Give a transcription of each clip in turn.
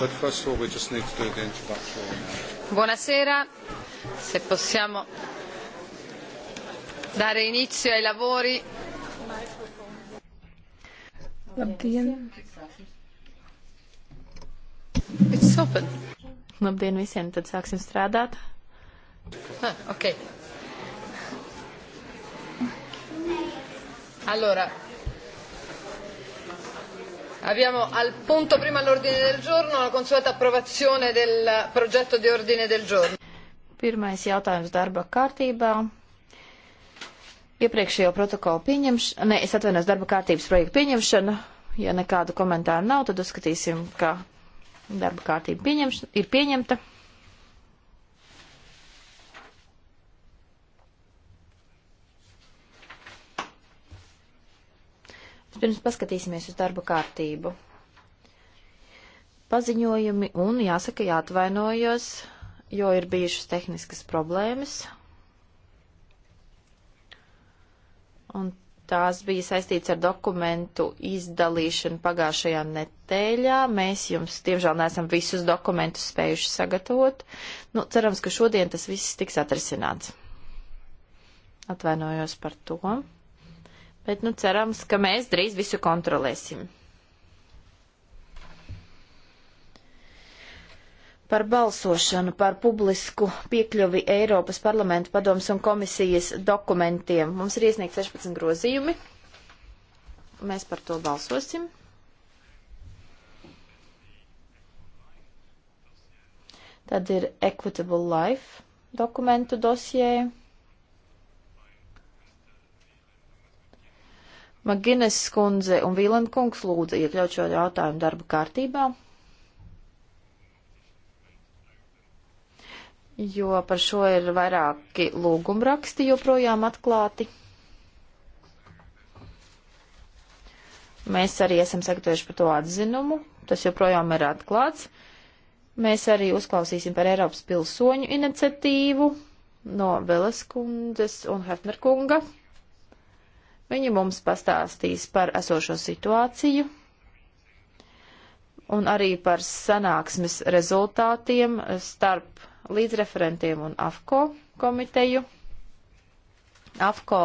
But first of all, we just need to do the introduction. Buonasera, se possiamo dare inizio ai lavori. Labdien. It's open. Labdien visiem, tad sāksim strādāt. Ah, ok. Allora, Abbiamo al punto prima all'ordine del giorno la consueta approvazione del progetto di ordine del giorno. Pirmais jautājums darba kārtībā. Iepriekšējo protokolu pieņemšana, ne, es atvainos darba kārtības projektu pieņemšana. Ja nekādu komentāru nav, tad uzskatīsim, ka darba kārtība ir pieņemta. Vispirms paskatīsimies uz darba kārtību. Paziņojumi un jāsaka jāatvainojos, jo ir bijušas tehniskas problēmas. Un tās bija saistīts ar dokumentu izdalīšanu pagājušajā netēļā. Mēs jums, diemžēl, neesam visus dokumentus spējuši sagatavot. Nu, cerams, ka šodien tas viss tiks atrisināts. Atvainojos par to bet nu cerams, ka mēs drīz visu kontrolēsim. par balsošanu par publisku piekļuvi Eiropas parlamenta padoms un komisijas dokumentiem. Mums ir iesniegt 16 grozījumi. Mēs par to balsosim. Tad ir Equitable Life dokumentu dosjē. Magines skundze un Vīlanda kungs lūdza iekļaut šo jautājumu darba kārtībā, jo par šo ir vairāki lūgumraksti joprojām atklāti. Mēs arī esam sagatavojuši par to atzinumu, tas joprojām ir atklāts. Mēs arī uzklausīsim par Eiropas pilsoņu iniciatīvu no Veles kundzes un Hefner kunga. Viņa mums pastāstīs par esošo situāciju un arī par sanāksmes rezultātiem starp līdzreferentiem un AFCO komiteju. AFCO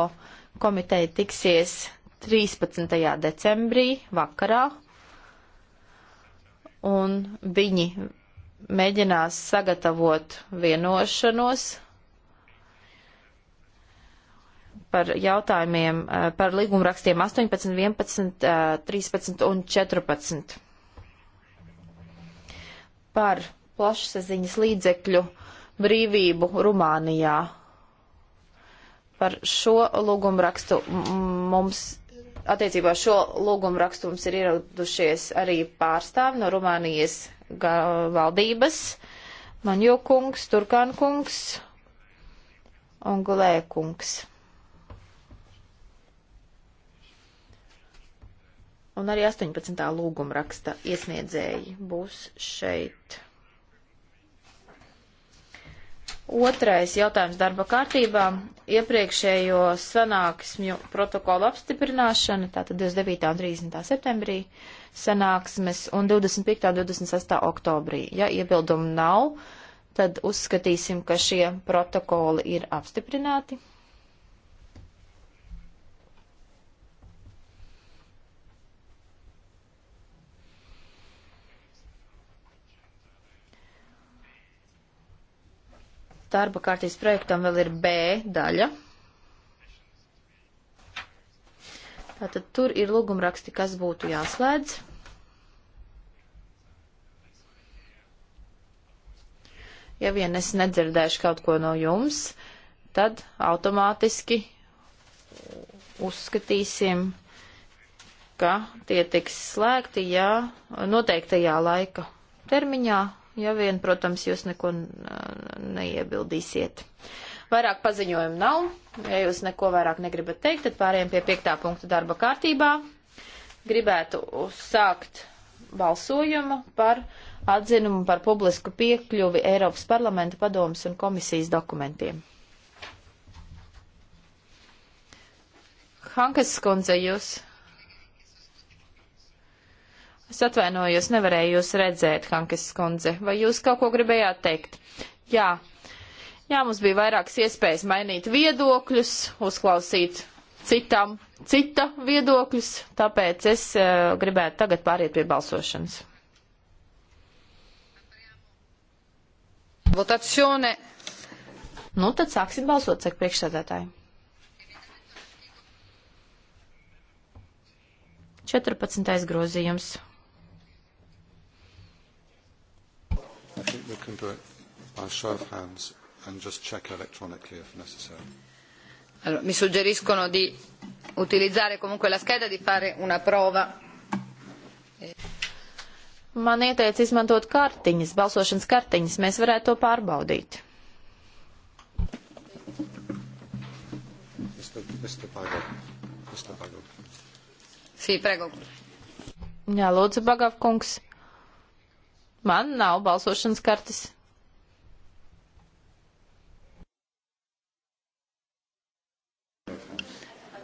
komiteja tiksies 13. decembrī vakarā, un viņi mēģinās sagatavot vienošanos par jautājumiem eh, par līgumrakstiem 18, 11, 13 un 14. Par plašsaziņas līdzekļu brīvību Rumānijā. Par šo lūgumrakstu mums, attiecībā šo lūgumrakstu mums ir ieradušies arī pārstāvi no Rumānijas valdības. Manjo kungs, Turkān kungs un Gulē kungs. un arī 18. lūguma raksta iesniedzēji būs šeit. Otrais jautājums darba kārtībā - iepriekšējo sanāksmju protokolu apstiprināšana, tātad 29. un 30. septembrī sanāksmes un 25. un 26. oktobrī. Ja iebildumu nav, tad uzskatīsim, ka šie protokoli ir apstiprināti. darba kārtības projektam vēl ir B daļa. Tātad tur ir lūgumraksti, kas būtu jāslēdz. Ja vien es nedzirdēšu kaut ko no jums, tad automātiski uzskatīsim, ka tie tiks slēgti jā, noteiktajā laika termiņā, ja vien, protams, jūs neko neiebildīsiet. Vairāk paziņojumu nav. Ja jūs neko vairāk negribat teikt, tad pārējiem pie piektā punkta darba kārtībā. Gribētu sākt balsojumu par atzinumu par publisku piekļuvi Eiropas parlamenta padomas un komisijas dokumentiem. Hankas skundze, jūs Es atvainojos, nevarēju jūs redzēt, Hankes skundze. Vai jūs kaut ko gribējāt teikt? Jā. Jā, mums bija vairākas iespējas mainīt viedokļus, uzklausīt citam, cita viedokļus, tāpēc es uh, gribētu tagad pāriet pie balsošanas. Votazione. Nu, tad sāksim balsot, saka priekšsēdētāji. 14. grozījums. we can do it by show of hands and just check electronically if necessary. Allora, mi suggeriscono di utilizzare comunque la scheda, e di fare una prova. Eh. Man ieteica izmantot kartiņas, balsošanas kartiņas, mēs varētu to pārbaudīt. Mr. Mr. Pago. Mr. Pago. Sī, prego. Jā, lūdzu, Bagav kungs. Uh, Man nav balsošanas kartes.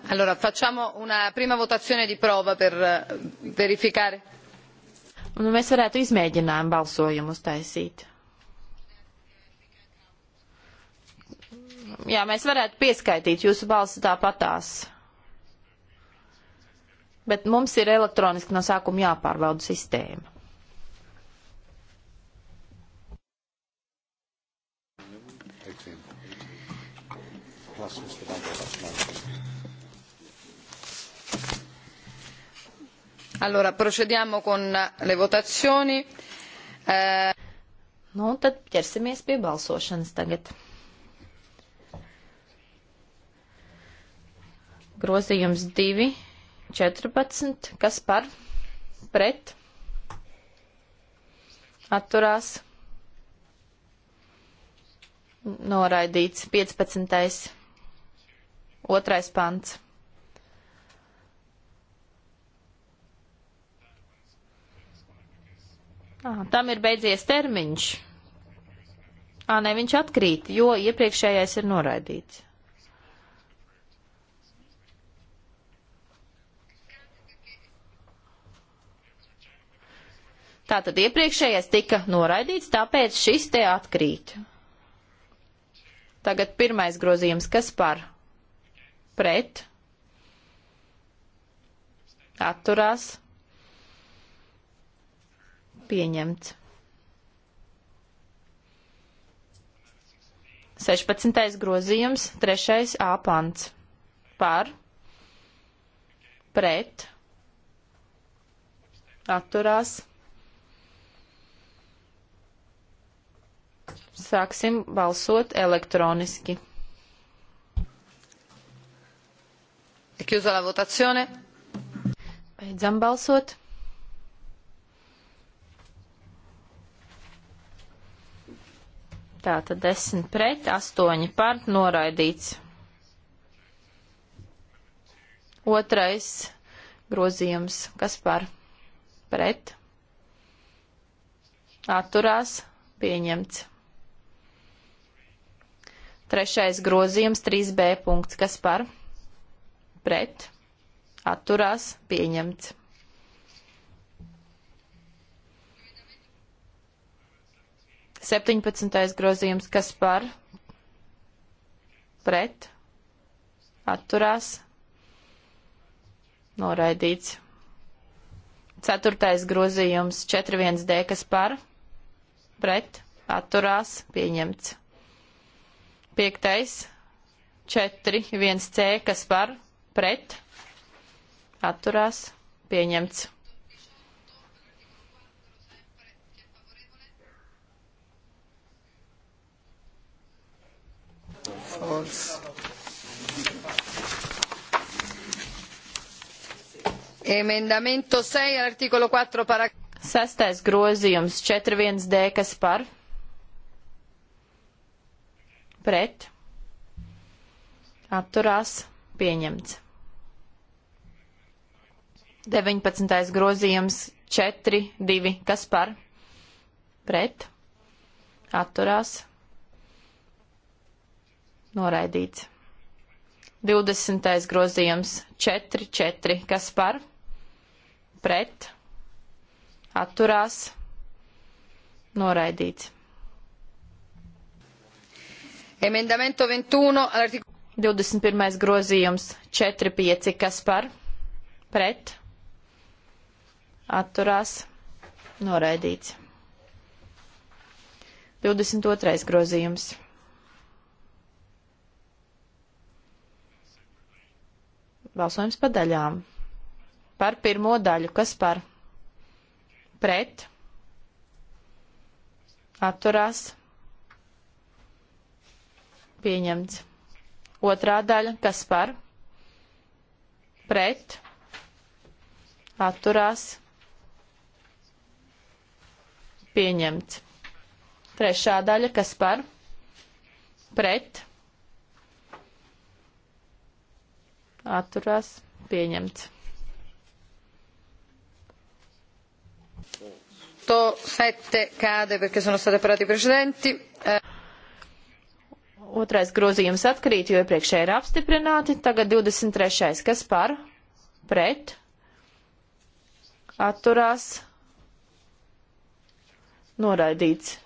Allora, facciamo una prima votazione di prova per eh, verificare. Un, nu, mēs varētu izmēģinājumu balsojumu uztaisīt. Jā, mēs varētu pieskaitīt jūsu balsi tāpatās. Bet mums ir elektroniski no sākuma jāpārbauda sistēma. Allora, procediamo con le votazioni. Eh... Nu, tad ķersimies pie balsošanas tagad. Grozījums 2, 14, kas par, pret, atturās, noraidīts 15. otrais pants. Ah, tam ir beidzies termiņš. Ā, ne, viņš atkrīt, jo iepriekšējais ir noraidīts. Tātad iepriekšējais tika noraidīts, tāpēc šis te atkrīt. Tagad pirmais grozījums, kas par pret atturās pieņemts. 16. grozījums, 3. A pants. Par, pret, atturās. Sāksim balsot elektroniski. Chiusa la votazione. Beidzam balsot. Tātad 10 pret, 8 par, noraidīts. Otrais grozījums, kas par pret, atturās, pieņemts. Trešais grozījums, 3b punkts, kas par pret, atturās, pieņemts. 17. grozījums, kas par, pret, atturās, noraidīts. 4. grozījums, 4.1d, kas par, pret, atturās, pieņemts. 5. 4.1c, kas par, pret, atturās, pieņemts. Ors. Emendamento 6 all'articolo 4 paragrafo. Sestais grozījums 41D, kas par? Pret. Atturās. Pieņemts. 19. grozījums 4, 2, kas par? Pret. Atturās. Noraidīts. 20. grozījums 4, 4, kas par, pret, atturās, noraidīts. Emendamento 21, artik... 21. grozījums 4, 5, kas par, pret, atturās, noraidīts. 22. grozījums Balsojums pa daļām. Par pirmo daļu, kas par pret atturās pieņemts. Otrā daļa, kas par pret atturās pieņemts. Trešā daļa, kas par pret atturās pieņemts atturās pieņemts. To sette cade perché sono state parati precedenti. Eh. Otrais grozījums atkrīt, jo iepriekšēji ir apstiprināti. Tagad 23. Kas par? Pret? Atturās? Noraidīts.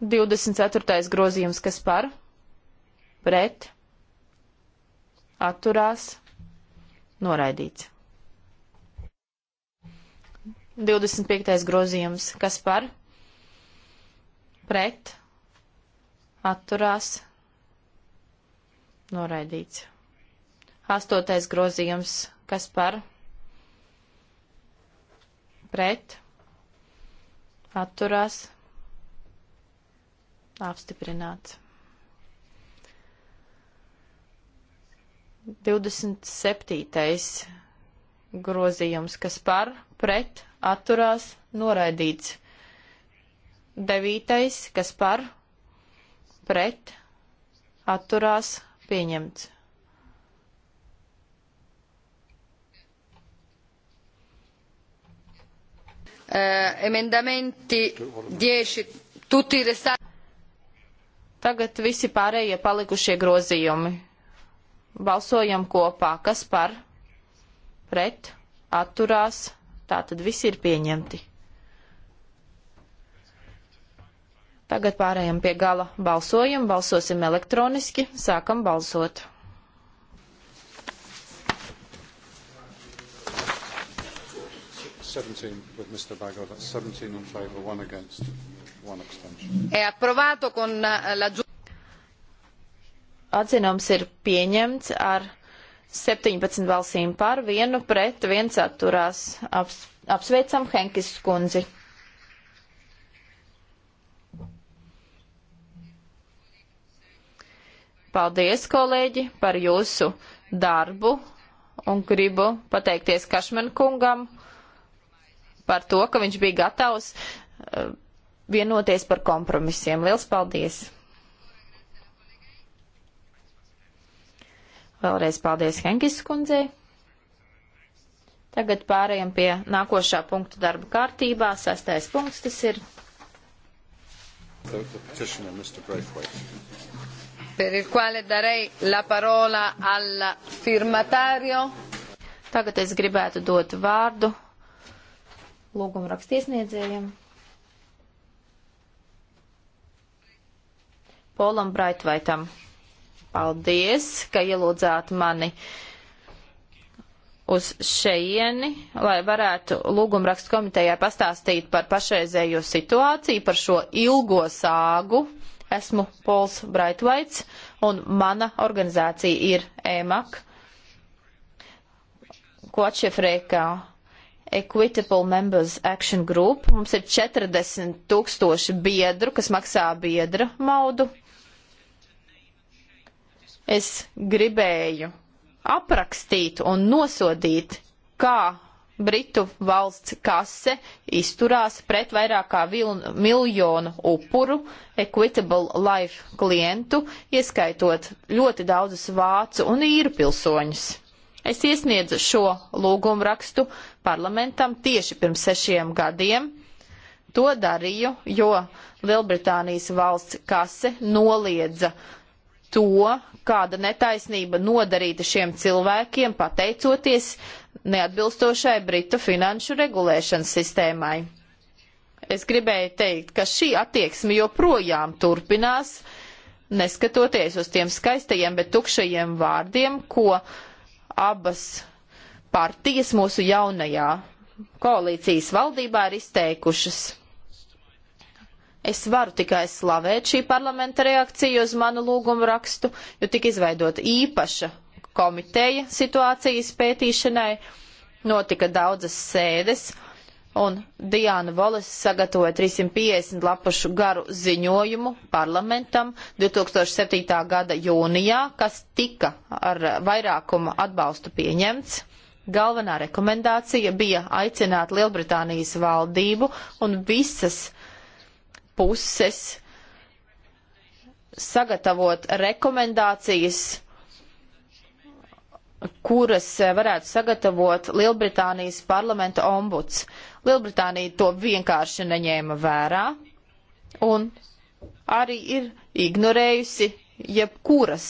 24. grozījums. Kas par? Pret? atturās, noraidīts. 25. grozījums, kas par, pret, atturās, noraidīts. 8. grozījums, kas par, pret, atturās, apstiprināts. 27. grozījums, kas par, pret, atturās, noraidīts. 9. kas par, pret, atturās, pieņemts. Uh, emendamenti 10, tutti restanti. Tagad visi pārējie palikušie grozījumi. Balsojam kopā, kas par, pret, atturās, tā tad visi ir pieņemti. Tagad pārējām pie gala balsojuma, balsosim elektroniski, sākam balsot. È approvato con eh, la atzinums ir pieņemts ar 17 balsīm par, vienu pret, viens atturās. Aps, apsveicam Henkis skundzi. Paldies, kolēģi, par jūsu darbu un gribu pateikties Kašmen kungam par to, ka viņš bija gatavs eh, vienoties par kompromisiem. Liels paldies! Vēlreiz paldies Henkis kundzei. Tagad pārējām pie nākošā punkta darba kārtībā. Sastais punkts tas ir. Per il quale darei la parola al firmatario. Tagad es gribētu dot vārdu lūgumu rakstiesniedzējiem. Polam Braitvaitam. Paldies, ka ielūdzāt mani uz šeieni, lai varētu lūgumrakstu komitejā pastāstīt par pašreizējo situāciju, par šo ilgo sāgu. Esmu Pols Braitvaits un mana organizācija ir EMAK, ko atšifrē kā Equitable Members Action Group. Mums ir 40 tūkstoši biedru, kas maksā biedra maudu Es gribēju aprakstīt un nosodīt, kā Britu valsts kase izturās pret vairāk kā vilnu, miljonu upuru Equitable Life klientu, ieskaitot ļoti daudzus vācu un īru pilsoņus. Es iesniedzu šo lūgumu rakstu parlamentam tieši pirms sešiem gadiem. To darīju, jo Lielbritānijas valsts kase noliedza uh, to, kāda netaisnība nodarīta šiem cilvēkiem pateicoties neatbilstošai Britu finanšu regulēšanas sistēmai. Es gribēju teikt, ka šī attieksme joprojām turpinās, neskatoties uz tiem skaistajiem, bet tukšajiem vārdiem, ko abas partijas mūsu jaunajā koalīcijas valdībā ir izteikušas. Es varu tikai slavēt šī parlamenta reakciju uz manu lūgumu rakstu, jo tika izveidota īpaša komiteja situācijas pētīšanai, notika daudzas sēdes, un Diana Volis sagatavoja 350 lapušu garu ziņojumu parlamentam 2007. gada jūnijā, kas tika ar vairākuma atbalstu pieņemts. Galvenā rekomendācija bija aicināt Lielbritānijas valdību un visas puses sagatavot rekomendācijas, kuras varētu sagatavot Lielbritānijas parlamenta ombuds. Lielbritānija to vienkārši neņēma vērā un arī ir ignorējusi jebkuras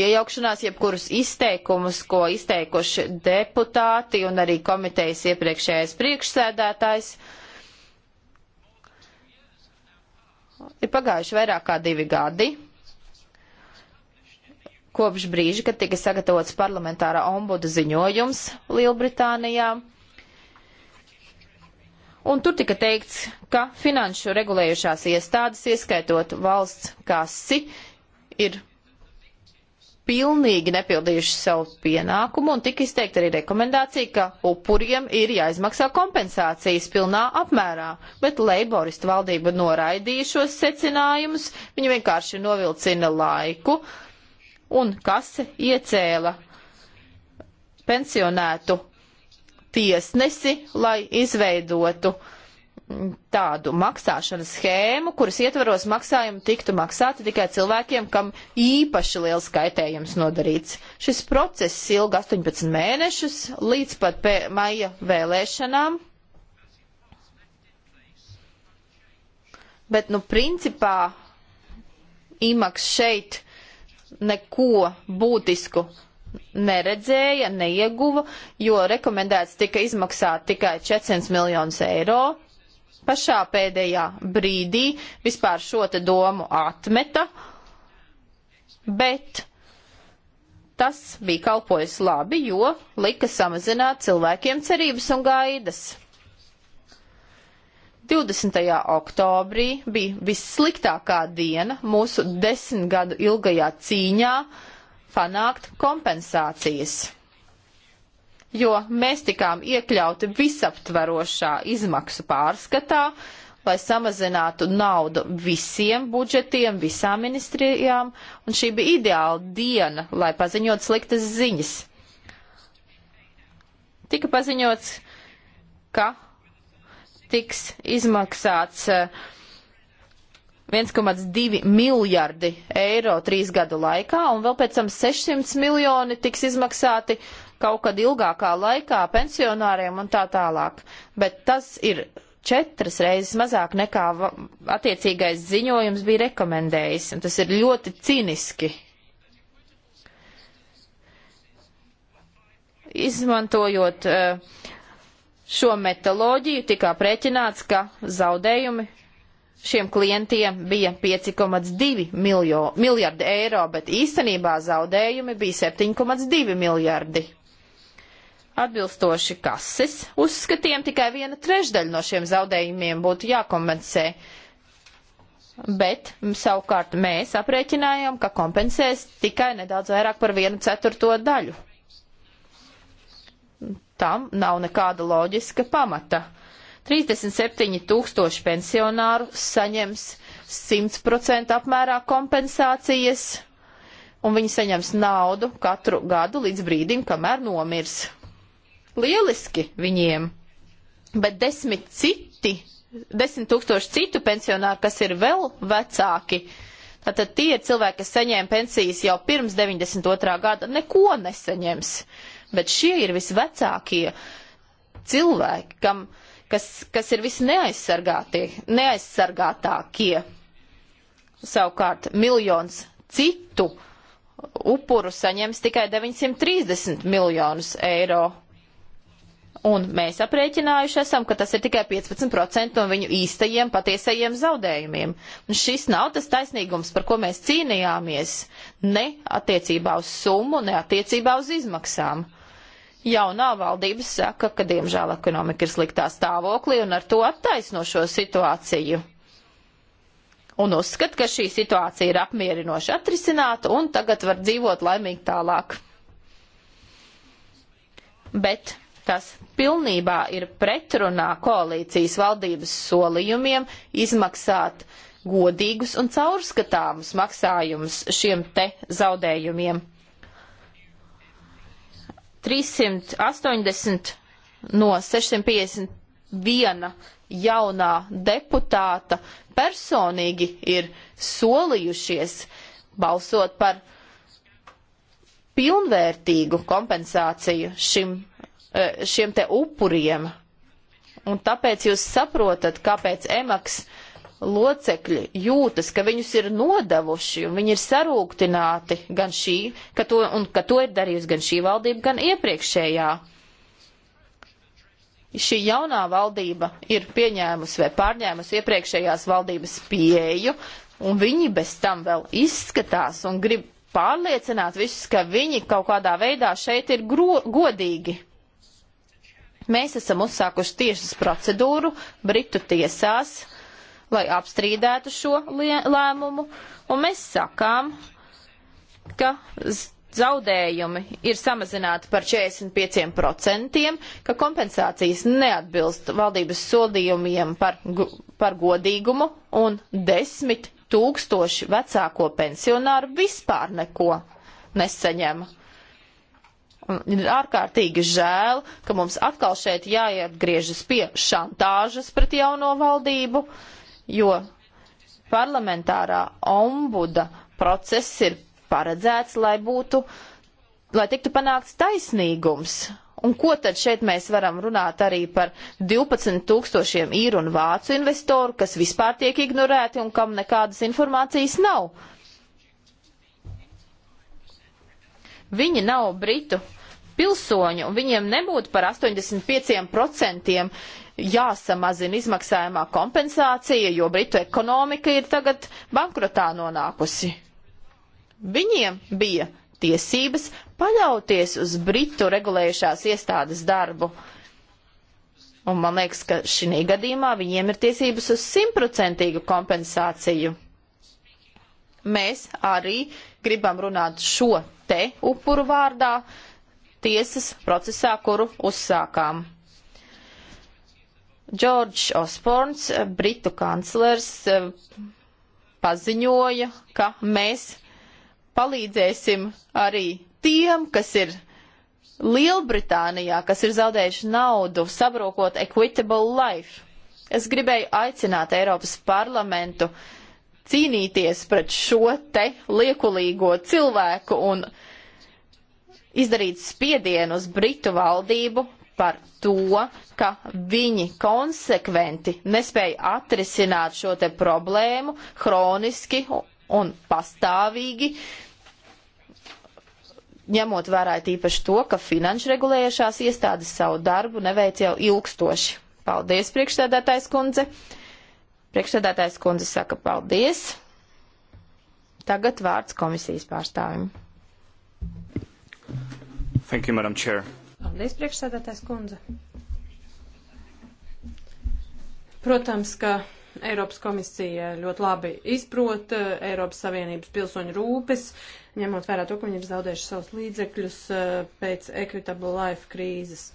iejaukšanās, jebkurus izteikumus, ko izteikuši deputāti un arī komitejas iepriekšējais priekšsēdētājs. Uh, ir pagājuši vairāk kā divi gadi kopš brīža, kad tika sagatavots parlamentārā ombuda ziņojums Lielbritānijā. Un tur tika teikts, ka finanšu regulējušās iestādes, ieskaitot valsts kasi, ir pilnīgi nepildījuši savu pienākumu un tika izteikta arī rekomendācija, ka upuriem ir jāizmaksā kompensācijas pilnā apmērā, bet leiboristu valdība noraidīja šos secinājumus, viņi vienkārši novilcina laiku un kase iecēla pensionētu tiesnesi, lai izveidotu uh, tādu maksāšanas schēmu, kuras ietvaros maksājumu tiktu maksāti tikai cilvēkiem, kam īpaši liels kaitējums nodarīts. Šis process ilga 18 mēnešus līdz pat maija vēlēšanām. Bet, nu, principā imaks šeit neko būtisku neredzēja, neieguva, jo rekomendēts tika izmaksāt tikai 400 miljonus eiro pašā pēdējā brīdī vispār šo te domu atmeta, bet tas bija kalpojis labi, jo lika samazināt cilvēkiem cerības un gaidas. 20. oktobrī bija vissliktākā diena mūsu desmit gadu ilgajā cīņā panākt kompensācijas jo mēs tikām iekļauti visaptverošā izmaksu pārskatā, lai samazinātu naudu visiem budžetiem, visām ministrijām, un šī bija ideāla diena, lai paziņot sliktas ziņas. Tika paziņots, ka tiks izmaksāts 1,2 eh, miljardi eiro trīs gadu laikā, un vēl pēc tam 600 miljoni tiks izmaksāti kaut kad ilgākā laikā pensionāriem un tā tālāk. Bet tas ir četras reizes mazāk nekā attiecīgais ziņojums bija rekomendējis, un tas ir ļoti ciniski. Izmantojot eh, šo metoloģiju, tika aprēķināts, ka zaudējumi šiem klientiem bija 5,2 miljardi eiro, bet īstenībā zaudējumi bija 7,2 miljardi. Atbilstoši kases uzskatiem tikai viena trešdaļa no šiem zaudējumiem būtu jākompensē. Bet savukārt mēs aprēķinājām, ka kompensēs tikai nedaudz vairāk par vienu ceturto daļu. Tam nav nekāda loģiska pamata. 37 tūkstoši pensionāru saņems 100% apmērā kompensācijas, un viņi saņems naudu katru gadu līdz brīdim, kamēr nomirs lieliski viņiem, bet desmit citi, desmit tūkstoši citu pensionāru, kas ir vēl vecāki, tātad tie ir cilvēki, kas saņēma pensijas jau pirms 92. gada, neko nesaņems. Bet šie ir visvecākie cilvēki, kam, kas, kas ir visneaizsargātākie. Savukārt miljons citu upuru saņems tikai 930 miljonus eiro Un mēs aprēķinājuši esam, ka tas ir tikai 15% no viņu īstajiem patiesajiem zaudējumiem. Un šis nav tas taisnīgums, par ko mēs cīnījāmies, ne attiecībā uz summu, ne attiecībā uz izmaksām. Jaunā valdība saka, ka diemžēl ekonomika ir sliktā stāvoklī un ar to attaisno šo situāciju. Un uzskat, ka šī situācija ir apmierinoši atrisināta un tagad var dzīvot laimīgi tālāk. Bet Tas pilnībā ir pretrunā koalīcijas valdības solījumiem izmaksāt godīgus un caurskatāmus maksājumus šiem te zaudējumiem. 380 no 651 jaunā deputāta personīgi ir solījušies balsot par pilnvērtīgu kompensāciju šim E, šiem te upuriem. Un tāpēc jūs saprotat, kāpēc emaks locekļi jūtas, ka viņus ir nodevuši un viņi ir sarūktināti gan šī, ka to, un ka to ir darījusi gan šī valdība, gan iepriekšējā. Šī jaunā valdība ir pieņēmusi vai pārņēmusi iepriekšējās valdības pieeju, un viņi bez tam vēl izskatās un grib pārliecināt visus, ka viņi kaut kādā veidā šeit ir gro, godīgi. Mēs esam uzsākuši tiesas procedūru Britu tiesās, lai apstrīdētu šo lēmumu, un mēs sakām, ka zaudējumi ir samazināti par 45%, ka kompensācijas neatbilst valdības solījumiem par, par godīgumu un 10 tūkstoši vecāko pensionāru vispār neko nesaņem. Un ir ārkārtīgi žēl, ka mums atkal šeit jāietgriežas pie šantāžas pret jauno valdību, jo parlamentārā ombuda process ir paredzēts, lai būtu, lai tiktu panākts taisnīgums. Un ko tad šeit mēs varam runāt arī par 12 tūkstošiem īru un vācu investoru, kas vispār tiek ignorēti un kam nekādas informācijas nav? Viņi nav Britu pilsoņi, un viņiem nebūtu par 85% jāsamazina izmaksājumā kompensācija, jo Britu ekonomika ir tagad bankrotā nonākusi. Viņiem bija tiesības paļauties uz Britu regulējušās iestādes darbu. Un man liekas, ka šī gadījumā viņiem ir tiesības uz simtprocentīgu kompensāciju. Mēs arī gribam runāt šo te upuru vārdā tiesas procesā, kuru uzsākām. Džordžs Osborns, Britu kanclers, paziņoja, ka mēs palīdzēsim arī tiem, kas ir Lielbritānijā, kas ir zaudējuši naudu, sabrokot Equitable Life. Es gribēju aicināt Eiropas parlamentu uh, cīnīties pret šo te liekulīgo cilvēku un izdarīt spiedienu uz Britu valdību par to, ka viņi konsekventi nespēja atrisināt šo te problēmu hroniski un pastāvīgi, ņemot vērā tīpaši to, ka finanšu regulējušās iestādes savu darbu neveic jau ilgstoši. Paldies, priekšsēdētājs kundze! Priekšsēdētājs kundze saka paldies. Tagad vārds komisijas pārstāvim. Thank you, Madam Chair. Paldies, priekšsēdētājs kundze. Protams, ka Eiropas komisija ļoti labi izprot eh, Eiropas Savienības pilsoņu rūpes, ņemot vērā to, ka viņi ir zaudējuši savus līdzekļus eh, pēc Equitable Life krīzes.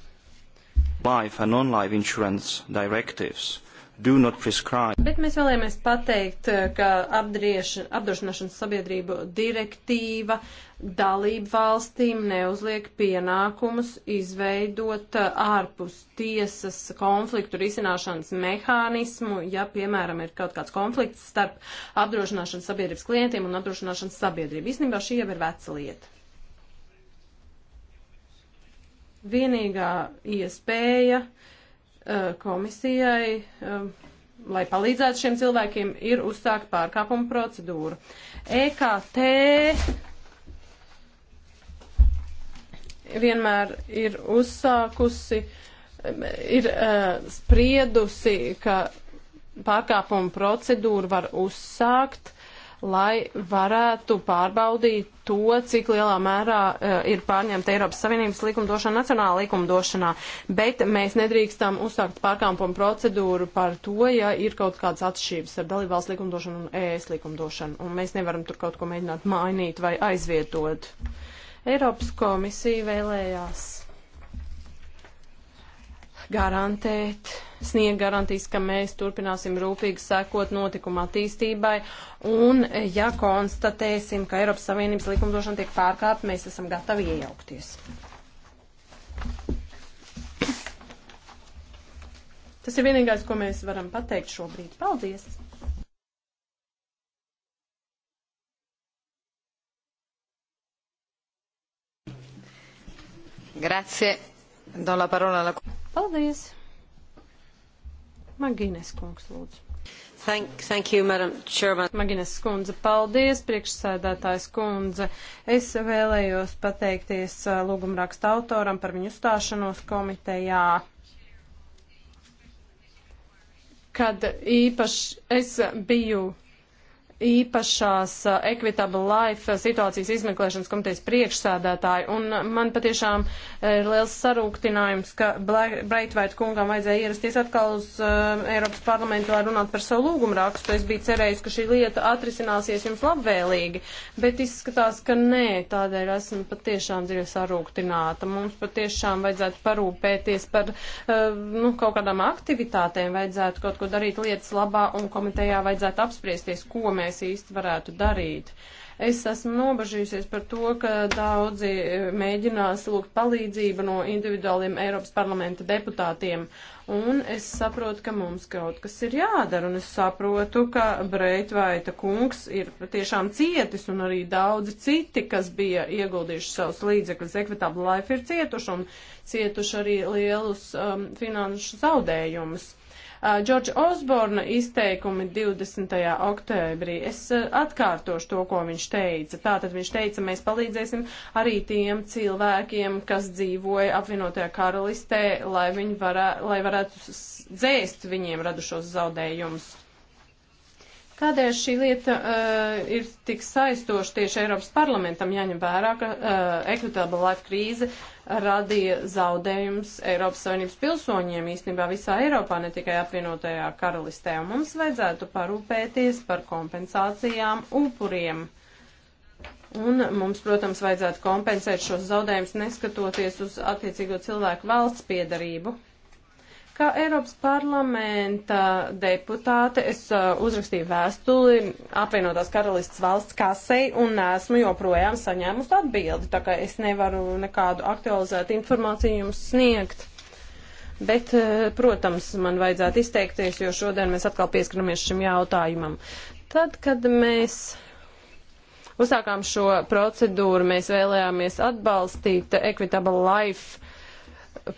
Life and non-life insurance directives Bet mēs vēlamies pateikt, eh, ka apdrošināšanas sabiedrību direktīva dalību valstīm neuzliek pienākumus izveidot eh, ārpus tiesas konfliktu risināšanas mehānismu, ja, piemēram, ir kaut kāds konflikts starp apdrošināšanas sabiedrības klientiem un apdrošināšanas sabiedrību. Īstenībā šī jau ir veca lieta. Vienīgā iespēja. Ja Eh, komisijai, eh, lai palīdzētu šiem cilvēkiem, ir uzsākt pārkāpumu procedūru. EKT vienmēr ir uzsākusi, ir eh, spriedusi, ka pārkāpumu procedūru var uzsākt lai varētu pārbaudīt to, cik lielā mērā uh, ir pārņemta Eiropas Savienības likumdošana nacionāla likumdošanā, bet mēs nedrīkstam uzsākt pārkāpumu procedūru par to, ja ir kaut kādas atšķirības ar dalībvalsts likumdošanu un ES likumdošanu, un mēs nevaram tur kaut ko mēģināt mainīt vai aizvietot. Eiropas komisija vēlējās garantēt, sniegt garantijas, ka mēs turpināsim rūpīgi sekot notikuma attīstībai, un ja konstatēsim, ka Eiropas Savienības likumdošana tiek pārkāpta, mēs esam gatavi iejaukties. Tas ir vienīgais, ko mēs varam pateikt šobrīd. Paldies! Grazie. Dans la parola la... Paldies! Magīnes kungs, lūdzu. Thank, thank you, Madam Chairman. Magines skundze, paldies, priekšsēdētājs skundze. Es vēlējos pateikties uh, lūgumraksta autoram par viņu stāšanos komitejā kad īpaši es biju īpašās uh, Equitable Life uh, situācijas izmeklēšanas komitejas priekšsēdētāju, un man patiešām uh, ir liels sarūktinājums, ka Breitvaita kungam vajadzēja ierasties atkal uz uh, Eiropas parlamentu, lai runātu par savu lūgumu rakstu. Es biju cerējis, ka šī lieta atrisināsies jums labvēlīgi, bet izskatās, ka nē, tādēļ esmu patiešām dzīvi sarūktināta. Mums patiešām vajadzētu parūpēties par uh, nu, kaut kādām aktivitātēm, vajadzētu kaut ko darīt lietas labā, un komitejā vajadzētu apspriesties, ko mēs mēs īsti varētu darīt. Es esmu nobažījusies par to, ka daudzi e, mēģinās lūgt palīdzību no individuāliem Eiropas parlamenta deputātiem, un es saprotu, ka mums kaut kas ir jādara, un es saprotu, ka Breitvaita kungs ir tiešām cietis, un arī daudzi citi, kas bija ieguldījuši savus līdzekļus Equitable Life, ir cietuši, un cietuši arī lielus um, finanšu zaudējumus. Džordža uh, Osborna izteikumi 20. oktobrī. Es uh, atkārtošu to, ko viņš teica. Tātad viņš teica, mēs palīdzēsim arī tiem cilvēkiem, kas dzīvoja apvienotajā karalistē, lai, viņi varā, lai varētu dzēst viņiem radušos zaudējumus. Kādēļ šī lieta uh, ir tik saistoša tieši Eiropas parlamentam, jaņem vērā, ka uh, eh, Equitable Life krīze radīja zaudējums Eiropas Savienības pilsoņiem īstenībā visā Eiropā, ne tikai apvienotajā karalistē. Un mums vajadzētu parūpēties par kompensācijām upuriem. Un mums, protams, vajadzētu kompensēt šos zaudējumus neskatoties uz attiecīgo cilvēku valsts piedarību. Kā Eiropas parlamenta deputāte es uh, uzrakstīju vēstuli apvienotās karalists valsts kasei un esmu joprojām saņēmusi atbildi, tā kā es nevaru nekādu aktualizētu informāciju jums sniegt. Bet, uh, protams, man vajadzētu izteikties, jo šodien mēs atkal pieskaramies šim jautājumam. Tad, kad mēs uzsākām šo procedūru, mēs vēlējāmies atbalstīt Equitable Life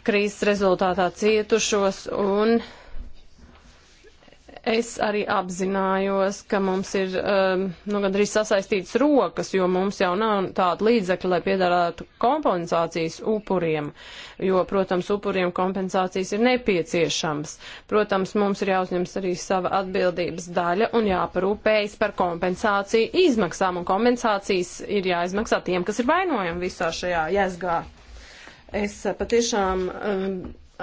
krīzes rezultātā cietušos un es arī apzinājos, ka mums ir um, nu, gandrīz sasaistīts rokas, jo mums jau nav tāda līdzekļa, lai piedāvātu kompensācijas upuriem, jo, protams, upuriem kompensācijas ir nepieciešams. Protams, mums ir jāuzņems arī sava atbildības daļa un jāparūpējas par kompensāciju izmaksām, un kompensācijas ir jāizmaksā tiem, kas ir vainojami visā šajā jēzgā. Es eh, patiešām eh,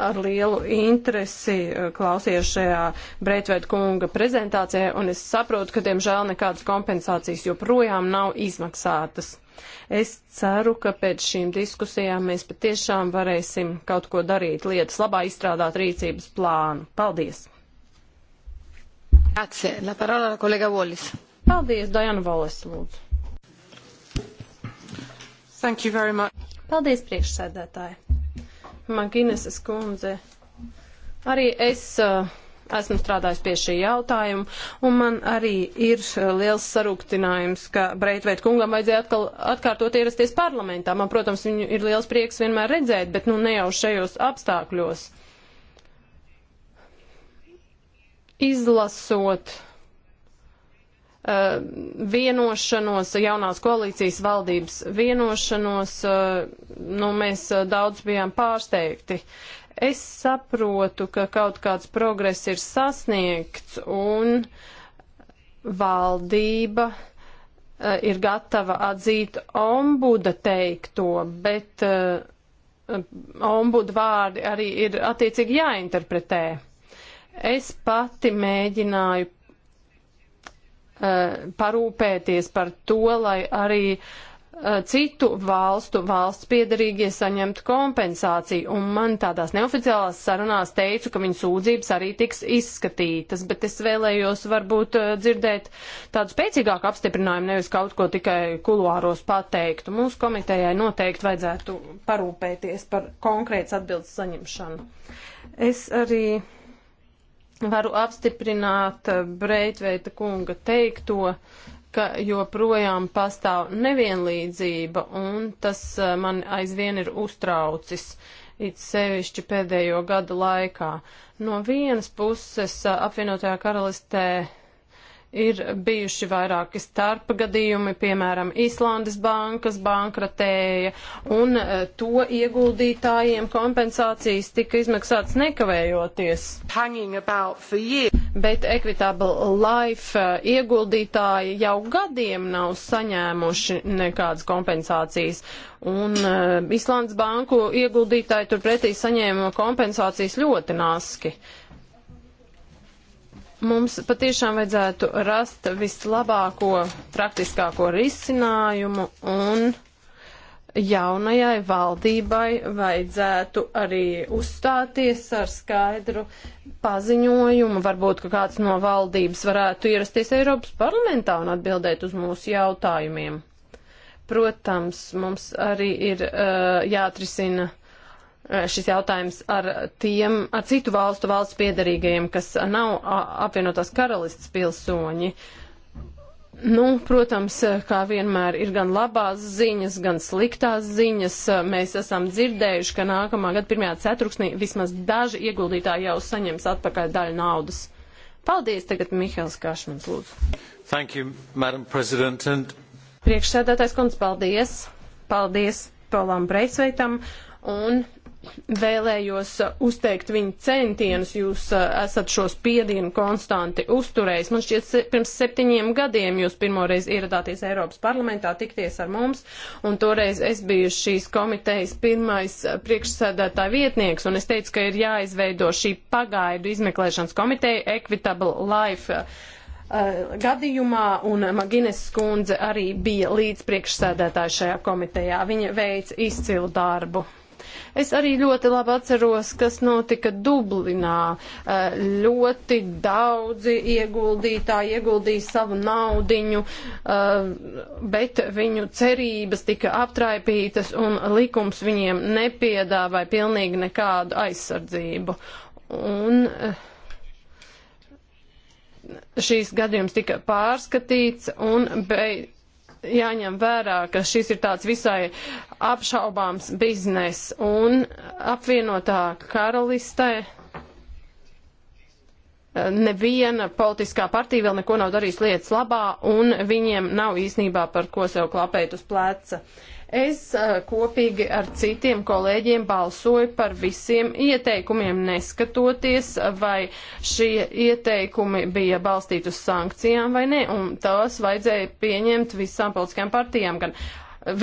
ar lielu interesi eh, klausījos šajā Breitveida kunga prezentācijā, un es saprotu, ka, diemžēl, nekādas kompensācijas joprojām nav izmaksātas. Es ceru, ka pēc šīm diskusijām mēs patiešām varēsim kaut ko darīt lietas labā, izstrādāt rīcības plānu. Paldies! Grazie. La parola kolega Wallis. Paldies, Dajana Wallis, lūdzu. Thank you very much. Paldies, priekšsēdētāji. Magineses kundze. Arī es uh, esmu strādājis pie šī jautājuma, un man arī ir uh, liels sarūktinājums, ka Breitveit kungam vajadzēja atkal atkārtot ierasties parlamentā. Man, protams, viņu ir liels prieks vienmēr redzēt, bet nu ne jau šajos apstākļos. Izlasot Eh, vienošanos, jaunās koalīcijas valdības vienošanos, eh, nu, mēs eh, daudz bijām pārsteigti. Es saprotu, ka kaut kāds progress ir sasniegts un valdība ir gatava atzīt ombuda teikto, bet ombuda vārdi arī ir attiecīgi jāinterpretē. Es pati mēģināju Uh, parūpēties par to, lai arī uh, citu valstu valsts piedarīgie saņemtu kompensāciju, un man tādās neoficiālās sarunās teicu, ka viņu sūdzības arī tiks izskatītas, bet es vēlējos varbūt uh, dzirdēt tādu spēcīgāku apstiprinājumu, nevis kaut ko tikai kuluāros pateiktu. Mūsu komitejai noteikti vajadzētu parūpēties par konkrētas atbildes saņemšanu. Es arī varu apstiprināt eh, Breitveita kunga teikto, ka joprojām pastāv nevienlīdzība, un tas eh, man aizvien ir uztraucis, it sevišķi pēdējo gadu laikā. No vienas puses eh, apvienotajā karalistē Ir bijuši vairāki starpa gadījumi, piemēram, Īslandes bankas bankratēja, un e, to ieguldītājiem kompensācijas tika izmaksātas nekavējoties. Bet Equitable Life e, ieguldītāji jau gadiem nav saņēmuši nekādas kompensācijas, un Īslandes e, banku ieguldītāji turpretī saņēma kompensācijas ļoti naski. Uh, Mums patiešām vajadzētu rast vislabāko, praktiskāko risinājumu un jaunajai valdībai vajadzētu arī uzstāties ar skaidru paziņojumu. Varbūt, ka kāds no valdības varētu ierasties Eiropas parlamentā un atbildēt uz mūsu jautājumiem. Protams, mums arī ir uh, jāatrisina Eh, šis jautājums ar tiem, ar citu valstu valsts piedarīgajiem, kas nav apvienotās karalists pilsoņi. Nu, protams, eh, kā vienmēr ir gan labās ziņas, gan sliktās ziņas. Eh, mēs esam dzirdējuši, ka nākamā gada pirmajā ceturksnī vismaz daži ieguldītāji jau saņems atpakaļ daļu naudas. Paldies tagad Mihāls Kašmans, lūdzu. Thank you, Madam President. And... Priekšsēdētājs kundze, paldies. Paldies Polam Breisveitam un vēlējos uh, uzteikt viņu centienus, jūs uh, esat šo spiedienu konstanti uzturējis. Man šķiet, pirms septiņiem gadiem jūs pirmoreiz ieradāties Eiropas parlamentā tikties ar mums, un toreiz es biju šīs komitejas pirmais uh, priekšsēdētāja vietnieks, un es teicu, ka ir jāizveido šī pagaidu izmeklēšanas komiteja Equitable Life gadījumā, un Magines skundze arī bija līdz priekšsēdētāja šajā komitejā. Viņa veica izcilu darbu. Es arī ļoti labi atceros, kas notika Dublinā. Eh, ļoti daudzi ieguldītāji ieguldīja savu naudiņu, eh, bet viņu cerības tika aptraipītas un likums viņiem nepiedāvāja pilnīgi nekādu aizsardzību. Un, uh, šīs gadījums tika pārskatīts un beidz jāņem vērā, ka šis ir tāds visai apšaubāms biznes un apvienotā karalistē eh, neviena politiskā partija vēl neko nav darījusi lietas labā, un viņiem nav īsnībā par ko sev klapēt uz pleca. Es kopīgi ar citiem kolēģiem balsoju par visiem ieteikumiem, neskatoties, vai šie ieteikumi bija balstīti uz sankcijām vai nē, un tos vajadzēja pieņemt visām politiskajām partijām, gan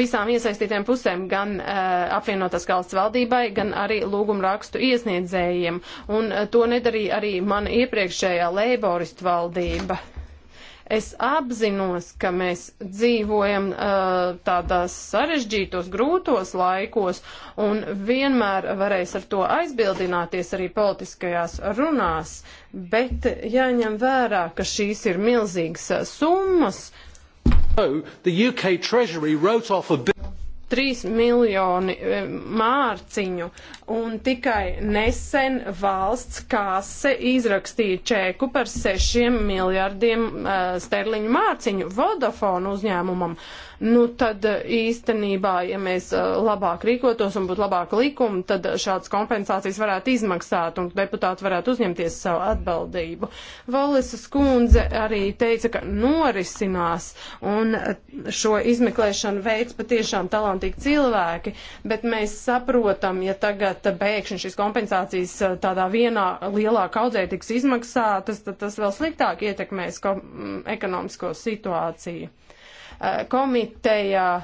visām iesaistītiem pusēm, gan uh, apvienotās valsts valdībai, gan arī lūgumu rakstu iesniedzējiem, un uh, to nedarīja arī mana iepriekšējā leiboristu valdība. Es apzinos, ka mēs dzīvojam uh, tādās sarežģītos, grūtos laikos un vienmēr varēs ar to aizbildināties arī politiskajās runās, bet jāņem vērā, ka šīs ir milzīgas summas. So, the UK Treasury wrote off a bill. 3 miljoni e, mārciņu, un tikai nesen valsts kase izrakstīja čēku par 6 miljardiem uh, sterliņu mārciņu Vodafone uzņēmumam. Uh, nu tad eh, īstenībā, ja mēs eh, labāk rīkotos un būtu labāka likuma, tad šāds kompensācijas varētu izmaksāt un deputāti varētu uzņemties savu atbaldību. Valisa skundze arī teica, ka norisinās un eh, šo izmeklēšanu veids patiešām talantīgi cilvēki, bet mēs saprotam, ja tagad pēkšņi šīs kompensācijas tādā vienā lielā kaudzē tiks izmaksātas, tad tas vēl sliktāk ietekmēs mm, ekonomisko situāciju. Eh, komitejā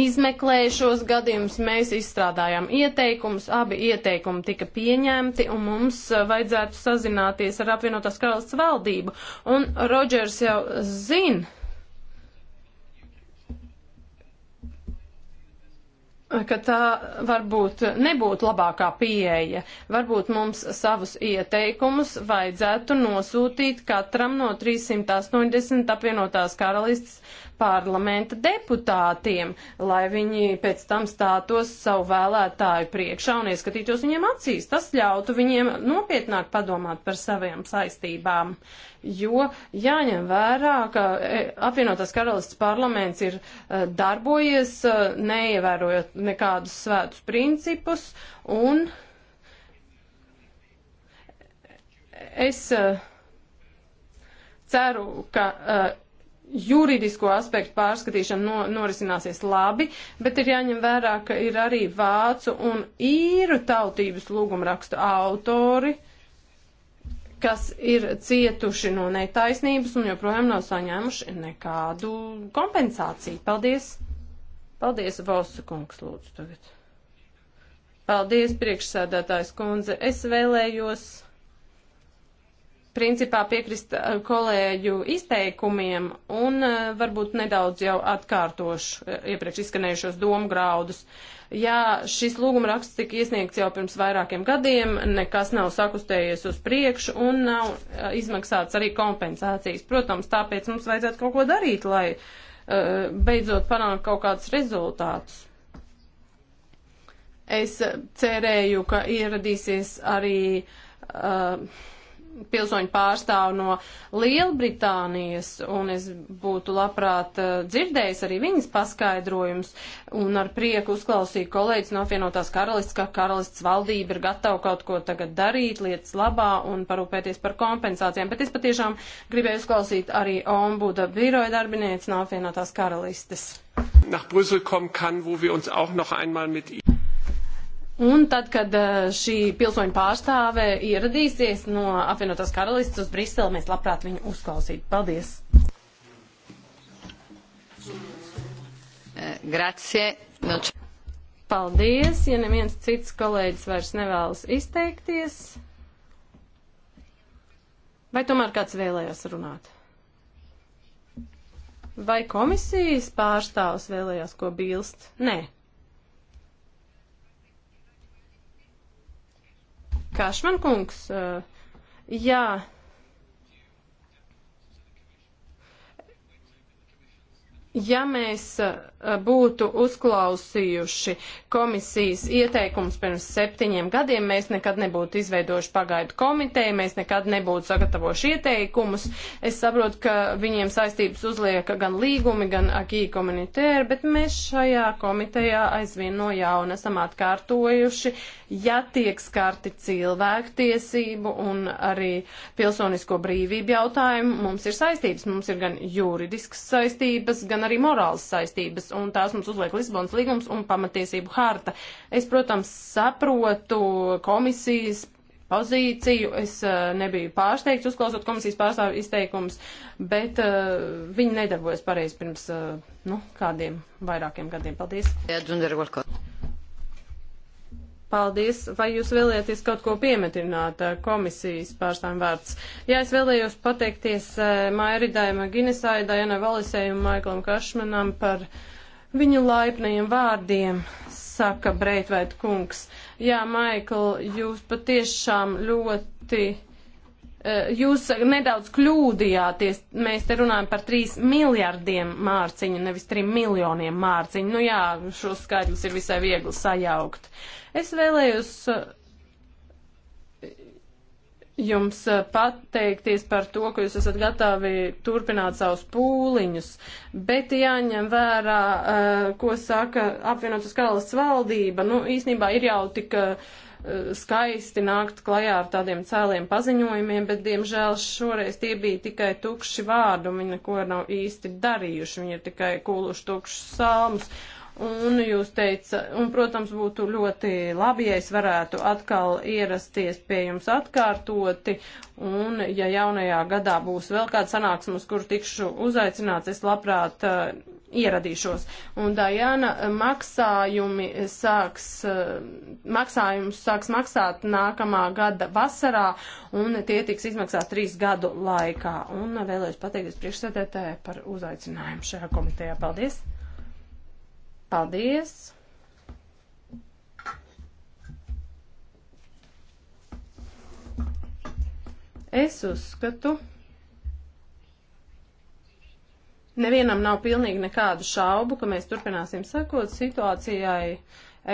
izmeklēja šos gadījumus, mēs izstrādājām ieteikumus, abi ieteikumi tika pieņemti, un mums eh, vajadzētu sazināties ar apvienotās karalists valdību. Un Rodžers jau zina, ka tā varbūt nebūtu labākā pieeja. Varbūt mums savus ieteikumus vajadzētu nosūtīt katram no 380 apvienotās karalistes parlamenta deputātiem, lai viņi pēc tam stātos savu vēlētāju priekšā un ieskatītos viņiem acīs. Tas ļautu viņiem nopietnāk padomāt par saviem saistībām, jo jāņem vērā, ka e, apvienotās karalists parlaments ir e, darbojies, e, neievērojot nekādus svētus principus un es uh, ceru, ka uh, juridisko aspektu pārskatīšana no, norisināsies labi, bet ir jāņem vērā, ka ir arī vācu un īru tautības lūgumrakstu autori, kas ir cietuši no netaisnības un joprojām nav saņēmuši nekādu kompensāciju. Paldies! Paldies, Valsa kungs, lūdzu tagad. Paldies, priekšsēdētājs kundze. Es vēlējos principā piekrist eh, kolēģu izteikumiem un eh, varbūt nedaudz jau atkārtošu eh, iepriekš izskanējušos domu graudus. Jā, šis lūgumraksts tika iesniegts jau pirms vairākiem gadiem, nekas nav sakustējies uz priekšu un nav izmaksāts arī kompensācijas. Protams, tāpēc mums vajadzētu kaut ko darīt, lai uh, beidzot panākt kaut kādus rezultātus. Es cerēju, ka ieradīsies arī uh, pilsoņu pārstāvu no Lielbritānijas, un es būtu labprāt eh, dzirdējis arī viņas paskaidrojums, un ar prieku uzklausīju kolēģis no apvienotās karalists, ka karalists valdība ir gatava kaut ko tagad darīt lietas labā un parūpēties par kompensācijām, bet es patiešām gribēju uzklausīt arī ombuda biroja darbinieci no apvienotās karalistes. Nach Brüssel kommen kann, wo wir uns auch noch einmal mit Un tad, kad eh, šī pilsoņu pārstāve ieradīsies no apvienotās karalistes uz Briseli, mēs labprāt viņu uzklausītu. Paldies! Eh, grazie! No... Paldies! Ja neviens cits kolēģis vairs nevēlas izteikties, vai tomēr kāds vēlējās runāt? Vai komisijas pārstāvs vēlējās ko bilst? Nē. Kašman kungs, jā. Ja mēs būtu uzklausījuši komisijas ieteikums pirms septiņiem gadiem, mēs nekad nebūtu izveidojuši pagaidu komiteju, mēs nekad nebūtu sagatavojuši ieteikumus. Es saprotu, ka viņiem saistības uzliek gan līgumi, gan akī komunitēri, bet mēs šajā komitejā aizvien no jauna esam atkārtojuši, ja tiek skarti cilvēktiesību un arī pilsonisko brīvību jautājumu, mums ir saistības, mums ir gan juridiskas saistības, gan arī morāls saistības un tās mums uzliek Lisbonas līgums un pamatiesību harta. Es, protams, saprotu komisijas pozīciju. Es uh, nebiju pārsteigts, uzklausot komisijas pārstāvju izteikumus, bet uh, viņi nedarbojas pareizi pirms uh, nu, kādiem vairākiem gadiem. Paldies! Paldies! Vai jūs vēlēties kaut ko piemetināt komisijas pārstāvjiem vārds? Jā, es vēlējos pateikties Mairidai Maginisai, Dajanai Valisai un Maiklam Kašmanam par uh, viņu laipnajiem vārdiem, saka Breitveita kungs. Jā, Maikl, jūs patiešām ļoti. Eh, jūs nedaudz kļūdījāties. Mēs te runājam par 3 miljardiem mārciņu, nevis 3 miljoniem mārciņu. Nu jā, šos skaitļus ir visai viegli sajaukt. Es vēlējos jums eh, pateikties par to, ka jūs esat gatavi turpināt savus pūliņus, bet jāņem vērā, eh, ko saka apvienotas karalists valdība. Nu, īsnībā ir jau tik eh, skaisti nākt klajā ar tādiem cēliem paziņojumiem, bet, diemžēl, šoreiz tie bija tikai tukši vārdi, un viņi neko nav īsti darījuši, viņi ir tikai kūluši tukšus salmus. Uh, Un jūs teicat, un, protams, būtu ļoti labi, ja es varētu atkal ierasties pie jums atkārtoti, un, ja jaunajā gadā būs vēl kāda sanāksme, uz kuru tikšu uzaicināts, es labprāt uh, ieradīšos. Un, Dajana, eh, maksājumi sāks, uh, maksājums sāks maksāt nākamā gada vasarā, un tie tiks izmaksāt trīs gadu laikā. Un vēlējos pateikties priekšsēdētāji par uzaicinājumu šajā komitejā. Paldies! Paldies! Es uzskatu, nevienam nav pilnīgi nekādu šaubu, ka mēs turpināsim sekot situācijai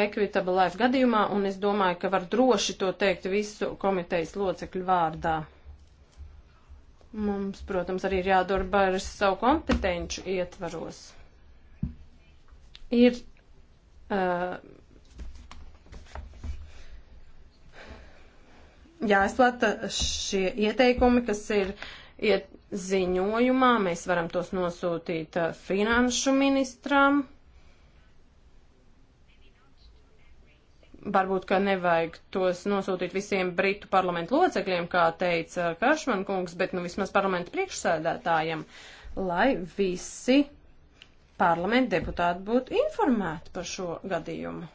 Equitable Life gadījumā, un es domāju, ka var droši to teikt visu komitejas locekļu vārdā. Mums, protams, arī ir jādara baris savu kompetenču ietvaros ir uh, jāizplata šie ieteikumi, kas ir iet ziņojumā. Mēs varam tos nosūtīt uh, finanšu ministram. varbūt, ka nevajag tos nosūtīt visiem Britu parlamentu locekļiem, kā teica Karšman kungs, bet nu vismaz parlamentu priekšsēdētājiem, lai visi parlamenta deputāti būtu informēti par šo gadījumu.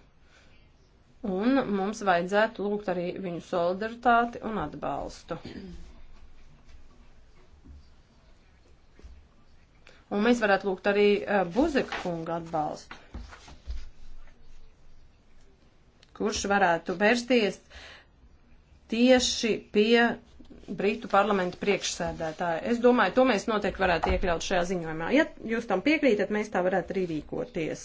Un mums vajadzētu lūgt arī viņu solidaritāti un atbalstu. Un mēs varētu lūgt arī eh, Buzeka kunga atbalstu, kurš varētu vērsties tieši pie Brītu parlamenta priekšsēdētāja. Es domāju, to mēs noteikti varētu iekļaut šajā ziņojumā. Ja jūs tam piekrītat, mēs tā varētu arī rīkoties.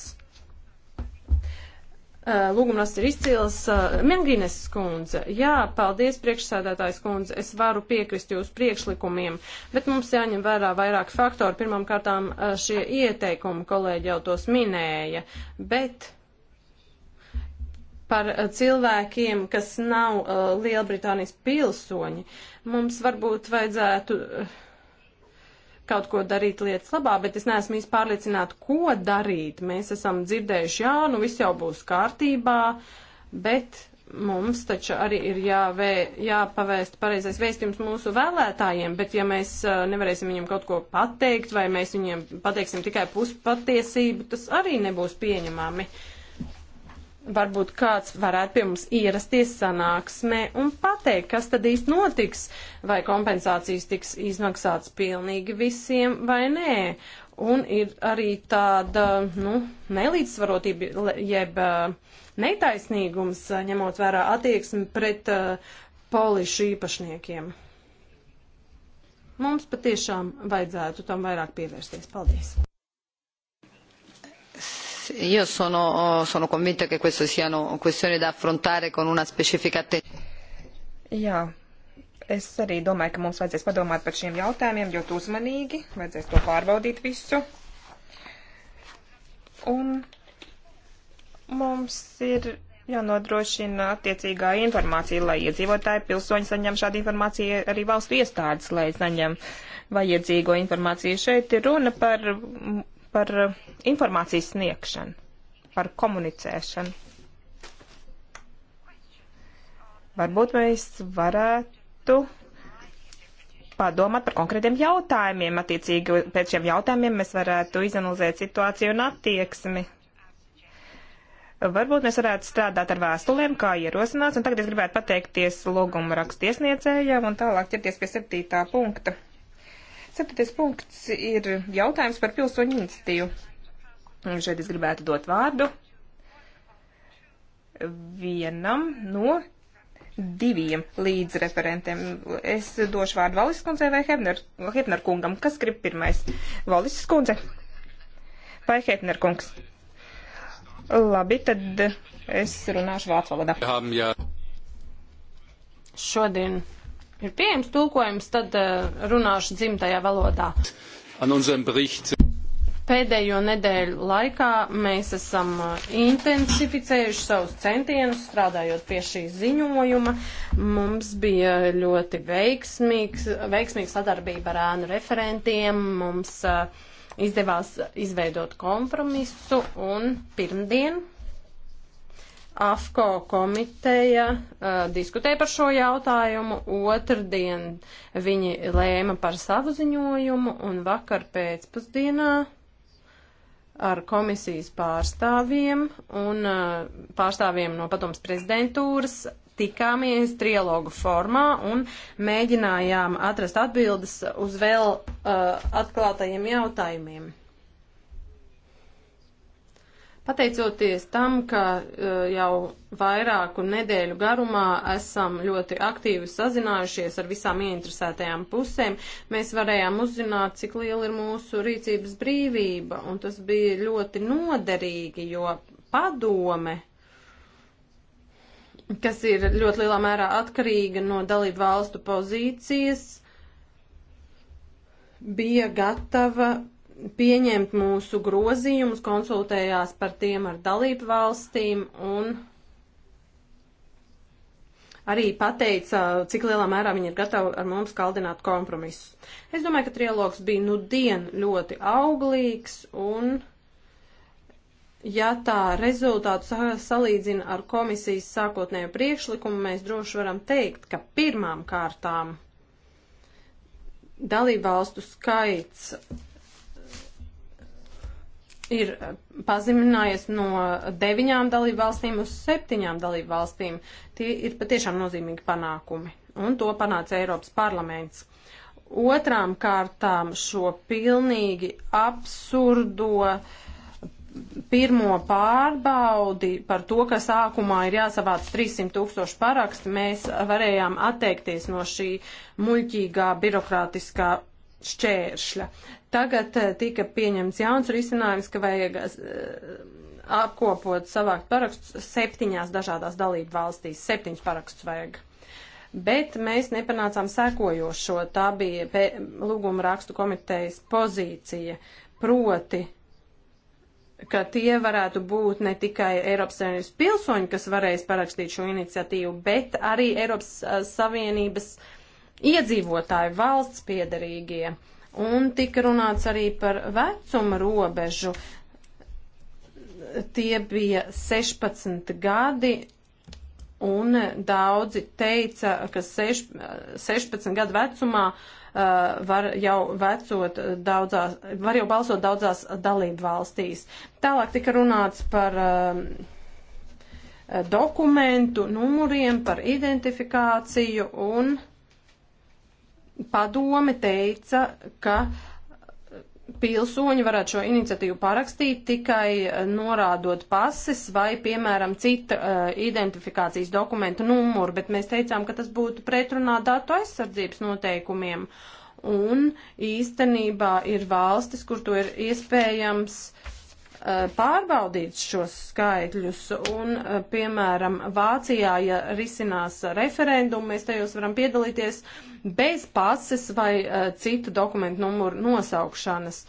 Lūgumrasts ir izcils. Mingrīnes skundze, jā, paldies priekšsēdētājs skundze, es varu piekrist jūsu priekšlikumiem, bet mums jāņem vērā vairāk faktori. Pirmām kārtām šie ieteikumi, kolēģi jau tos minēja, bet par eh, cilvēkiem, kas nav uh, Lielbritānijas pilsoņi. Mums varbūt vajadzētu uh, kaut ko darīt lietas labā, bet es neesmu īsti pārliecināta, ko darīt. Mēs esam dzirdējuši, jā, nu viss jau būs kārtībā, bet mums taču arī ir jāvē, jāpavēst pareizais vēstījums mūsu vēlētājiem, bet ja mēs nevarēsim viņiem kaut ko pateikt, vai mēs viņiem pateiksim tikai puspatiesību, tas arī nebūs pieņemami. Uh, varbūt kāds varētu pie mums ierasties sanāksmē un pateikt, kas tad īsti notiks, vai kompensācijas tiks izmaksāts pilnīgi visiem vai nē. Un ir arī tāda, nu, nelīdzsvarotība, jeb uh, netaisnīgums, uh, ņemot vērā attieksmi pret uh, polišu īpašniekiem. Mums patiešām vajadzētu tam vairāk pievērsties. Paldies! Io sono, oh, sono convinta che queste siano questioni da affrontare con una specifica attenzione. Jā, es arī domāju, ka mums vajadzēs padomāt par šiem jautājumiem ļoti uzmanīgi, vajadzēs to pārbaudīt visu. Un mums ir jānodrošina attiecīgā informācija, lai iedzīvotāji pilsoņi saņem šādu informāciju arī valstu iestādes, lai saņem vajadzīgo informāciju. Šeit ir runa par par eh, informācijas sniegšanu, par komunicēšanu. Varbūt mēs varētu padomāt par konkrētiem jautājumiem. Attiecīgi pēc šiem jautājumiem mēs varētu izanalizēt situāciju un attieksmi. Varbūt mēs varētu strādāt ar vēstulēm, kā ierosināts, un tagad es gribētu pateikties lūguma rakstiesniedzējām un tālāk ķerties pie septītā punkta. Septītais punkts ir jautājums par pilsoņu iniciatīvu. Un šeit es gribētu dot vārdu vienam no diviem līdzreferentiem. Es došu vārdu Valisas kundzei vai Hebner, Hebner kungam. Kas grib pirmais? Valisas kundze vai Hebner kungs? Labi, tad es runāšu vācu valodā. Šodien ir pieejams tulkojums, tad eh, runāšu dzimtajā valodā. Pēdējo nedēļu laikā mēs esam eh, intensificējuši savus centienus, strādājot pie šī ziņojuma. Mums bija ļoti veiksmīgs, veiksmīgs sadarbība ar ēnu referentiem. Mums uh, izdevās izveidot kompromisu un pirmdien AFCO komiteja uh, diskutēja par šo jautājumu, otrdien viņi lēma par savu ziņojumu un vakar pēcpusdienā ar komisijas pārstāvjiem un uh, pārstāvjiem no padomas prezidentūras tikāmies trialogu formā un mēģinājām atrast atbildes uz vēl uh, atklātajiem jautājumiem. Pateicoties tam, ka eh, jau vairāku nedēļu garumā esam ļoti aktīvi sazinājušies ar visām ieinteresētajām pusēm, mēs varējām uzzināt, cik liela ir mūsu rīcības brīvība, un tas bija ļoti noderīgi, jo padome kas ir ļoti lielā mērā atkarīga no dalību valstu pozīcijas, bija gatava pieņemt mūsu grozījumus, konsultējās par tiem ar dalību valstīm un arī pateica, cik lielā mērā viņi ir gatavi ar mums kaldināt kompromisus. Es domāju, ka trialogs bija nu dien ļoti auglīgs un, ja tā rezultātu salīdzina ar komisijas sākotnējo priekšlikumu, mēs droši varam teikt, ka pirmām kārtām dalībvalstu skaits ir eh, pazeminājies no deviņām dalību valstīm uz septiņām dalību valstīm. Tie ir patiešām nozīmīgi panākumi, un to panāca Eiropas parlaments. Otrām kārtām šo pilnīgi absurdo uh, pirmo pārbaudi par to, ka sākumā ir jāsavāc 300 tūkstoši parakstu, mēs varējām atteikties no šī muļķīgā birokrātiskā šķēršļa. Tagad eh, tika pieņemts jauns risinājums, ka vajag eh, apkopot, savākt parakstus septiņās dažādās dalību valstīs. Septiņus parakstus vajag. Bet mēs nepanācām sekojošo. Tā bija lūguma rakstu komitejas pozīcija. Proti, ka tie varētu būt ne tikai Eiropas Savienības pilsoņi, kas varēs parakstīt šo iniciatīvu, bet arī Eiropas eh, Savienības uh, iedzīvotāji, valsts piedarīgie. Un tika runāts arī par vecuma robežu. Tie bija 16 gadi, un daudzi teica, ka seš, 16 gadu vecumā uh, var jau vecot daudzās, var jau balsot daudzās dalību valstīs. Tālāk tika runāts par uh, dokumentu numuriem, par identifikāciju un uh, padome teica, ka pilsoņi varētu šo iniciatīvu parakstīt tikai norādot pases vai, piemēram, cita uh, identifikācijas dokumentu numuru, bet mēs teicām, ka tas būtu pretrunā datu aizsardzības noteikumiem. Un īstenībā ir valstis, kur to ir iespējams uh, Eh, pārbaudīt šos skaitļus. Un, eh, piemēram, Vācijā, ja risinās referendumu, mēs tajos varam piedalīties bez pases vai eh, citu dokumentu numuru nosaukšanas.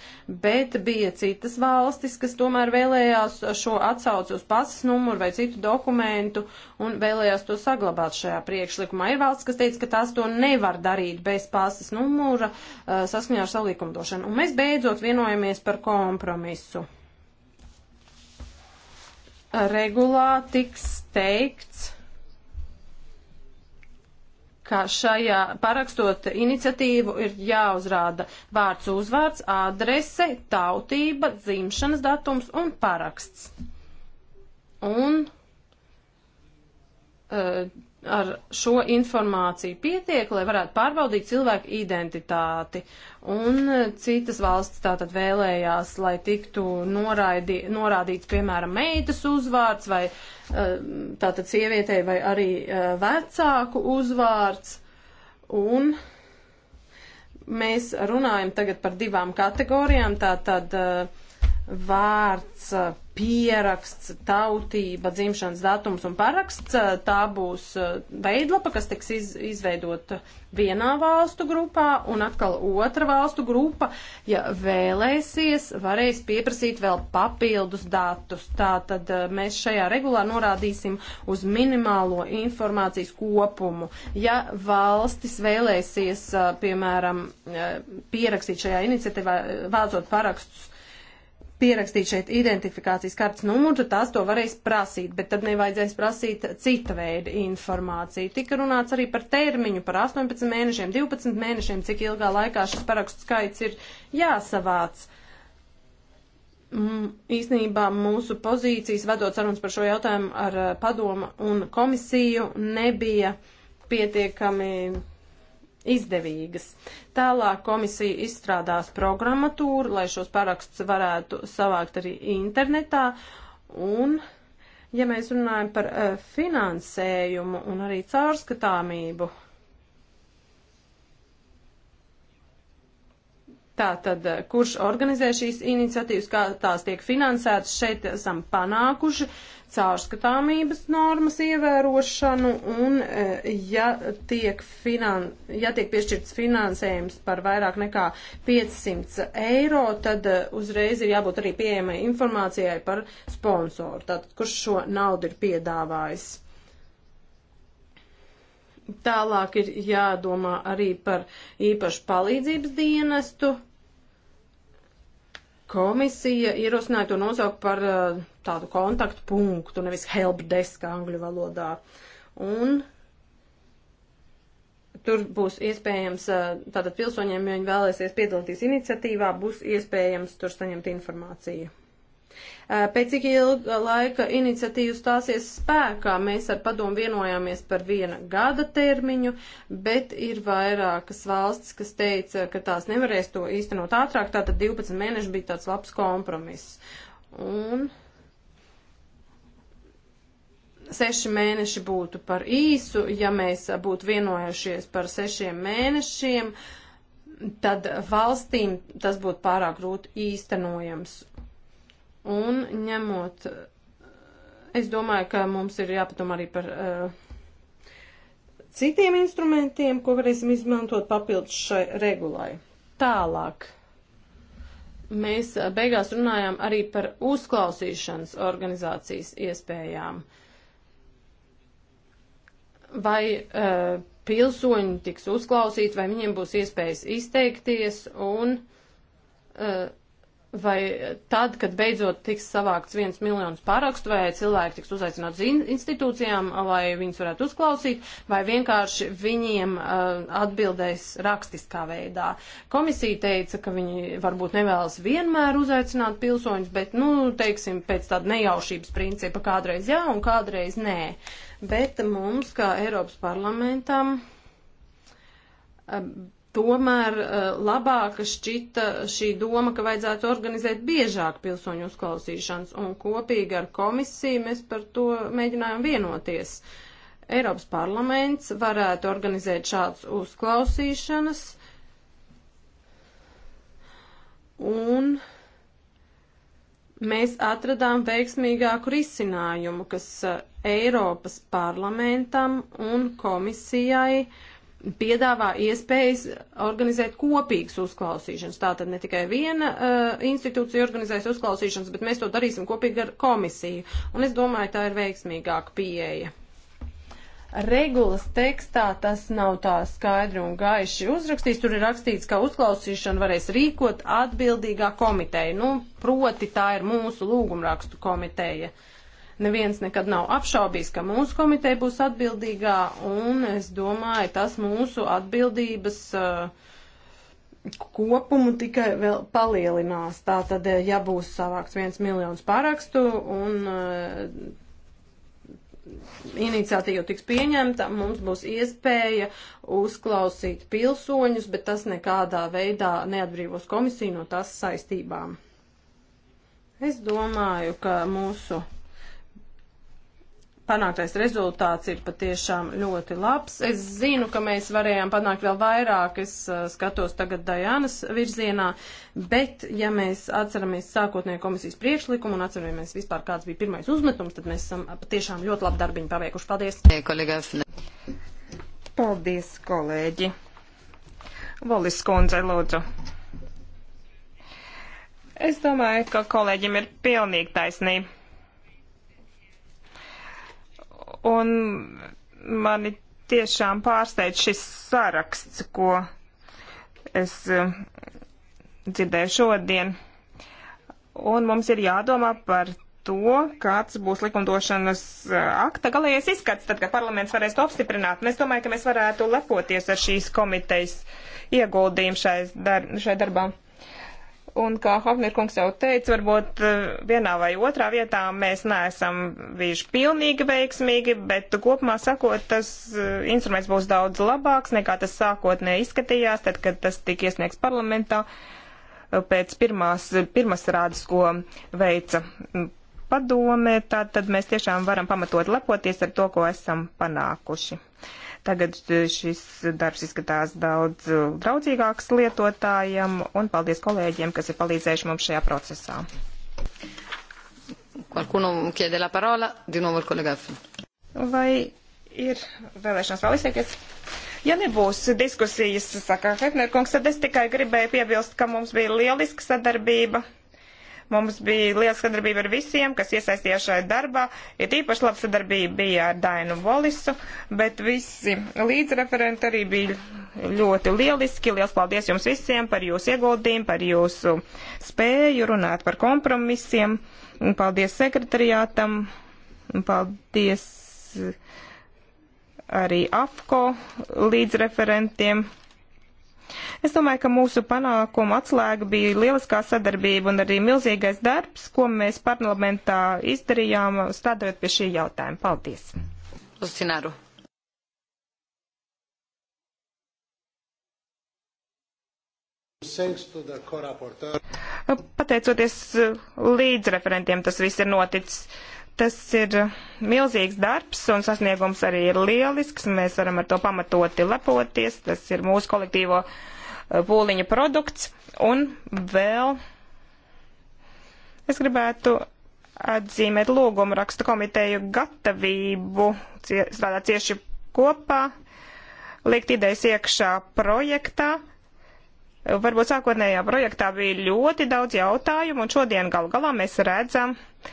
Bet bija citas valstis, kas tomēr vēlējās šo atsauci uz pases numuru vai citu dokumentu un vēlējās to saglabāt šajā priekšlikumā. Ir valsts, kas teica, ka tās to nevar darīt bez pases numura saskaņā ar salikumdošanu. Un mēs beidzot vienojamies par kompromisu regulā tiks teikts, ka šajā parakstot iniciatīvu ir jāuzrāda vārds uzvārds, adrese, tautība, dzimšanas datums un paraksts. Un uh, ar šo informāciju pietiek, lai varētu pārbaudīt cilvēku identitāti. Un citas valsts tātad vēlējās, lai tiktu noraidi, norādīts, piemēram, meitas uzvārds vai eh, tātad sievietei vai arī eh, vecāku uzvārds. Un mēs runājam tagad par divām kategorijām, tātad uh, vārds, eh, pieraksts, tautība, dzimšanas datums un paraksts. Eh, tā būs eh, veidlapa, kas tiks iz, izveidota vienā valstu grupā, un atkal otra valstu grupa, ja vēlēsies, varēs pieprasīt vēl papildus datus. Tātad mēs šajā regulā norādīsim uz minimālo informācijas kopumu. Ja valstis vēlēsies, piemēram, pierakstīt šajā iniciatīvā, vācot parakstus, pierakstīt šeit identifikācijas kartes numuru, tad tās to varēs prasīt, bet tad nevajadzēs prasīt cita veida informāciju. Tika runāts arī par termiņu, par 18 mēnešiem, 12 mēnešiem, cik ilgā laikā šis parakstu skaits ir jāsavāc. Mm, īsnībā mūsu pozīcijas, vedot sarunas par šo jautājumu ar eh, padomu un komisiju, nebija pietiekami izdevīgas. Tālāk komisija izstrādās programmatūru, lai šos parakstus varētu savākt arī internetā. Un, ja mēs runājam par uh, finansējumu un arī caurskatāmību, Tātad, eh, kurš organizē šīs iniciatīvas, kā tās tiek finansētas, šeit esam panākuši caurskatāmības normas ievērošanu un, eh, ja tiek, finan, ja tiek piešķirts finansējums par vairāk nekā 500 eiro, tad eh, uzreiz ir jābūt arī pieejamai informācijai par sponsoru, tātad, kurš šo naudu ir piedāvājis. Tālāk ir jādomā arī par īpašu palīdzības dienestu. Komisija ierosināja to nosaukt par uh, tādu kontaktu punktu, nevis help desk angļu valodā. Un tur būs iespējams, uh, tātad pilsoņiem, ja viņi vēlēsies piedalīties iniciatīvā, būs iespējams tur saņemt informāciju. Eh, pēc cik ilga laika iniciatīva stāsies spēkā, mēs ar padomu vienojāmies par viena gada termiņu, bet ir vairākas valstis, kas teica, ka tās nevarēs to īstenot ātrāk, tātad 12 mēneši bija tāds labs kompromiss. Un seši mēneši būtu par īsu, ja mēs būtu vienojušies par sešiem mēnešiem, tad valstīm tas būtu pārāk grūti īstenojams. Un ņemot, es domāju, ka mums ir jāpadomā arī par uh, citiem instrumentiem, ko varēsim izmantot papildus šai regulai. Tālāk. Mēs eh, beigās runājām arī par uzklausīšanas organizācijas iespējām. Vai uh, pilsoņi tiks uzklausīti, vai viņiem būs iespējas izteikties un uh, Vai tad, kad beidzot tiks savākts viens miljonus pārakstu, vai cilvēki tiks uzaicināti uz institūcijām, lai viņus varētu uzklausīt, vai vienkārši viņiem uh, atbildēs rakstiskā veidā. Komisija teica, ka viņi varbūt nevēlas vienmēr uzaicināt pilsoņus, bet, nu, teiksim, pēc tāda nejaušības principa kādreiz jā un kādreiz nē. Bet mums, kā Eiropas parlamentam, uh, Tomēr eh, labāka šķita šī doma, ka vajadzētu organizēt biežāk pilsoņu uzklausīšanas, un kopīgi ar komisiju mēs par to mēģinājām vienoties. Eiropas parlaments varētu organizēt šādas uzklausīšanas, un mēs atradām veiksmīgāku risinājumu, kas eh, Eiropas parlamentam un komisijai uh, piedāvā iespējas organizēt kopīgas uzklausīšanas. Tātad ne tikai viena uh, institūcija organizēs uzklausīšanas, bet mēs to darīsim kopīgi ar komisiju. Un es domāju, tā ir veiksmīgāka pieeja. Regulas tekstā tas nav tā skaidri un gaiši uzrakstīts. Tur ir rakstīts, ka uzklausīšanu varēs rīkot atbildīgā komiteja. Nu, proti tā ir mūsu lūgumrakstu komiteja. Uh, Neviens nekad nav apšaubījis, ka mūsu komiteja būs atbildīgā, un es domāju, tas mūsu atbildības uh, kopumu tikai vēl palielinās. Tātad, uh, ja būs savāks viens miljons parakstu un uh, iniciatīva tiks pieņemta, mums būs iespēja uzklausīt pilsoņus, bet tas nekādā veidā neatbrīvos komisiju no tās saistībām. Es domāju, ka mūsu panāktais rezultāts ir patiešām ļoti labs. Es zinu, ka mēs varējām panākt vēl vairāk, es uh, skatos tagad Dajanas virzienā, bet ja mēs atceramies sākotnējo komisijas priekšlikumu un atceramies vispār, kāds bija pirmais uzmetums, tad mēs esam uh, patiešām ļoti labu darbiņu paveikuši. Paldies! Paldies, kolēģi! Valis kundze, lūdzu. Es domāju, ka kolēģim ir pilnīgi taisnība Un mani tiešām pārsteidz šis saraksts, ko es eh, dzirdēju šodien. Un mums ir jādomā par to, kāds būs likumdošanas eh, akta galējais izskats, tad, kad parlaments varēs to apstiprināt. Un es domāju, ka mēs varētu lepoties ar šīs komitejas ieguldījumu šai, dar šai darbā. Un kā Hafnirkungs jau teica, varbūt eh, vienā vai otrā vietā mēs neesam bijuši pilnīgi veiksmīgi, bet kopumā sakot, tas eh, instruments būs daudz labāks nekā tas sākotnē izskatījās, tad, kad tas tika iesniegts parlamentā eh, pēc pirmās, pirmas rādes, ko veica mm, padome, tad, tad mēs tiešām varam pamatot lepoties ar to, ko esam panākuši. Tagad e, šis darbs izskatās daudz e, draudzīgāks lietotājiem, un paldies kolēģiem, kas ir palīdzējuši mums šajā procesā. Vai ir vēlēšanās vēl izteikties? Ja nebūs diskusijas, saka Hefner kungs, tad es tikai gribēju piebilst, ka mums bija lieliska sadarbība. Mums bija liela sadarbība ar visiem, kas iesaistījās šajā darbā. Ir īpaši laba sadarbība bija ar Dainu Volisu, bet visi līdzreferenti arī bija ļoti lieliski. Liels paldies jums visiem par jūsu ieguldījumu, par jūsu spēju runāt par kompromisiem. Paldies sekretariātam. Paldies arī AFCO līdzreferentiem. Es domāju, ka mūsu panākuma atslēga bija lieliskā sadarbība un arī milzīgais darbs, ko mēs parlamentā izdarījām, strādājot pie šī jautājuma. Paldies! Lucināru. Pateicoties eh, līdzreferentiem, tas viss ir noticis. Tas ir milzīgs darbs un sasniegums arī ir lielisks. Mēs varam ar to pamatoti lepoties. Tas ir mūsu kolektīvo eh, pūliņu produkts. Un vēl es gribētu atzīmēt lūgumu rakstu komiteju gatavību strādāt cieši kopā, liekt idejas iekšā projektā. Varbūt sākotnējā projektā bija ļoti daudz jautājumu, un šodien gal galā mēs redzam, uh,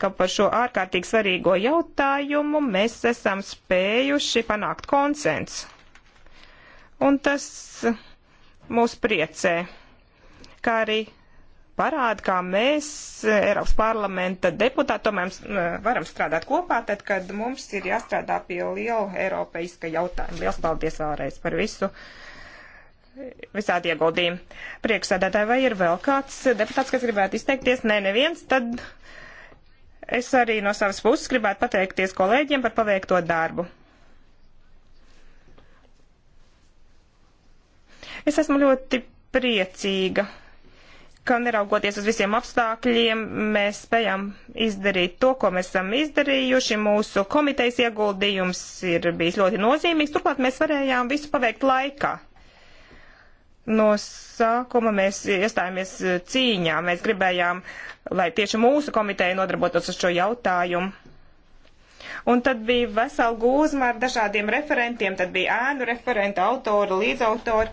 ka par šo ārkārtīgi svarīgo jautājumu mēs esam spējuši panākt konsensu. Un tas mūs priecē, kā arī parāda, kā mēs, Eiropas parlamenta deputāti, tomēr varam strādāt kopā, tad, kad mums ir jāstrādā pie liela eiropeiska jautājuma. Lielas paldies vēlreiz par visu, visādi ieguldījumi. Priekšsēdētāji, vai ir vēl kāds deputāts, kas gribētu izteikties? Nē, ne, neviens, tad Es arī no savas puses gribētu pateikties kolēģiem par paveikto darbu. Es esmu ļoti priecīga, ka neraugoties uz visiem apstākļiem, mēs spējam izdarīt to, ko mēs esam izdarījuši. Mūsu komitejas ieguldījums ir bijis ļoti nozīmīgs, turklāt mēs varējām visu paveikt laikā. No sākuma mēs iestājāmies e, cīņā. Mēs gribējām, lai tieši mūsu komiteja nodarbotos ar šo jautājumu. Un tad bija vesela gūzma ar dažādiem referentiem, tad bija ēnu referenti, autori, līdzautori.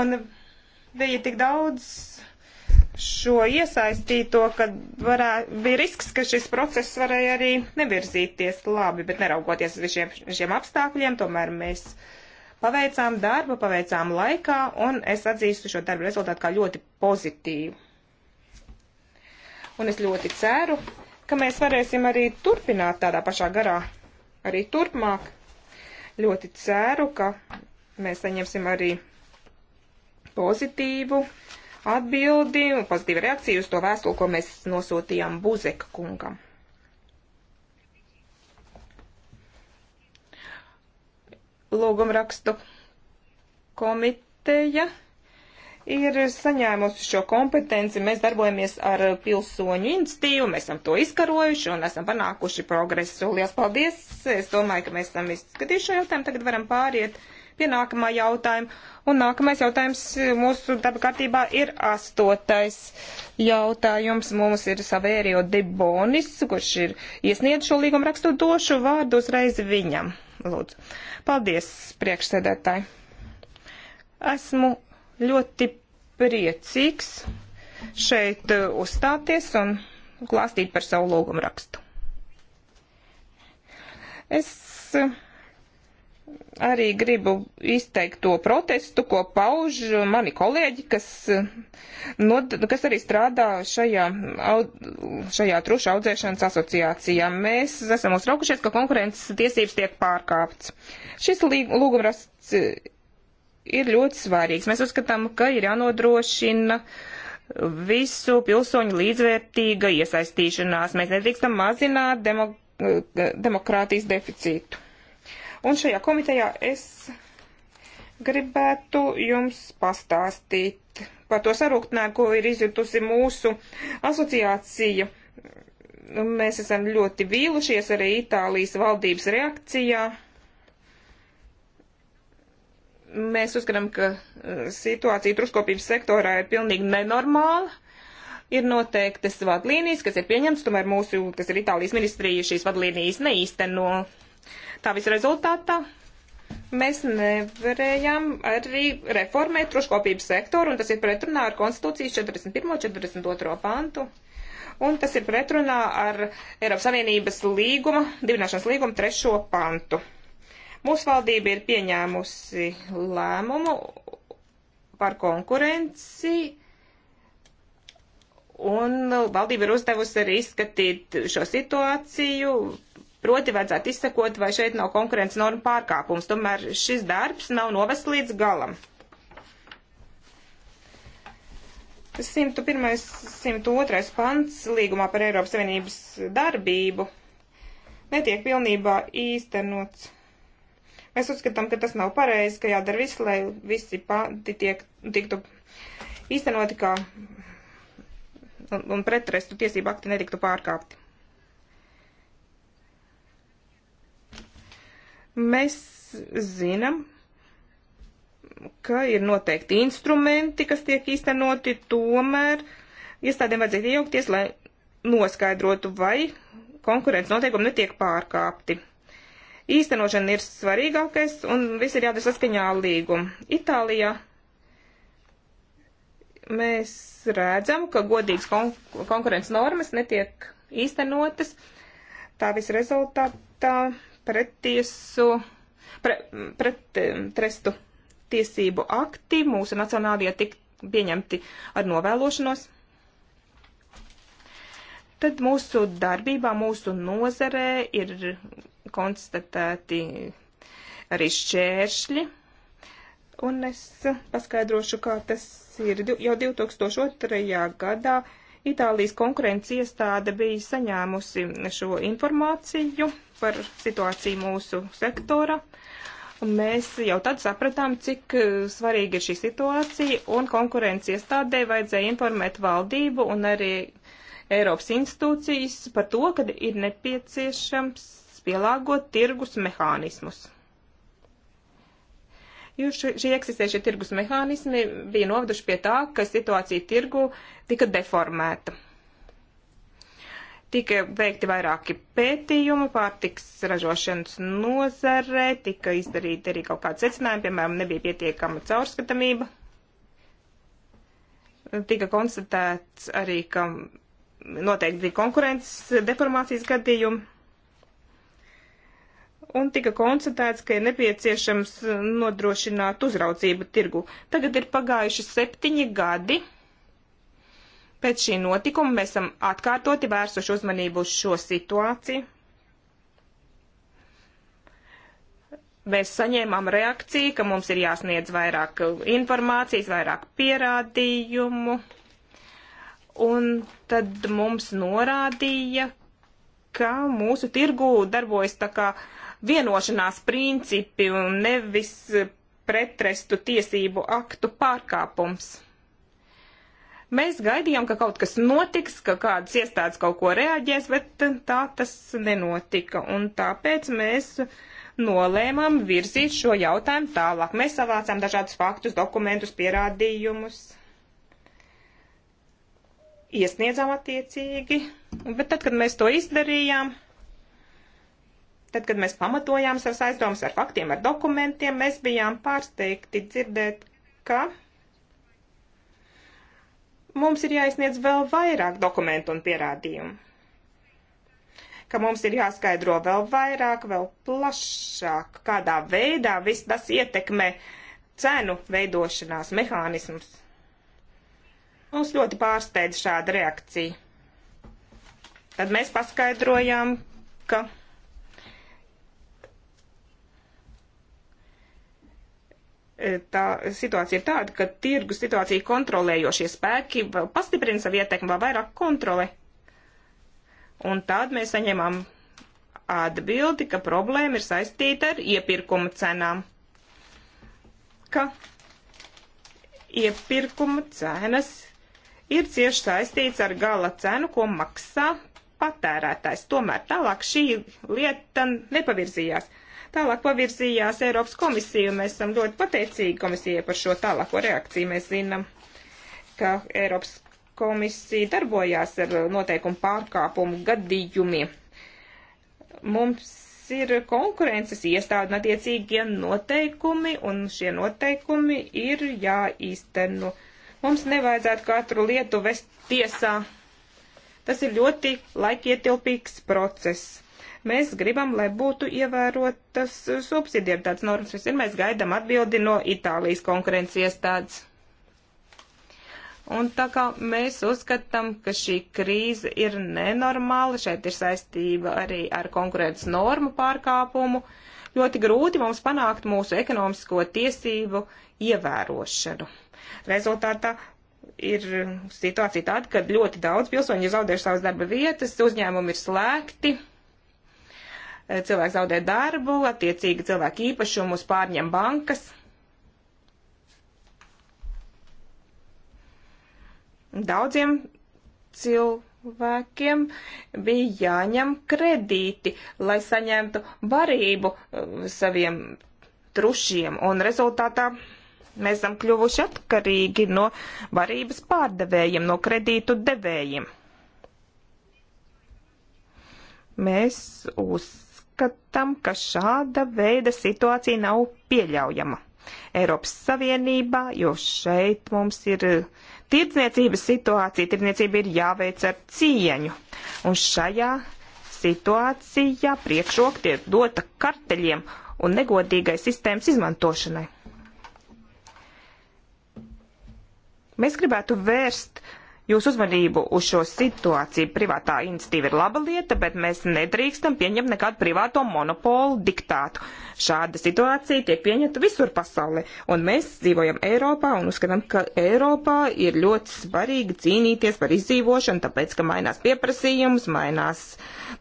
Un bija tik daudz šo iesaistīto, ka varē, bija risks, ka šis process varēja arī nevirzīties labi, bet neraugoties uz visiem šiem apstākļiem, tomēr mēs. Uh, Paveicām darbu, paveicām laikā, un es atzīstu šo darbu rezultātu kā ļoti pozitīvu. Un es ļoti ceru, ka mēs varēsim arī turpināt tādā pašā garā, arī turpmāk. Ļoti ceru, ka mēs saņemsim arī pozitīvu atbildi un pozitīvu reakciju uz to vēstuli, ko mēs nosūtījām Buzeka kungam. lūgumrakstu komiteja ir saņēmusi šo kompetenci. Mēs darbojamies ar pilsoņu institīvu, mēs esam to izkarojuši un esam panākuši progresu. Lielas paldies! Es domāju, ka mēs esam izskatījuši šo jautājumu. Tagad varam pāriet pie nākamā jautājuma. Un nākamais jautājums mūsu darba kārtībā ir astotais jautājums. Mums ir Savērio Debonis, kurš ir iesniedz šo līgumu rakstu došu vārdu uzreiz viņam. Lūdzu. Paldies, priekšsēdētāji. Esmu ļoti priecīgs šeit eh, uzstāties un klāstīt par savu lūgumu rakstu. Es eh, arī gribu izteikt to protestu, ko pauž mani kolēģi, kas, eh, no, kas arī strādā šajā, aud, šajā truša audzēšanas asociācijā. Mēs esam uztraukušies, ka konkurences tiesības tiek pārkāptas. Šis lūgumrasts eh, ir ļoti svarīgs. Mēs uzskatām, ka ir jānodrošina visu pilsoņu līdzvērtīga iesaistīšanās. Mēs nedrīkstam mazināt demok eh, demokrātijas deficītu Un šajā komitejā es gribētu jums pastāstīt par to sarūktinājumu, ko ir izjutusi mūsu asociācija. Mēs esam ļoti vīlušies arī Itālijas valdības reakcijā. Mēs uzskatām, ka uh, situācija truskopības sektorā ir pilnīgi nenormāla ir noteiktas vadlīnijas, kas ir pieņemtas, tomēr mūsu, kas ir Itālijas ministrija, šīs vadlīnijas neīsteno. No Tā visa rezultātā mēs nevarējām arī reformēt troškopības sektoru, un tas ir pretrunā ar konstitūcijas 41. un 42. pantu. Un tas ir pretrunā ar Eiropas Savienības līguma, dibināšanas līguma trešo pantu. Mūsu valdība ir pieņēmusi lēmumu par konkurenci, un valdība ir uzdevusi arī izskatīt šo situāciju Proti vajadzētu izsekot, vai šeit nav konkurences norma pārkāpums. Tomēr šis darbs nav novests līdz galam. 101. 102. pants līgumā par Eiropas Savienības darbību netiek pilnībā īstenots. Mēs uzskatām, ka tas nav pareizi, ka jādara viss, lai visi panti tiek, tiktu īstenoti kā un pretrestu tiesību akti netiktu pārkāpti. Mēs zinām, ka ir noteikti instrumenti, kas tiek īstenoti, tomēr iestādēm vajadzētu iejaukties, lai noskaidrotu, vai konkurences noteikumi netiek pārkāpti. Īstenošana ir svarīgākais, un viss ir jādara saskaņā ar līgumu. Itālijā mēs redzam, ka godīgas kon konkurences normas netiek īstenotas. Tā visu rezultātā pretiesu, pre, pret trestu tiesību akti mūsu nacionālajie tik pieņemti ar novēlošanos. Tad mūsu darbībā, mūsu nozarē ir konstatēti arī šķēršļi, un es paskaidrošu, kā tas ir. Jau 2002. gadā Itālijas konkurences iestāde bija saņēmusi šo informāciju par situāciju mūsu sektora. Mēs jau tad sapratām, cik eh, svarīga ir šī situācija, un konkurences iestādē vajadzēja informēt valdību un arī Eiropas institūcijas par to, ka ir nepieciešams pielāgot tirgus mehānismus. Jo šie eksistējušie tirgus mehānismi bija noveduši pie tā, ka situācija tirgu tika deformēta. Tika veikti vairāki pētījumi pārtiks ražošanas nozarē, tika izdarīti arī kaut kādi secinājumi, piemēram, nebija pietiekama caurskatamība. Tika konstatēts arī, ka noteikti bija konkurences deformācijas gadījumi un tika konstatēts, ka ir nepieciešams nodrošināt uzraudzību tirgu. Tagad ir pagājuši septiņi gadi Pēc šī notikuma mēs esam atkārtoti vērsuši uzmanību uz šo situāciju. Mēs saņēmām reakciju, ka mums ir jāsniedz vairāk informācijas, vairāk pierādījumu, un tad mums norādīja, ka mūsu tirgū darbojas tā kā vienošanās principi un nevis pretrestu tiesību aktu pārkāpums. Mēs gaidījām, ka kaut kas notiks, ka kādas iestādes kaut ko reaģēs, bet tā tas nenotika. Un tāpēc mēs nolēmām virzīt šo jautājumu tālāk. Mēs savācām dažādus faktus, dokumentus, pierādījumus, iesniedzām attiecīgi. Bet tad, kad mēs to izdarījām, Tad, kad mēs pamatojām savas aizdomas ar faktiem, ar dokumentiem, mēs bijām pārsteigti dzirdēt, ka mums ir jāizsniedz vēl vairāk dokumentu un pierādījumu. Ka mums ir jāskaidro vēl vairāk, vēl plašāk, kādā veidā viss tas ietekmē cenu veidošanās mehānismus. Mums ļoti pārsteidz šāda reakcija. Tad mēs paskaidrojām, ka tā situācija ir tāda, ka tirgu situācija kontrolējošie spēki pastiprina savu ietekmi vēl vairāk kontroli. Un tad mēs saņemam atbildi, ka problēma ir saistīta ar iepirkuma cenām. Ka iepirkuma cenas ir cieši saistīts ar gala cenu, ko maksā patērētājs. Tomēr tālāk šī lieta nepavirzījās tālāk pavirzījās Eiropas komisija, un mēs esam ļoti pateicīgi komisijai par šo tālāko reakciju. Mēs zinām, ka Eiropas komisija darbojās ar noteikumu pārkāpumu gadījumiem. Mums ir konkurences iestāde un attiecīgie noteikumi, un šie noteikumi ir jāīsteno. Mums nevajadzētu katru lietu vest tiesā. Tas ir ļoti laikietilpīgs process. Mēs gribam, lai būtu ievērotas subsidiertāts normas. Visvien mēs gaidam atbildi no Itālijas konkurences iestādes. Un tā kā mēs uzskatām, ka šī krīze ir nenormāla, šeit ir saistība arī ar konkurences normu pārkāpumu, ļoti grūti mums panākt mūsu ekonomisko tiesību ievērošanu. Rezultātā ir situācija tāda, ka ļoti daudz pilsoņi ir zaudējuši savas darba vietas, uzņēmumi ir slēgti, Eh, cilvēks zaudē darbu, attiecīgi cilvēku īpašumus pārņem bankas. Daudziem cilvēkiem bija jāņem kredīti, lai saņemtu barību eh, saviem trušiem, un rezultātā mēs esam kļuvuši atkarīgi no varības pārdevējiem, no kredītu devējiem mēs uz uzskatām, ka šāda veida situācija nav pieļaujama Eiropas Savienībā, jo šeit mums ir tirdzniecības situācija, tirdzniecība ir jāveic ar cieņu. Un šajā situācijā priekšroka tiek dota karteļiem un negodīgai sistēmas izmantošanai. Mēs gribētu vērst uh, jūsu uzmanību uz šo situāciju. Privātā iniciatīva ir laba lieta, bet mēs nedrīkstam pieņemt nekādu privāto monopolu diktātu. Uh, Šāda situācija tiek pieņemta visur pasaulē, un mēs dzīvojam Eiropā un uzskatām, ka Eiropā ir ļoti svarīgi cīnīties par izdzīvošanu, tāpēc, ka mainās pieprasījums, mainās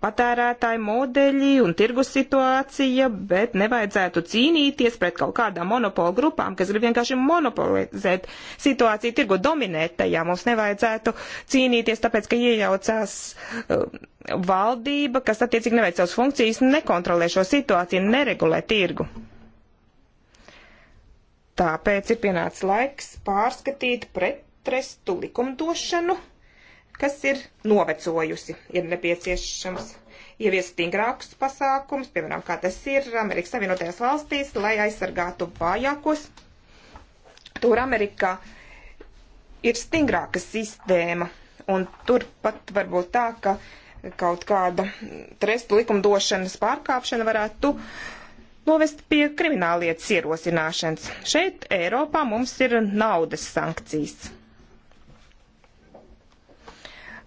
patērētāju modeļi un tirgus situācija, bet nevajadzētu cīnīties pret kaut kādām monopolu grupām, kas grib vienkārši monopolizēt situāciju, tirgu dominēt tajā. Mums nevajadzētu cīnīties, tāpēc, ka iejaucās. Uh, valdība, kas attiecīgi neveic savas funkcijas, nekontrolē šo situāciju, neregulē tirgu. Tāpēc ir pienācis laiks pārskatīt pretrestu likumdošanu, kas ir novecojusi. Ir nepieciešams ieviest stingrākus pasākums, piemēram, kā tas ir Amerikas Savienotajās valstīs, lai aizsargātu vājākos. Tur Amerikā ir stingrāka sistēma, un tur pat varbūt tā, ka uh, kaut kāda trestu likumdošanas pārkāpšana varētu novest pie krimināllietas ierosināšanas. Šeit Eiropā mums ir naudas sankcijas.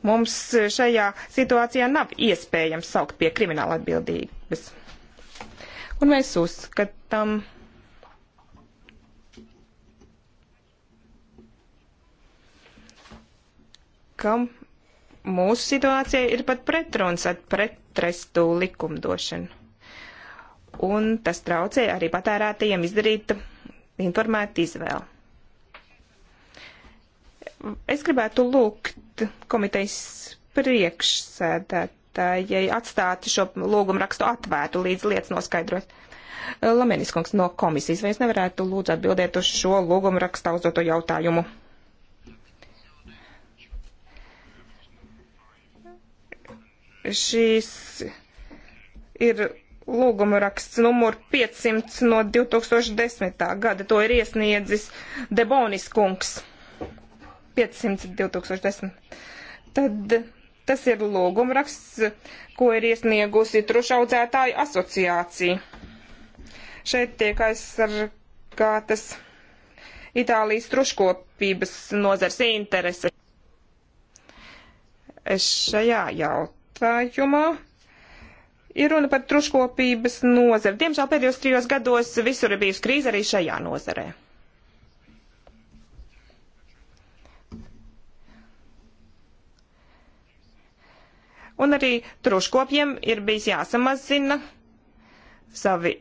Mums šajā situācijā nav iespējams saukt pie krimināla atbildības. Un mēs uzskatām. kam mūsu situācija ir pat pretruns ar pretrestu likumdošanu. Un tas traucē arī patērētajiem izdarīt informētu izvēli. Es gribētu lūgt komitejas priekšsēdētājai atstāt šo lūgumu rakstu atvērtu līdz lietas noskaidrot. Lameniskungs no komisijas, vai es nevarētu lūdzu atbildēt uz šo lūgumu rakstu uzdoto jautājumu? Šīs ir lūguma raksts numur 500 no 2010. gada. To ir iesniedzis Debonis kungs. 500 2010. Tad tas ir lūguma raksts, ko ir iesniegusi trušaudzētāju asociācija. Šeit tiek aizsargātas Itālijas truškopības nozars interese. Šajā jautājumā jautājumā ir runa par truškopības nozari. Diemžēl pēdējos trijos gados visur ir bijusi krīze arī šajā nozarē. Un arī truškopiem ir bijis jāsamazina savi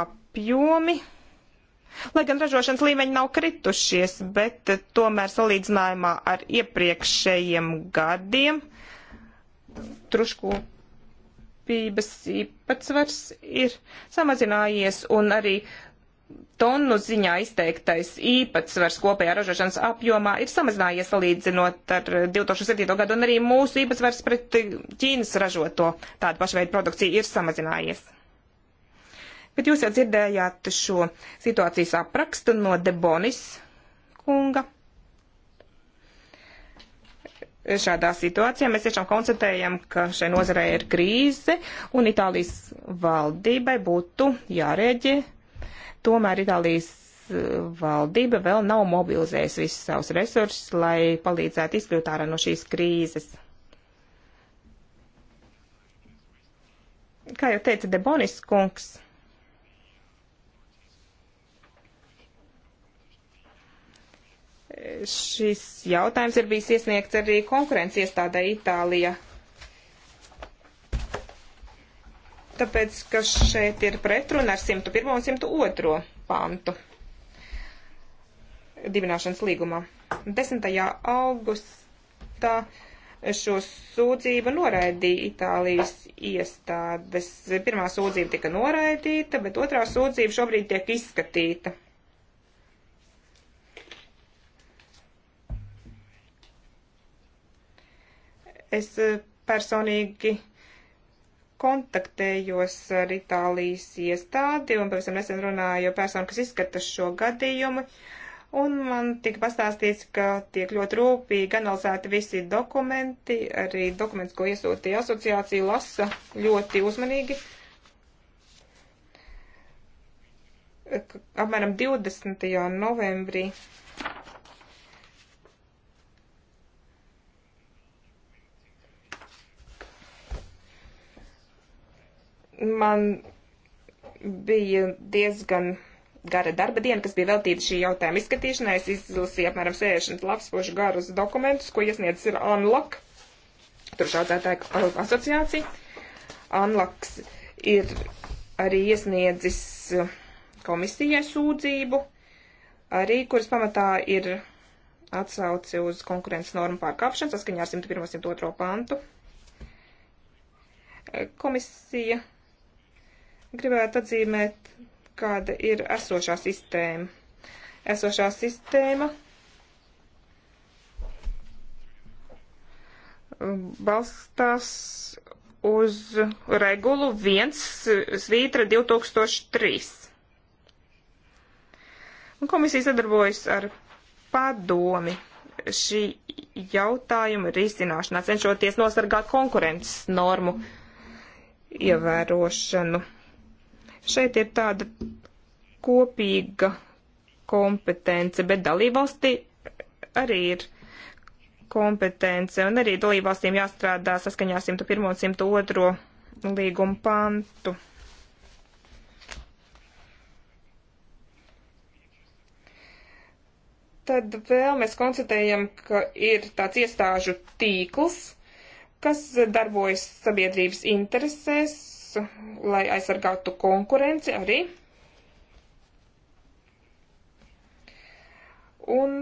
apjomi. Lai gan ražošanas līmeņi nav kritušies, bet tomēr salīdzinājumā ar iepriekšējiem gadiem uh, truškopības īpatsvars ir samazinājies un arī tonu ziņā izteiktais īpatsvars kopējā ražošanas apjomā ir samazinājies salīdzinot ar 2007. gadu, un arī mūsu īpatsvars pret Ķīnas ražoto tādu pašveidu produkciju ir samazinājies. Bet jūs jau dzirdējāt šo situācijas aprakstu no Debonis kunga šādā situācijā mēs tiešām konstatējam, ka šai nozarē ir krīze un Itālijas valdībai būtu jārēģē. Tomēr Itālijas e, valdība vēl nav mobilizējusi visus savus resursus, lai palīdzētu izkļūt ārā no šīs krīzes. Kā jau teica Debonis kungs, šis jautājums ir bijis iesniegts arī konkurences iestādē Itālijā. Tāpēc, ka šeit ir pretruna ar 101 un 102 pantu dibināšanas līgumā. 10. augustā šo sūdzību noraidīja Itālijas iestādes. Pirmā sūdzība tika noraidīta, bet otrā sūdzība šobrīd tiek izskatīta. Es eh, personīgi kontaktējos ar Itālijas iestādi un pavisam nesen runāju personu, kas izskata šo gadījumu. Un man tika pastāstīts, ka tiek ļoti rūpīgi analizēti visi dokumenti, arī dokuments, ko iesūtīja asociācija, lasa ļoti uzmanīgi. Apmēram 20. novembrī man bija diezgan gara darba diena, kas bija veltīta šī jautājuma izskatīšanai. Es izlasīju apmēram 60 lapspošu garus dokumentus, ko iesniedz ir ANLAK, tur šaudzētāju uh, asociācija. ANLAKS ir arī iesniedzis uh, komisijai sūdzību, arī kuras pamatā ir atsauci uz konkurences normu pārkāpšanu saskaņā ar 101. 102. pantu. Uh, komisija gribētu atzīmēt, kāda ir esošā sistēma. Esošā sistēma balstās uz regulu 1 svītra 2003. Un komisija sadarbojas ar padomi šī jautājuma risināšanā, cenšoties nosargāt konkurences normu ievērošanu. Mm. Šeit ir tāda kopīga kompetence, bet dalībvalstī arī ir kompetence, un arī dalībvalstīm jāstrādā saskaņā 101 un 102 līguma pantu. Tad vēl mēs konstatējam, ka ir tāds iestāžu tīkls, kas darbojas sabiedrības interesēs, lai aizsargātu konkurenci arī. Un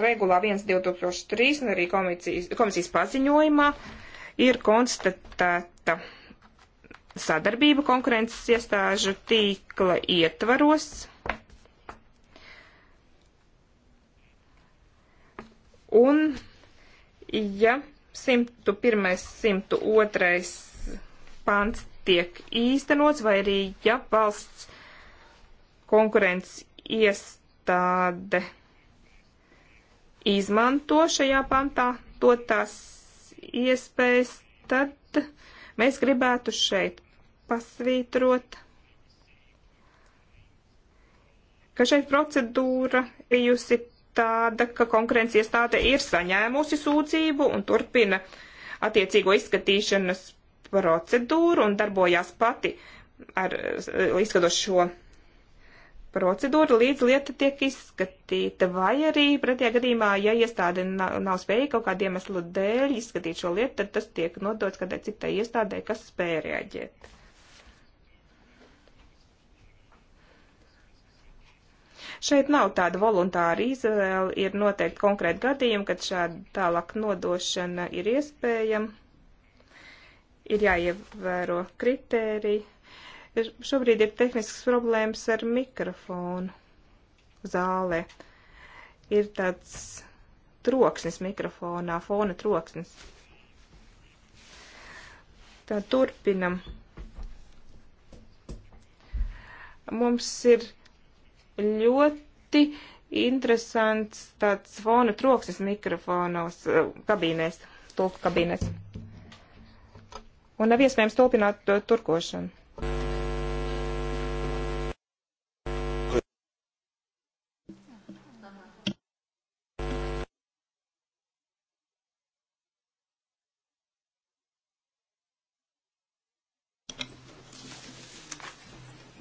regulā 1.2003 un arī komisijas, komisijas paziņojumā ir konstatēta sadarbība konkurences iestāžu tīkla ietvaros. Un, ja 101. 102 pants tiek īstenots, vai arī, ja valsts konkurences iestāde izmanto šajā pantā dotās iespējas, tad mēs gribētu šeit pasvītrot, ka šeit procedūra bijusi tāda, ka konkurences iestāde ir saņēmusi sūdzību un turpina attiecīgo izskatīšanas procedūru un darbojās pati ar, izskatot šo procedūru, līdz lieta tiek izskatīta, vai arī pretējā gadījumā, ja iestāde nav, nav spējīga kaut kādu iemeslu dēļ izskatīt šo lietu, tad tas tiek nodots kādai citai iestādē, kas spēja reaģēt. Šeit nav tāda voluntāra izvēle, ir noteikti konkrēti gadījumi, kad šāda tālāk nodošana ir iespējama ir jāievēro kritēriji. Šobrīd ir tehnisks problēmas ar mikrofonu zālē. Ir tāds troksnis mikrofonā, fona troksnis. Tā turpinam. Mums ir ļoti interesants tāds fona troksnis mikrofonos eh, kabīnēs, tulku kabīnēs un nav iespējams tulpināt turkošanu.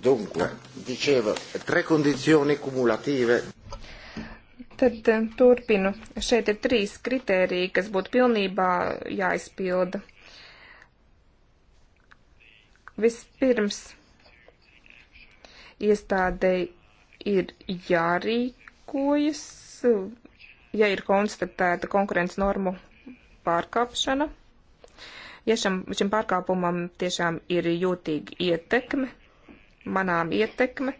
Dunque, dicevo, tre condizioni cumulative. Tad eh, turpinu. Šeit ir trīs kritēriji, kas būtu pilnībā jāizpilda. Vispirms iestādei ir jārīkojas, ja ir konstatēta konkurences normu pārkāpšana. Ja šam, šim pārkāpumam tiešām ir jūtīga ietekme, manām ietekme,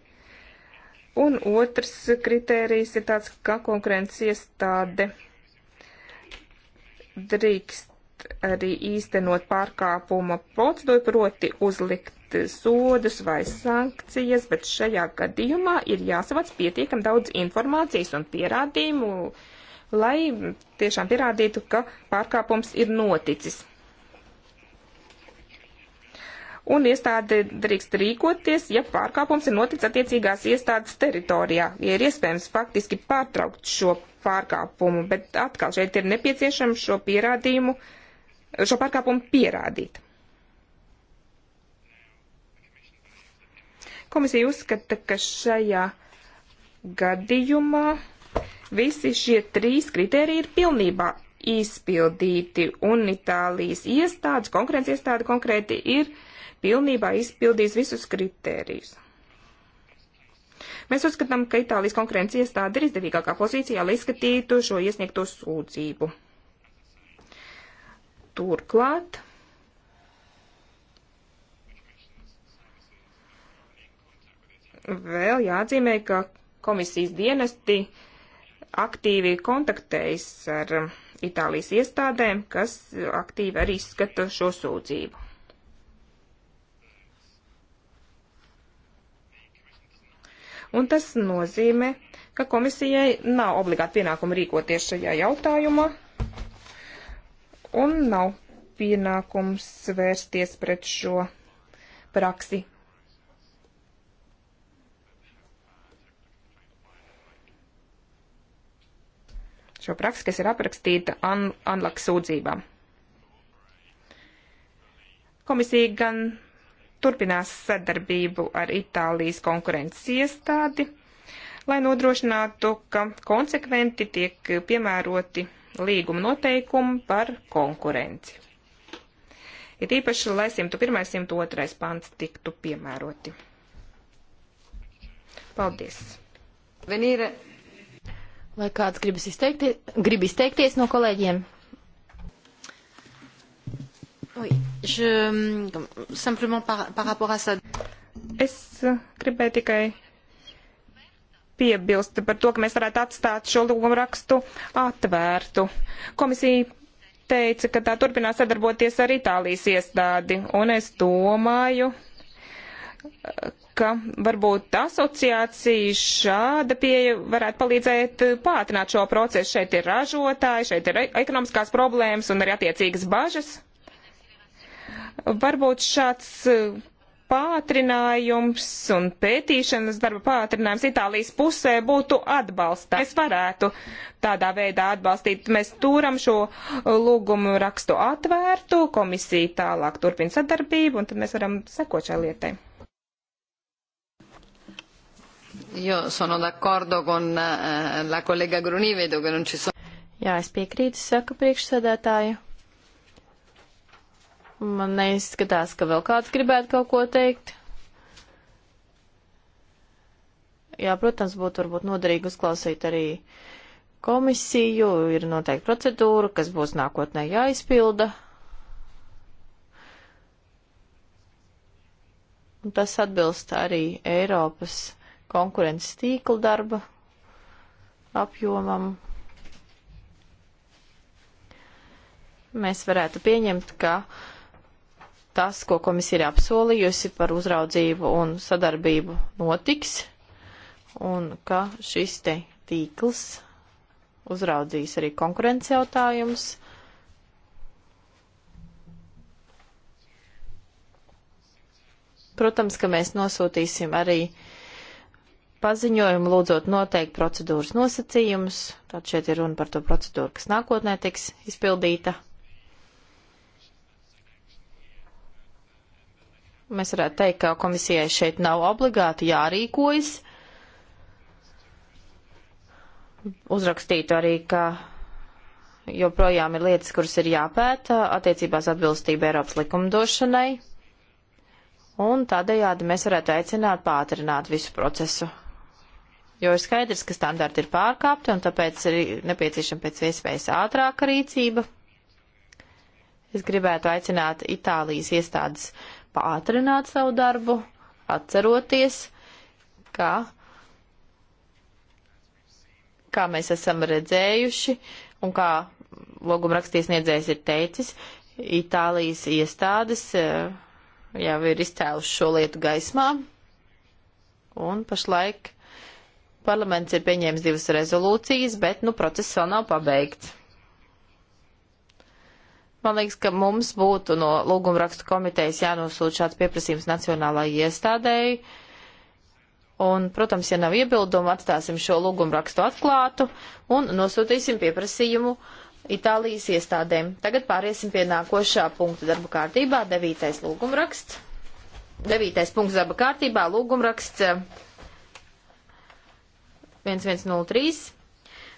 un otrs kritērijs ir tāds, ka konkurences iestāde drīkst arī īstenot pārkāpuma procedūru, proti uzlikt sodus vai sankcijas, bet šajā gadījumā ir jāsavac pietiekam daudz informācijas un pierādījumu, lai tiešām pierādītu, ka pārkāpums ir noticis. Un iestāde drīkst rīkoties, ja pārkāpums ir noticis attiecīgās iestādes teritorijā, ja ir iespējams faktiski pārtraukt šo pārkāpumu, bet atkal šeit ir nepieciešams šo pierādījumu uh, šo pārkāpumu pierādīt. Komisija uzskata, ka šajā gadījumā visi šie trīs kriteriji ir pilnībā izpildīti, un Itālijas iestādes, konkurences iestāde konkrēti ir pilnībā izpildījis visus kriterijus. Mēs uzskatām, ka Itālijas konkurences iestāde ir izdevīgākā pozīcijā, lai izskatītu šo iesniegto sūdzību. Turklāt vēl jāatzīmē, ka komisijas dienesti aktīvi kontaktējas ar Itālijas iestādēm, kas aktīvi arī izskata šo sūdzību. Un tas nozīmē, ka komisijai nav obligāti pienākuma rīkoties šajā jautājumā, un nav pienākums vērsties pret šo praksi. Šo praksi, kas ir aprakstīta an, anlak sūdzībām. Komisija gan turpinās sadarbību ar Itālijas konkurences iestādi, lai nodrošinātu, ka konsekventi tiek piemēroti līguma noteikumu par konkurenci. Ir īpaši, lai 101. 102. pants tiktu piemēroti. Paldies! Venīre. Vai kāds gribas izteikti, grib izteikties no kolēģiem? Oui, je, simplement par, par rapport à ça. Es gribēju tikai piebilst par to, ka mēs varētu atstāt šo lūgumu rakstu atvērtu. Komisija teica, ka tā turpinās sadarboties ar Itālijas iestādi, un es domāju, ka varbūt asociācija šāda pieeja varētu palīdzēt pātrināt šo procesu. Šeit ir ražotāji, šeit ir e- ekonomiskās problēmas un arī attiecīgas bažas. Varbūt šāds pātrinājums un pētīšanas darba pātrinājums Itālijas pusē būtu atbalstā. Mēs varētu tādā veidā atbalstīt. Mēs turam šo lūgumu rakstu atvērtu, komisija tālāk turpina sadarbību, un tad mēs varam sekot šai lietai. Io sono d'accordo con eh, la collega Gruni, vedo che non ci sono. Jā, es piekrītu, saka priekšsēdētāju. Man neizskatās, ka vēl kāds gribētu kaut ko teikt. Jā, protams, būtu varbūt noderīgi uzklausīt arī komisiju, ir noteikti procedūra, kas būs nākotnē jāizpilda. Un tas atbilst arī Eiropas konkurences tīkla darba apjomam. Mēs varētu pieņemt, ka uh, tas, ko komisija ir apsolījusi par uzraudzību un sadarbību notiks, un ka šis te tīkls uzraudzīs arī konkurences jautājumus. Protams, ka mēs nosūtīsim arī paziņojumu lūdzot noteikt procedūras nosacījumus. Tad šeit ir runa par to procedūru, kas nākotnē tiks izpildīta. Mēs varētu teikt, ka komisijai šeit nav obligāti jārīkojas. Uzrakstītu arī, ka joprojām ir lietas, kuras ir jāpēta attiecībās atbilstība Eiropas likumdošanai. Un tādējādi mēs varētu aicināt pātrināt visu procesu. Jo ir skaidrs, ka standarti ir pārkāpti un tāpēc ir nepieciešama pēc iespējas ātrāka rīcība. Es gribētu aicināt Itālijas iestādes pātrināt savu darbu, atceroties, ka, kā mēs esam redzējuši un kā logumrakstiesniedzējs ir teicis, Itālijas iestādes eh, jau ir izcēluši šo lietu gaismā, un pašlaik parlaments ir pieņēmis divas rezolūcijas, bet, nu, process vēl nav pabeigts. Man liekas, ka mums būtu no lūgumrakstu komitejas jānosūta šāds pieprasījums nacionālajai iestādēji. Un, protams, ja nav iebildumu, atstāsim šo lūgumrakstu atklātu un nosūtīsim pieprasījumu Itālijas iestādēm. Tagad pāriesim pie nākošā punkta darba kārtībā - devītais lūgumraksts. Devītais punkts darba kārtībā - lūgumraksts 1103.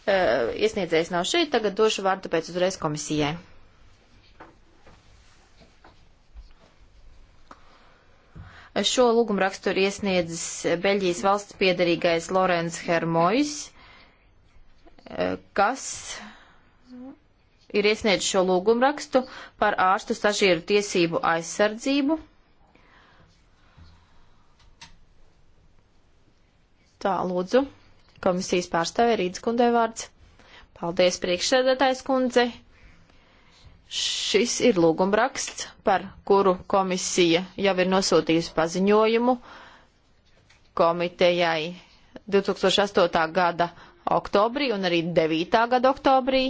Eh, eh, iesniedzējs nav šeit, tagad došu vārdu pēc uzreiz komisijai. Šo lūgumrakstu ir iesniedzis Beļģijas valsts piedarīgais Lorenz Hermojs, eh, kas ir iesniedzis šo lūgumrakstu par ārstu stažieru tiesību aizsardzību. Tā, lūdzu, komisijas pārstāvē Rīdskundē vārds. Paldies, priekšsēdētājs kundze. Šis ir lūgumraksts, par kuru komisija jau ir nosūtījusi paziņojumu komitejai 2008. gada oktobrī un arī 9. gada oktobrī.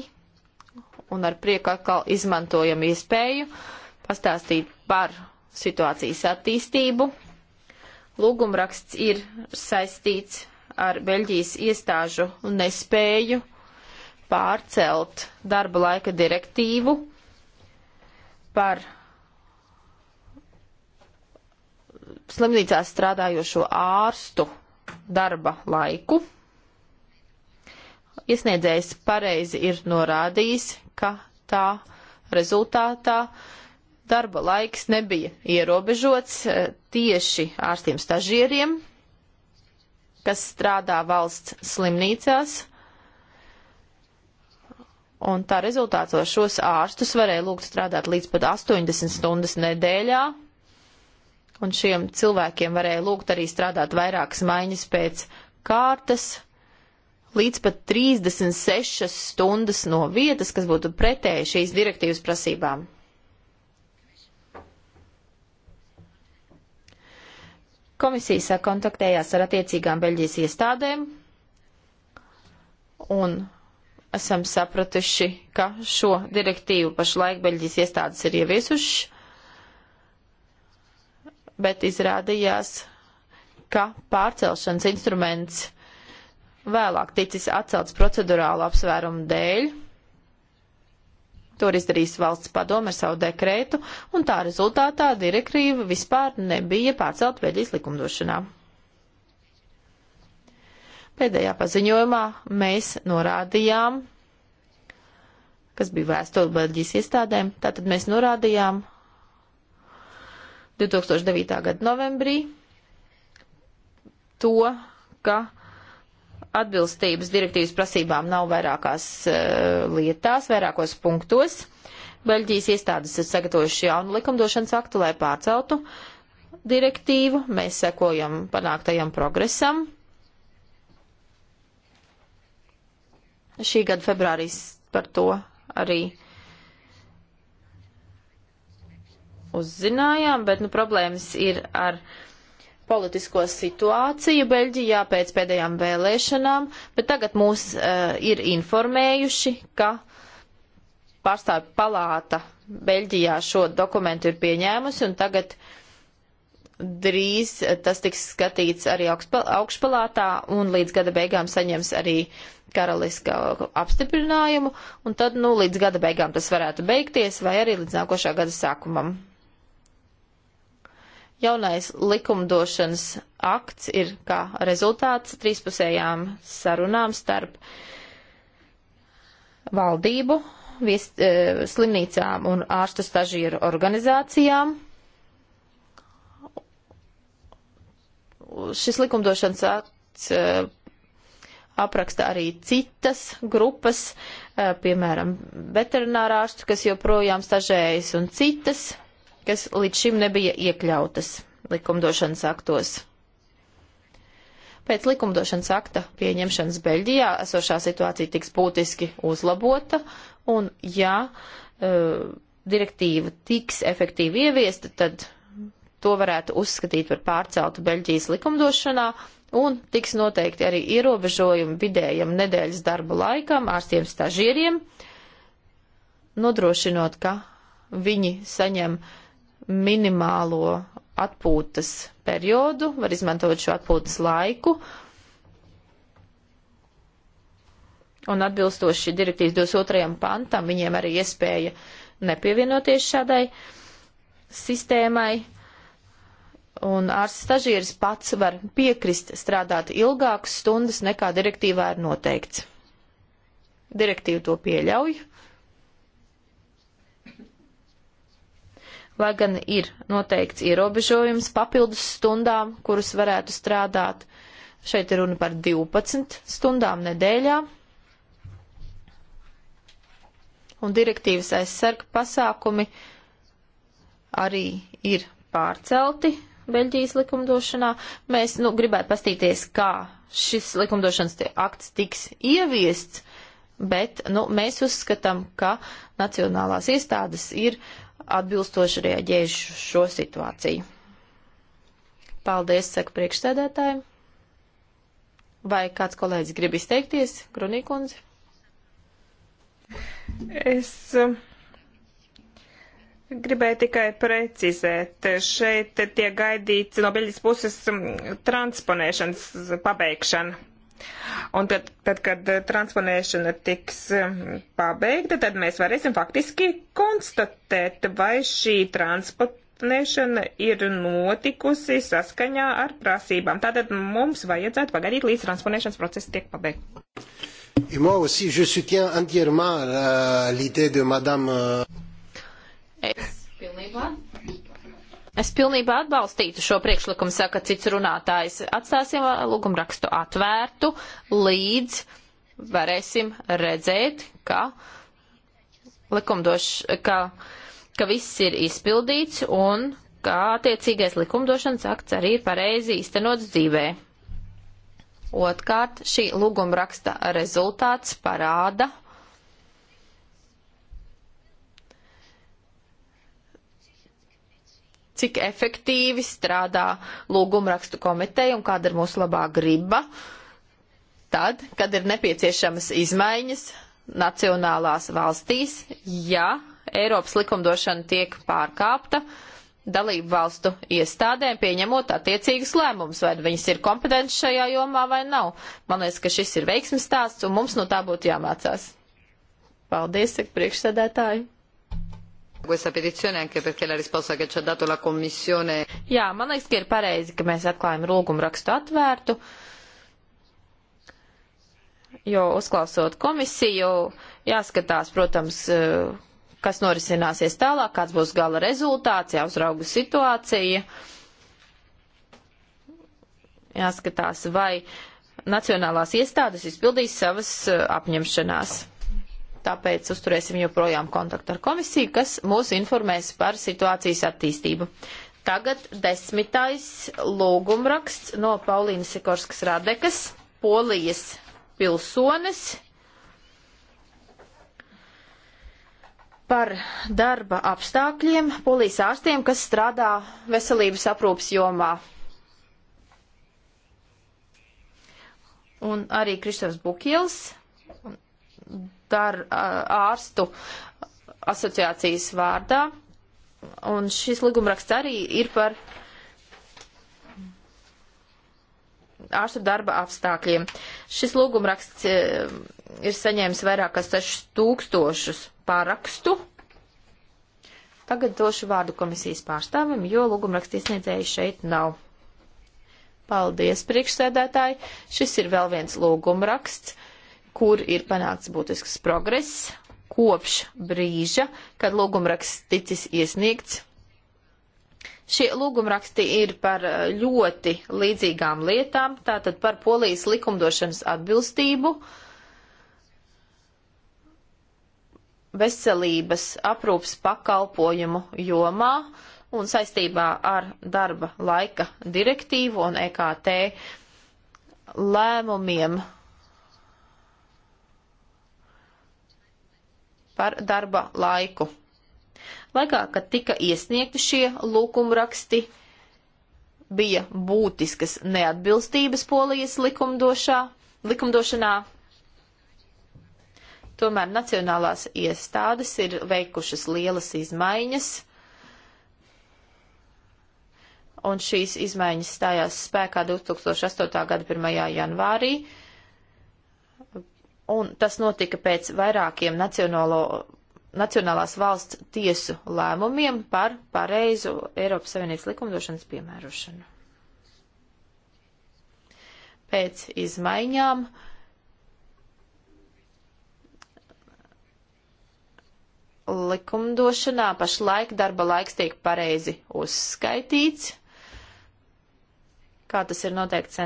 Un ar prieku atkal izmantojam iespēju pastāstīt par situācijas attīstību. Lūgumraksts ir saistīts ar Beļģijas iestāžu nespēju pārcelt darba laika direktīvu par slimnīcās strādājošo ārstu darba laiku. Iesniedzējs pareizi ir norādījis, ka tā rezultātā darba laiks nebija ierobežots e, tieši ārstiem stažieriem, kas strādā valsts slimnīcās Un tā rezultātā šos ārstus varēja lūgt strādāt līdz pat 80 stundas nedēļā. Un šiem cilvēkiem varēja lūgt arī strādāt vairākas maiņas pēc kārtas, līdz pat 36 stundas no vietas, kas būtu pretēji šīs direktīvas prasībām. Komisija sakontaktējās ar attiecīgām Beļģijas iestādēm, un esam sapratuši, ka šo direktīvu pašlaik Beļģijas iestādes ir ieviesušas, bet izrādījās, ka pārcelšanas instruments vēlāk ticis atcelts procedurālu apsvērumu dēļ. To ir izdarījis valsts padome ar savu dekrētu, un tā rezultātā direktīva vispār nebija pārcelt Beļģijas likumdošanā. Pēdējā paziņojumā mēs norādījām, kas bija vēstule Beļģijas iestādēm, tātad mēs norādījām 2009. gada novembrī to, ka atbilstības direktīvas prasībām nav vairākās uh, lietās, vairākos punktos. Beļģijas iestādes ir sagatavojuši jaunu likumdošanas aktu, lai pārceltu direktīvu. Mēs sekojam panāktajam progresam Šī gada februārīs par to arī uzzinājām, bet nu, problēmas ir ar politisko situāciju Beļģijā pēc pēdējām vēlēšanām, bet tagad mūs uh, ir informējuši, ka pārstāvju palāta Beļģijā šo dokumentu ir pieņēmusi un tagad uh, drīz tas tiks skatīts arī augšpalātā un līdz gada beigām saņems arī karaliska apstiprinājumu, un tad, nu, līdz gada beigām tas varētu beigties, vai arī līdz nākošā gada sākumam. Jaunais likumdošanas akts ir kā rezultāts trīspusējām sarunām starp valdību, vies, e, slimnīcām un ārstu stažieru organizācijām šis likumdošanas akts e, apraksta arī citas grupas, e, piemēram, veterinārārstu, kas joprojām stažējas, un citas, kas līdz šim nebija iekļautas likumdošanas aktos. Pēc likumdošanas akta pieņemšanas Beļģijā esošā situācija tiks būtiski uzlabota, un ja uh, direktīva tiks efektīvi ieviesta, tad to varētu uzskatīt par pārceltu Beļģijas likumdošanā, un tiks noteikti arī ierobežojumi vidējam nedēļas darba laikam ārstiem stažieriem, nodrošinot, ka viņi saņem minimālo atpūtas periodu, var izmantot šo atpūtas laiku. Un atbilstoši direktīvas 22. pantam, viņiem arī iespēja nepievienoties šādai sistēmai un ārsts stažieris pats var piekrist strādāt ilgākas stundas nekā direktīvā ir noteikts. Direktīva to pieļauj. Lai gan ir noteikts ierobežojums papildus stundām, kuras varētu strādāt, šeit ir runa par 12 stundām nedēļā. Un direktīvas aizsarga pasākumi arī ir pārcelti Beļģijas likumdošanā. Mēs nu, gribētu pastīties, kā šis likumdošanas akts tiks ieviests, bet nu, mēs uzskatām, ka nacionālās iestādes ir atbilstoši reaģējuši šo situāciju. Paldies, saka priekšsēdētājiem. Vai kāds kolēģis grib izteikties? Grunīkundze. Es. Uh Gribēju tikai precizēt, šeit tiek gaidīts no Beļģijas puses transponēšanas pabeigšana. Un tad, tad, kad transponēšana tiks pabeigta, tad mēs varēsim faktiski konstatēt, vai šī transponēšana ir notikusi saskaņā ar prasībām. Tātad mums vajadzētu pagaidīt, līdz transponēšanas process tiek pabeigts. Et moi aussi, je soutiens entièrement euh, l'idée de Madame. Euh Es pilnībā. Es pilnībā atbalstītu šo priekšlikumu, saka cits runātājs. Atstāsim uh, lūgumrakstu atvērtu, līdz varēsim redzēt, ka likumdoš, ka, ka viss ir izpildīts un ka attiecīgais likumdošanas akts arī ir pareizi īstenots dzīvē. Otkārt, šī lūgumraksta rezultāts parāda, cik efektīvi strādā lūgumrakstu komiteja un kāda ir mūsu labā griba. Tad, kad ir nepieciešamas izmaiņas nacionālās valstīs, ja Eiropas likumdošana tiek pārkāpta, dalību valstu iestādēm pieņemot attiecīgus lēmumus, vai viņas ir kompetences šajā jomā vai nav. Man liekas, ka šis ir veiksmes stāsts un mums no tā būtu jāmācās. Paldies, saka priekšsēdētāji. Questa petizione anche perché la risposta che ci ha dato la Commissione. Jā, man liekas, ka ir pareizi, ka mēs atklājam lūgumu rakstu atvērtu, jo uzklausot komisiju, jāskatās, protams, e, kas norisināsies tālāk, kāds būs gala rezultāts, jāuzrauga situācija. Jāskatās, vai nacionālās iestādes izpildīs savas e, apņemšanās tāpēc uzturēsim joprojām kontaktu ar komisiju, kas mūs informēs par situācijas attīstību. Tagad desmitais lūgumraksts no Paulīnas Sikorskas Radekas, Polijas pilsones par darba apstākļiem polijas ārstiem, kas strādā veselības aprūpas jomā. Un arī Kristofs Bukils dar ārstu asociācijas vārdā. Un šis likumraksts arī ir par ārstu darba apstākļiem. Šis lūgumraksts e, ir saņēmis vairāk kā 6000 parakstu. Tagad došu vārdu komisijas pārstāvim, jo lūgumraksts iesniedzēji šeit nav. Paldies, priekšsēdētāji. Šis ir vēl viens lūgumraksts. raksts kur ir panākts būtisks progress kopš brīža, kad lūgumraksts ticis iesniegts. Šie lūgumraksti ir par eh, ļoti līdzīgām lietām, tātad par polijas likumdošanas atbilstību, veselības aprūpas pakalpojumu jomā un saistībā ar darba laika direktīvu un EKT lēmumiem par darba laiku. Laikā, kad tika iesniegti šie lūkumraksti, bija būtiskas neatbilstības polijas likumdošā, likumdošanā. Tomēr nacionālās iestādes ir veikušas lielas izmaiņas, un šīs izmaiņas stājās spēkā 2008. gada 1. janvārī un tas notika pēc vairākiem nacionālo, nacionālās valsts tiesu lēmumiem par pareizu Eiropas Savienības likumdošanas piemērošanu. Pēc izmaiņām likumdošanā pašlaik darba laiks tiek pareizi uzskaitīts, kā tas ir noteikts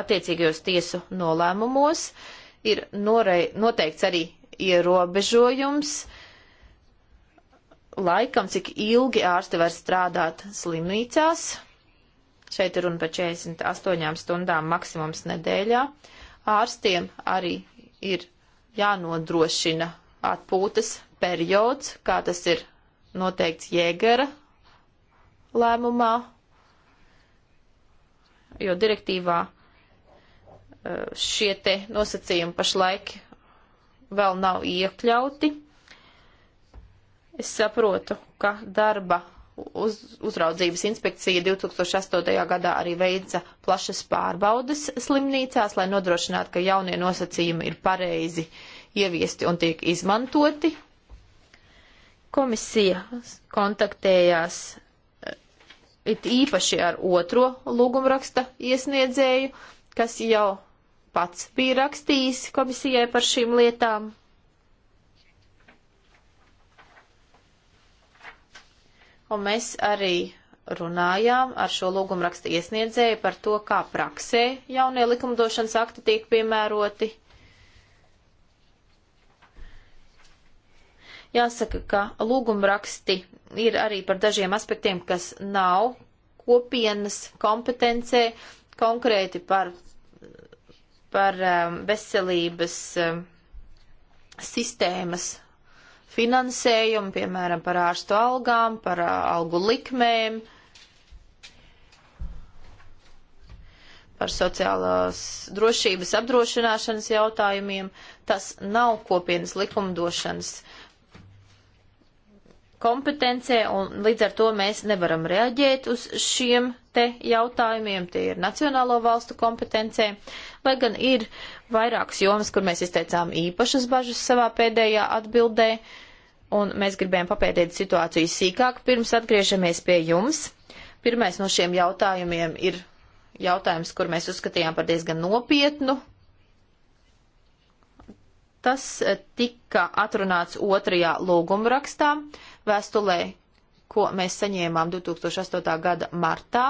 attiecīgajos tiesu nolēmumos ir norei, noteikts arī ierobežojums laikam, cik ilgi ārsti var strādāt slimnīcās. Šeit ir runa par 48 stundām maksimums nedēļā. Ārstiem arī ir jānodrošina atpūtas periods, kā tas ir noteikts Jēgara lēmumā, jo direktīvā Eh, šie te nosacījumi pašlaik vēl nav iekļauti. Es saprotu, ka darba uz, uzraudzības inspekcija 2008. gadā arī veica plašas pārbaudas slimnīcās, lai nodrošinātu, ka jaunie nosacījumi ir pareizi ieviesti un tiek izmantoti. Komisija kontaktējās eh, it īpaši ar otro lūgumraksta iesniedzēju, kas jau pats bija rakstījis komisijai par šīm lietām. Un mēs arī runājām ar šo lūgumrakstu iesniedzēju par to, kā praksē jaunie likumdošanas akti tiek piemēroti. Jāsaka, ka lūgumraksti ir arī par dažiem aspektiem, kas nav kopienas kompetencē, konkrēti par par um, veselības um, sistēmas finansējumu, piemēram, par ārstu algām, par uh, algu likmēm, par sociālās drošības apdrošināšanas jautājumiem. Tas nav kopienas likumdošanas uh, kompetencē, un līdz ar to mēs nevaram reaģēt uz šiem te jautājumiem, tie ir nacionālo valstu kompetencē, lai gan ir vairākas jomas, kur mēs izteicām īpašas bažas savā pēdējā atbildē, un mēs gribējām papētīt situāciju sīkāk, pirms atgriežamies pie jums. Pirmais no šiem jautājumiem ir jautājums, kur mēs uzskatījām par diezgan nopietnu. Tas eh, tika atrunāts otrajā lūgumrakstā. rakstā vēstulē, ko mēs saņēmām 2008. gada martā.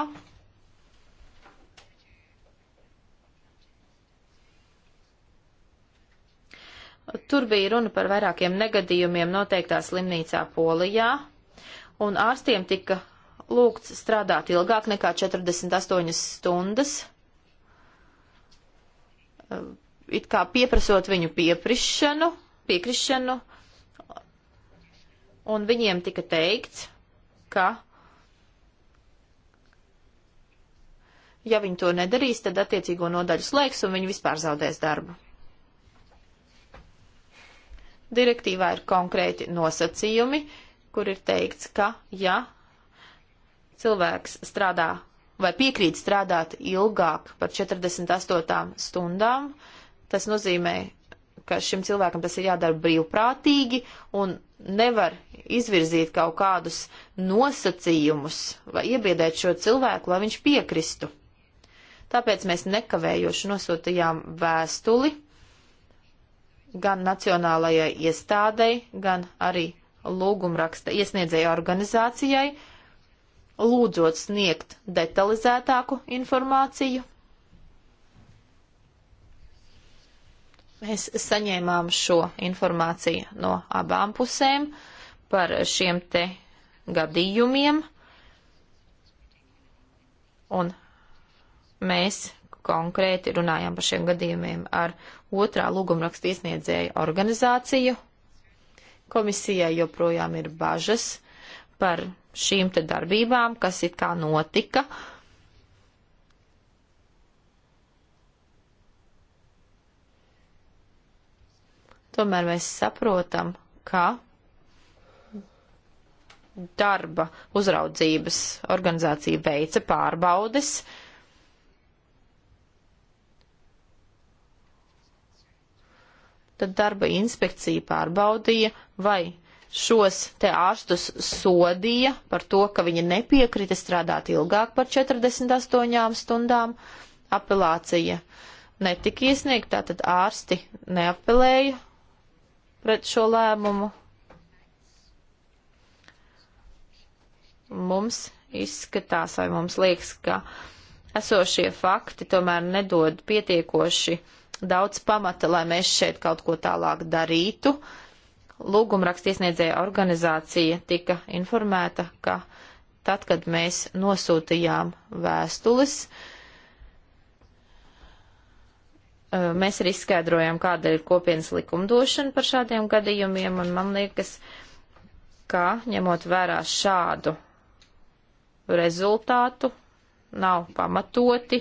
Tur bija runa par vairākiem negadījumiem noteiktā slimnīcā Polijā, un ārstiem tika lūgts strādāt ilgāk nekā 48 stundas, it kā pieprasot viņu pieprišanu, piekrišanu, un viņiem tika teikts, ka ja viņi to nedarīs, tad attiecīgo nodaļu slēgs un viņi vispār zaudēs darbu. Direktīvā ir konkrēti nosacījumi, kur ir teikts, ka ja cilvēks strādā vai piekrīt strādāt ilgāk par 48 stundām, tas nozīmē, ka šim cilvēkam tas ir jādara brīvprātīgi un nevar izvirzīt kaut kādus nosacījumus vai iebiedēt šo cilvēku, lai viņš piekristu. Tāpēc mēs nekavējoši nosūtījām vēstuli gan nacionālajai iestādei, gan arī lūgumraksta iesniedzēju organizācijai, lūdzot sniegt detalizētāku informāciju Mēs saņēmām šo informāciju no abām pusēm par šiem te gadījumiem, un mēs konkrēti runājām par šiem gadījumiem ar otrā lūgumraksta iesniedzēju organizāciju. Komisijai joprojām ir bažas par šīm te darbībām, kas it kā notika, uh, Tomēr mēs saprotam, ka darba uzraudzības organizācija veica pārbaudes. Tad darba inspekcija pārbaudīja, vai šos te ārstus sodīja par to, ka viņi nepiekrita strādāt ilgāk par 48 stundām. Apelācija netika iesniegta, tad ārsti neapelēja pret šo lēmumu. Mums izskatās vai mums liekas, ka esošie fakti tomēr nedod pietiekoši daudz pamata, lai mēs šeit kaut ko tālāk darītu. Lūgumrakstiesniedzēja organizācija tika informēta, ka tad, kad mēs nosūtījām vēstulis, uh, Eh, mēs arī izskaidrojam, kāda ir kopienas likumdošana par šādiem gadījumiem, un man liekas, ka ņemot vērā šādu rezultātu, nav pamatoti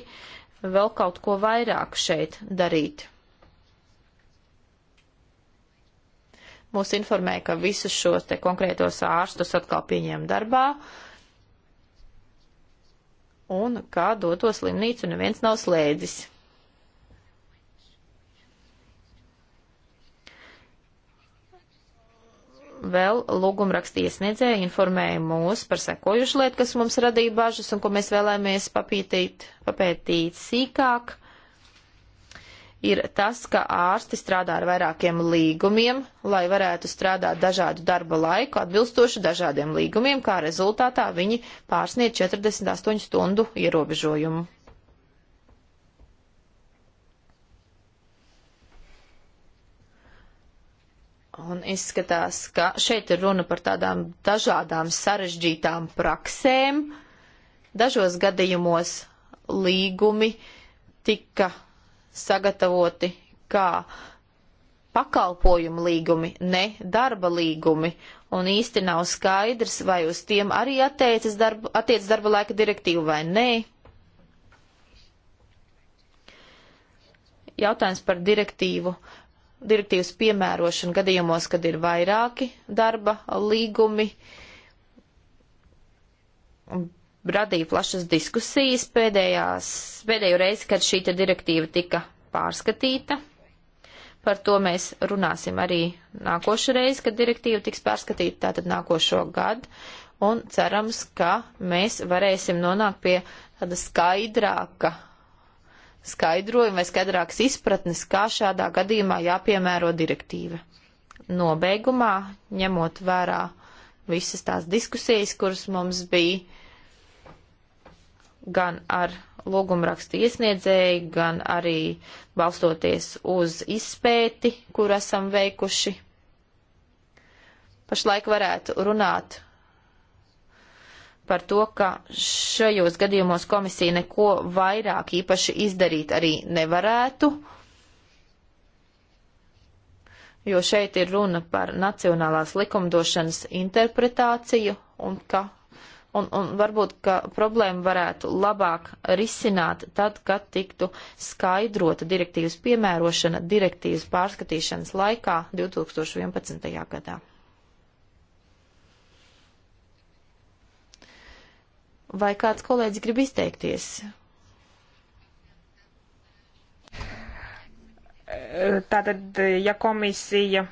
vēl kaut ko vairāk šeit darīt. Mūs informēja, ka visus šos te konkrētos ārstus atkal pieņēma darbā, un kā doto slimnīcu neviens nav slēdzis. vēl lūgumraksta iesniedzēja informēja mūs par sekojušu lietu, kas mums radīja bažas un ko mēs vēlēmies papītīt, papētīt sīkāk. Ir tas, ka ārsti strādā ar vairākiem līgumiem, lai varētu strādāt dažādu darba laiku atbilstoši dažādiem līgumiem, kā rezultātā viņi pārsniedz 48 stundu ierobežojumu. Un izskatās, ka šeit ir runa par tādām dažādām sarežģītām praksēm. Dažos gadījumos līgumi tika sagatavoti kā pakalpojumu līgumi, ne darba līgumi, un īsti nav skaidrs, vai uz tiem arī attiecas darba, attiec darba laika direktīva vai nē. Jautājums par direktīvu direktīvas piemērošanu gadījumos, kad ir vairāki darba līgumi, radīja plašas diskusijas pēdējās, pēdējo reizi, kad šī direktīva tika pārskatīta. Par to mēs runāsim arī nākošu reizi, kad direktīva tiks pārskatīta, tātad nākošo gadu, un cerams, ka mēs varēsim nonākt pie tāda skaidrāka skaidrojumu vai skaidrākas izpratnes, kā šādā gadījumā jāpiemēro direktīva. Nobeigumā, ņemot vērā visas tās diskusijas, kuras mums bija gan ar lūgumrakstu iesniedzēju, gan arī balstoties uz izpēti, kur esam veikuši. Pašlaik varētu runāt par to, ka šajos gadījumos komisija neko vairāk īpaši izdarīt arī nevarētu, jo šeit ir runa par nacionālās likumdošanas interpretāciju un ka. Un, un varbūt, ka problēma varētu labāk risināt tad, kad tiktu skaidrota direktīvas piemērošana direktīvas pārskatīšanas laikā 2011. gadā. Vai kāds kolēģis grib izteikties? Tātad, ja komisija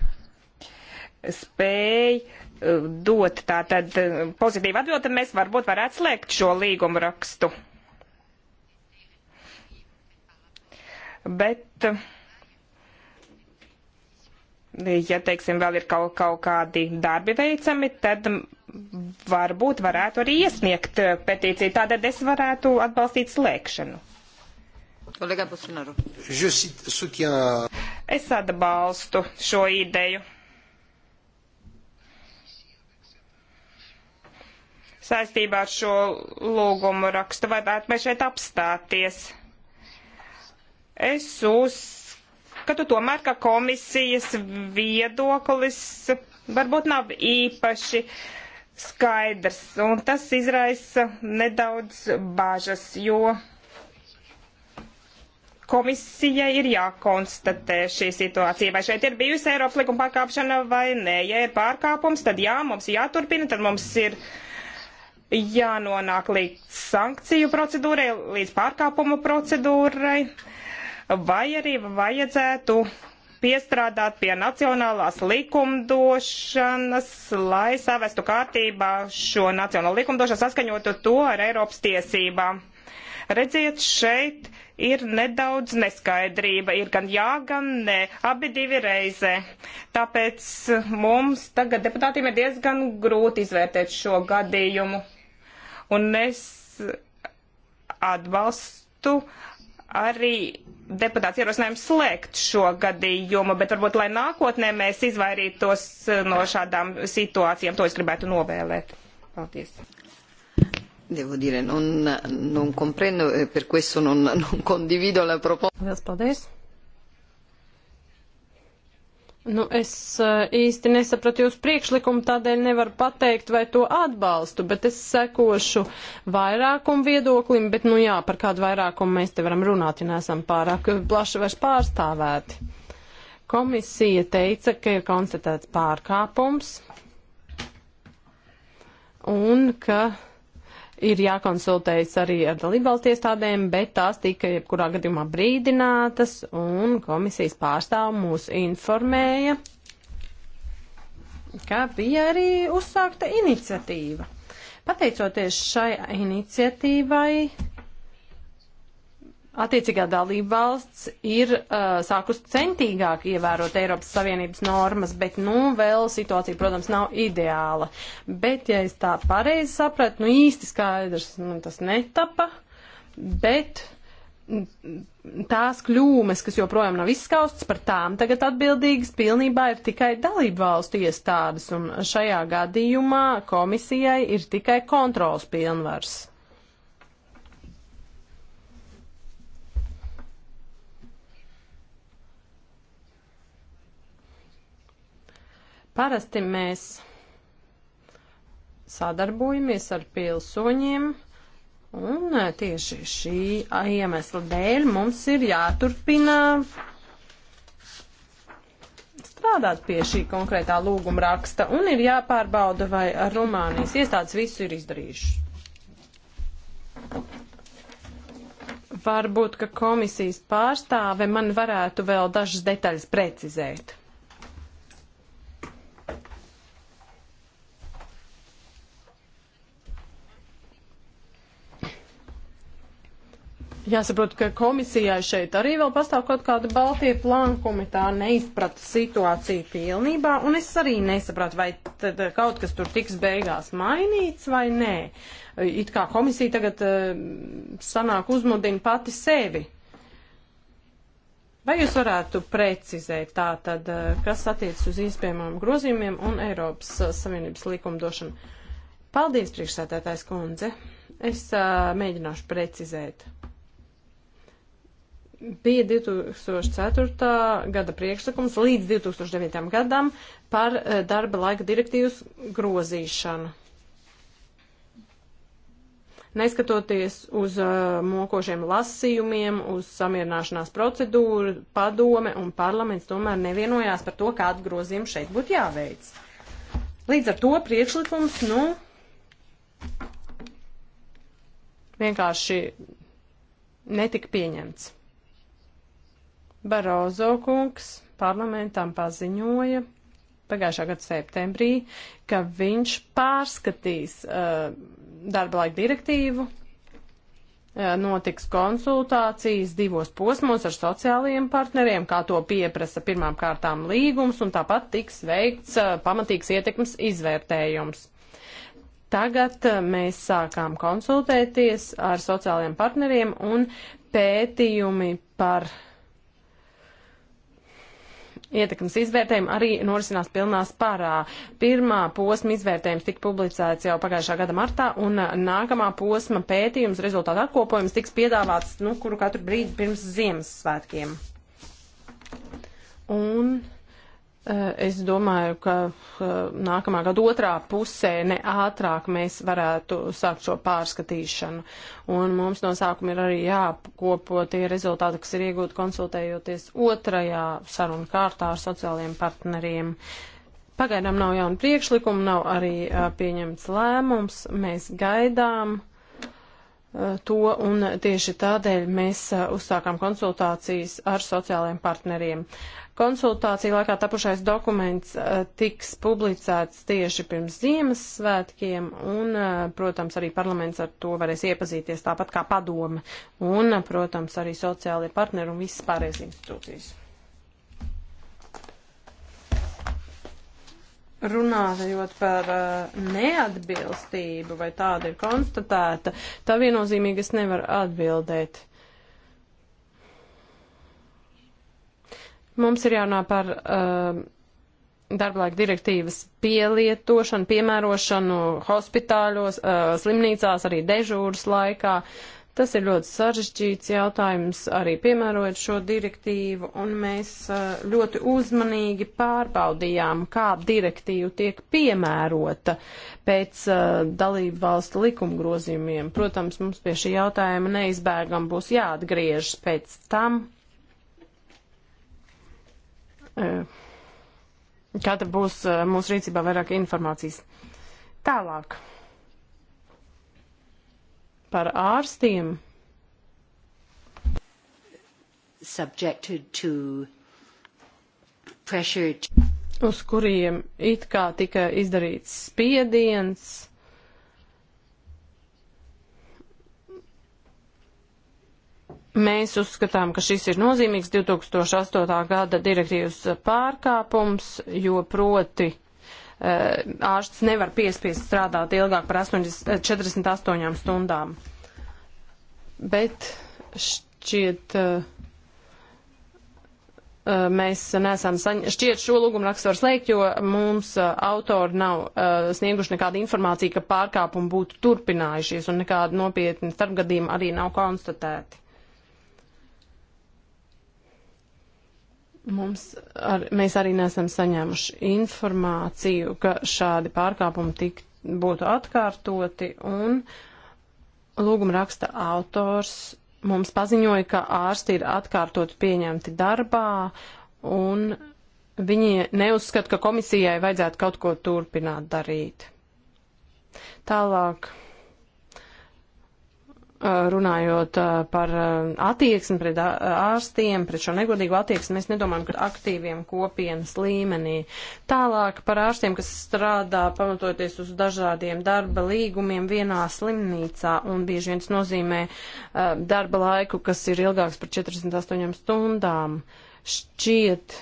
spēja e, dot tātad e, pozitīvu atbildi, tad mēs varbūt varētu slēgt šo līgumu rakstu. Bet, ja, teiksim, vēl ir kaut, kaut kādi darbi veicami, tad varbūt varētu arī iesniegt eh, petīciju. Tādēļ es varētu atbalstīt slēgšanu. Es atbalstu šo ideju. Saistībā ar šo lūgumu rakstu vajadzētu mēs šeit apstāties. Es uzskatu tomēr, ka komisijas viedoklis varbūt nav īpaši uh, skaidrs, un tas izraisa nedaudz bāžas, jo komisijai ir jākonstatē šī situācija, vai šeit ir bijusi Eiropas likuma pārkāpšana vai nē. Ja ir pārkāpums, tad jā, mums jāturpina, tad mums ir jānonāk līdz sankciju procedūrai, līdz pārkāpumu procedūrai, vai arī vajadzētu piestrādāt pie nacionālās likumdošanas, lai savestu kārtībā šo nacionālo likumdošanu, saskaņotu to ar Eiropas tiesībām. Redziet, šeit ir nedaudz neskaidrība, ir gan jā, gan nē, abi divi reize. Tāpēc mums tagad deputātiem ir diezgan grūti izvērtēt šo gadījumu. Un es atbalstu arī deputāts ierosinājums slēgt šo gadījumu, bet varbūt, lai nākotnē mēs izvairītos eh, no šādām situācijām, to es gribētu novēlēt. Paldies. Devo dire, non, non comprendo e per questo non, non condivido la proposta. Paldies. Nu, es eh, īsti nesapratu jūsu priekšlikumu, tādēļ nevaru pateikt, vai to atbalstu, bet es sekošu vairākumu viedoklim, bet, nu jā, par kādu vairākumu mēs te varam runāt, ja neesam pārāk plaši vairs pārstāvēti. Komisija teica, ka ir konstatēts pārkāpums un ka ir jākonsultējas arī ar dalībvalstu iestādēm, bet tās tika jebkurā gadījumā brīdinātas un komisijas pārstāv mūs informēja, ka bija arī uzsākta iniciatīva. Pateicoties šai iniciatīvai, attiecīgā dalība valsts ir uh, sākus centīgāk ievērot Eiropas Savienības normas, bet, nu, vēl situācija, protams, nav ideāla. Bet, ja es tā pareizi sapratu, nu, īsti skaidrs, nu, tas netapa, bet tās kļūmes, kas joprojām nav izskaustas, par tām tagad atbildīgas pilnībā ir tikai dalību valstu iestādes, un šajā gadījumā komisijai ir tikai kontrols pilnvars. Parasti mēs sadarbojamies ar pilsoņiem, un e, tieši šī iemesla dēļ mums ir jāturpina strādāt pie šī konkrētā lūguma raksta, un ir jāpārbauda, vai Rumānijas iestādes visu ir izdarījuši. Varbūt, ka komisijas pārstāve man varētu vēl dažas detaļas precizēt. Jāsaprot, ka komisijai šeit arī vēl pastāv kaut kāda baltie plankumi, tā neizprata situāciju pilnībā, un es arī nesapratu, vai tad eh, kaut kas tur tiks beigās mainīts vai nē. It kā komisija tagad uh, sanāk uzmudina pati sevi. Vai jūs varētu precizēt tā tad, uh, kas attiec uz iespējamām grozījumiem un Eiropas uh, Savienības likumdošanu? Paldies, priekšsētētājs kundze. Es uh, mēģināšu precizēt bija 2004. gada priekšlikums līdz 2009. gadam par eh, darba laika direktīvas grozīšanu. Neskatoties uz uh, mokošiem lasījumiem, uz samierināšanās procedūru, padome un parlaments tomēr nevienojās par to, kādu grozījumu šeit būtu jāveic. Līdz ar to priekšlikums, nu, vienkārši netika pieņemts. Barozo kungs parlamentam paziņoja pagājušā gada septembrī, ka viņš pārskatīs uh, darba laika direktīvu, uh, notiks konsultācijas divos posmos ar sociālajiem partneriem, kā to pieprasa pirmām kārtām līgums, un tāpat tiks veikts uh, pamatīgs ietekmes izvērtējums. Tagad uh, mēs sākām konsultēties ar sociālajiem partneriem un pētījumi par uh, Ietekmes izvērtējumi arī norisinās pilnā spārā. Pirmā posma izvērtējums tika publicēts jau pagājušā gada martā, un nākamā posma pētījums rezultātu atkopojums tiks piedāvāts, nu, kuru katru brīdi pirms Ziemassvētkiem. Un Eh, es domāju, ka eh, nākamā gada otrā pusē ne ātrāk mēs varētu sākt šo pārskatīšanu. Un mums no sākuma ir arī jākopo tie rezultāti, kas ir iegūti konsultējoties otrajā sarunu kārtā ar sociālajiem partneriem. Pagaidām nav jauna priekšlikuma, nav arī eh, pieņemts lēmums. Mēs gaidām to, un tieši tādēļ mēs uzsākām konsultācijas ar sociālajiem partneriem. Uh, Konsultāciju laikā tapušais dokuments eh, tiks publicēts tieši pirms Ziemassvētkiem, un, eh, protams, arī parlaments ar to varēs iepazīties tāpat kā padome, un, eh, protams, arī sociālie partneri un visas pārējās institūcijas. Runājot par uh, neatbilstību, vai tāda ir konstatēta, tā viennozīmīgi es nevaru atbildēt. Uh, Mums ir jānāk par uh, darblaika direktīvas pielietošanu, piemērošanu hospitāļos, uh, slimnīcās, arī dežūras laikā. Tas ir ļoti sarežģīts jautājums, arī piemērojot šo direktīvu, un mēs uh, ļoti uzmanīgi pārbaudījām, kā direktīva tiek piemērota pēc uh, dalību valstu likumgrozījumiem. Protams, mums pie šī jautājuma neizbēgam būs jāatgriežas pēc tam, Eh, Kāda būs eh, mūsu rīcībā vairāk informācijas? Tālāk par ārstiem. Subjected to pressure. Uz kuriem it kā tika izdarīts spiediens Mēs uzskatām, ka šis ir nozīmīgs 2008. gada direktīvas pārkāpums, jo proti eh, ārsts nevar piespiest strādāt ilgāk par 80, 48 eh, stundām. Bet šķiet, eh, mēs nesam saņēmuši, šķiet šo lūgumu rakstu var slēgt, jo mums autori nav snieguši nekādu informāciju, ka pārkāpumi būtu turpinājušies un nekāda nopietna starpgadījuma arī nav konstatēti. Mums ar, mēs arī nesam saņēmuši informāciju, ka šādi pārkāpumi tik, būtu atkārtoti, un lūguma raksta autors mums paziņoja, ka ārsti ir atkārtot pieņemti darbā, un viņi neuzskata, ka komisijai vajadzētu kaut ko turpināt darīt. Tālāk Uh, runājot uh, par uh, attieksmi pret ārstiem, pret šo negodīgu attieksmi, mēs nedomājam, ka aktīviem kopienas līmenī. Tālāk par ārstiem, kas strādā pamatoties uz dažādiem darba līgumiem vienā slimnīcā un bieži viens nozīmē darba laiku, kas ir ilgāks par 48 stundām. Šķiet,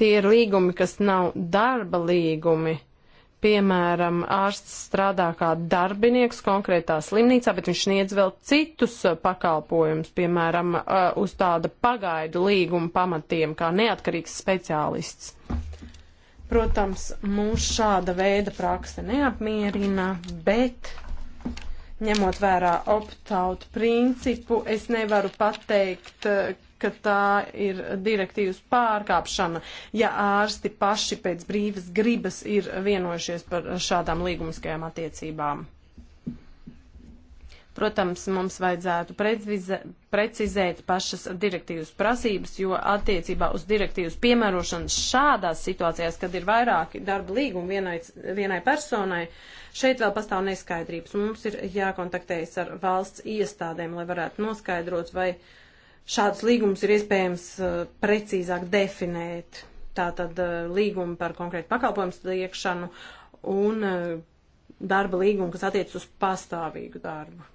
tie ir līgumi, kas nav darba līgumi piemēram, ārsts strādā kā darbinieks konkrētā slimnīcā, bet viņš sniedz vēl citus uh, pakalpojumus, piemēram, uh, uz tāda pagaidu līguma pamatiem, kā neatkarīgs speciālists. Protams, mūs šāda veida prakse neapmierina, bet ņemot vērā opt-out principu, es nevaru pateikt, uh, ka tā ir direktīvas pārkāpšana, ja ārsti paši pēc brīvas gribas ir vienojušies par šādām līgumiskajām attiecībām. Protams, mums vajadzētu precizēt pašas direktīvas prasības, jo attiecībā uz direktīvas piemērošanu šādās situācijās, kad ir vairāki darba līgumi vienai, vienai personai, šeit vēl pastāv neskaidrības. Mums ir jākontaktējas ar valsts iestādēm, lai varētu noskaidrot, vai uh, Šādus līgumus ir iespējams eh, precīzāk definēt. Tātad eh, līgumi par konkrētu pakalpojumu sniegšanu un eh, darba līgumu, kas attiec uz pastāvīgu darbu.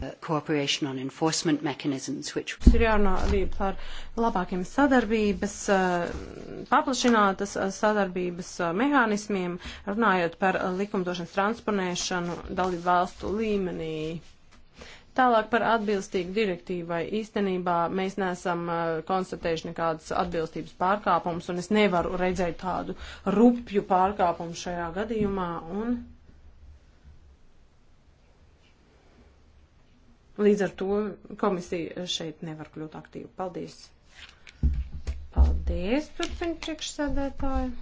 Uh, cooperation on enforcement mechanisms, which... Ir jārunā arī par labākiem sadarbības, paplašinātas sadarbības mehānismiem, runājot par likumdošanas transponēšanu dalību valstu līmenī. Tālāk par atbilstību direktīvai. Īstenībā mēs neesam uh, konstatējuši nekādas atbilstības pārkāpumus, un es nevaru redzēt tādu rupju pārkāpumu šajā gadījumā. Un līdz ar to komisija šeit nevar kļūt aktīva. Paldies! Paldies, turpina priekšsēdētāji.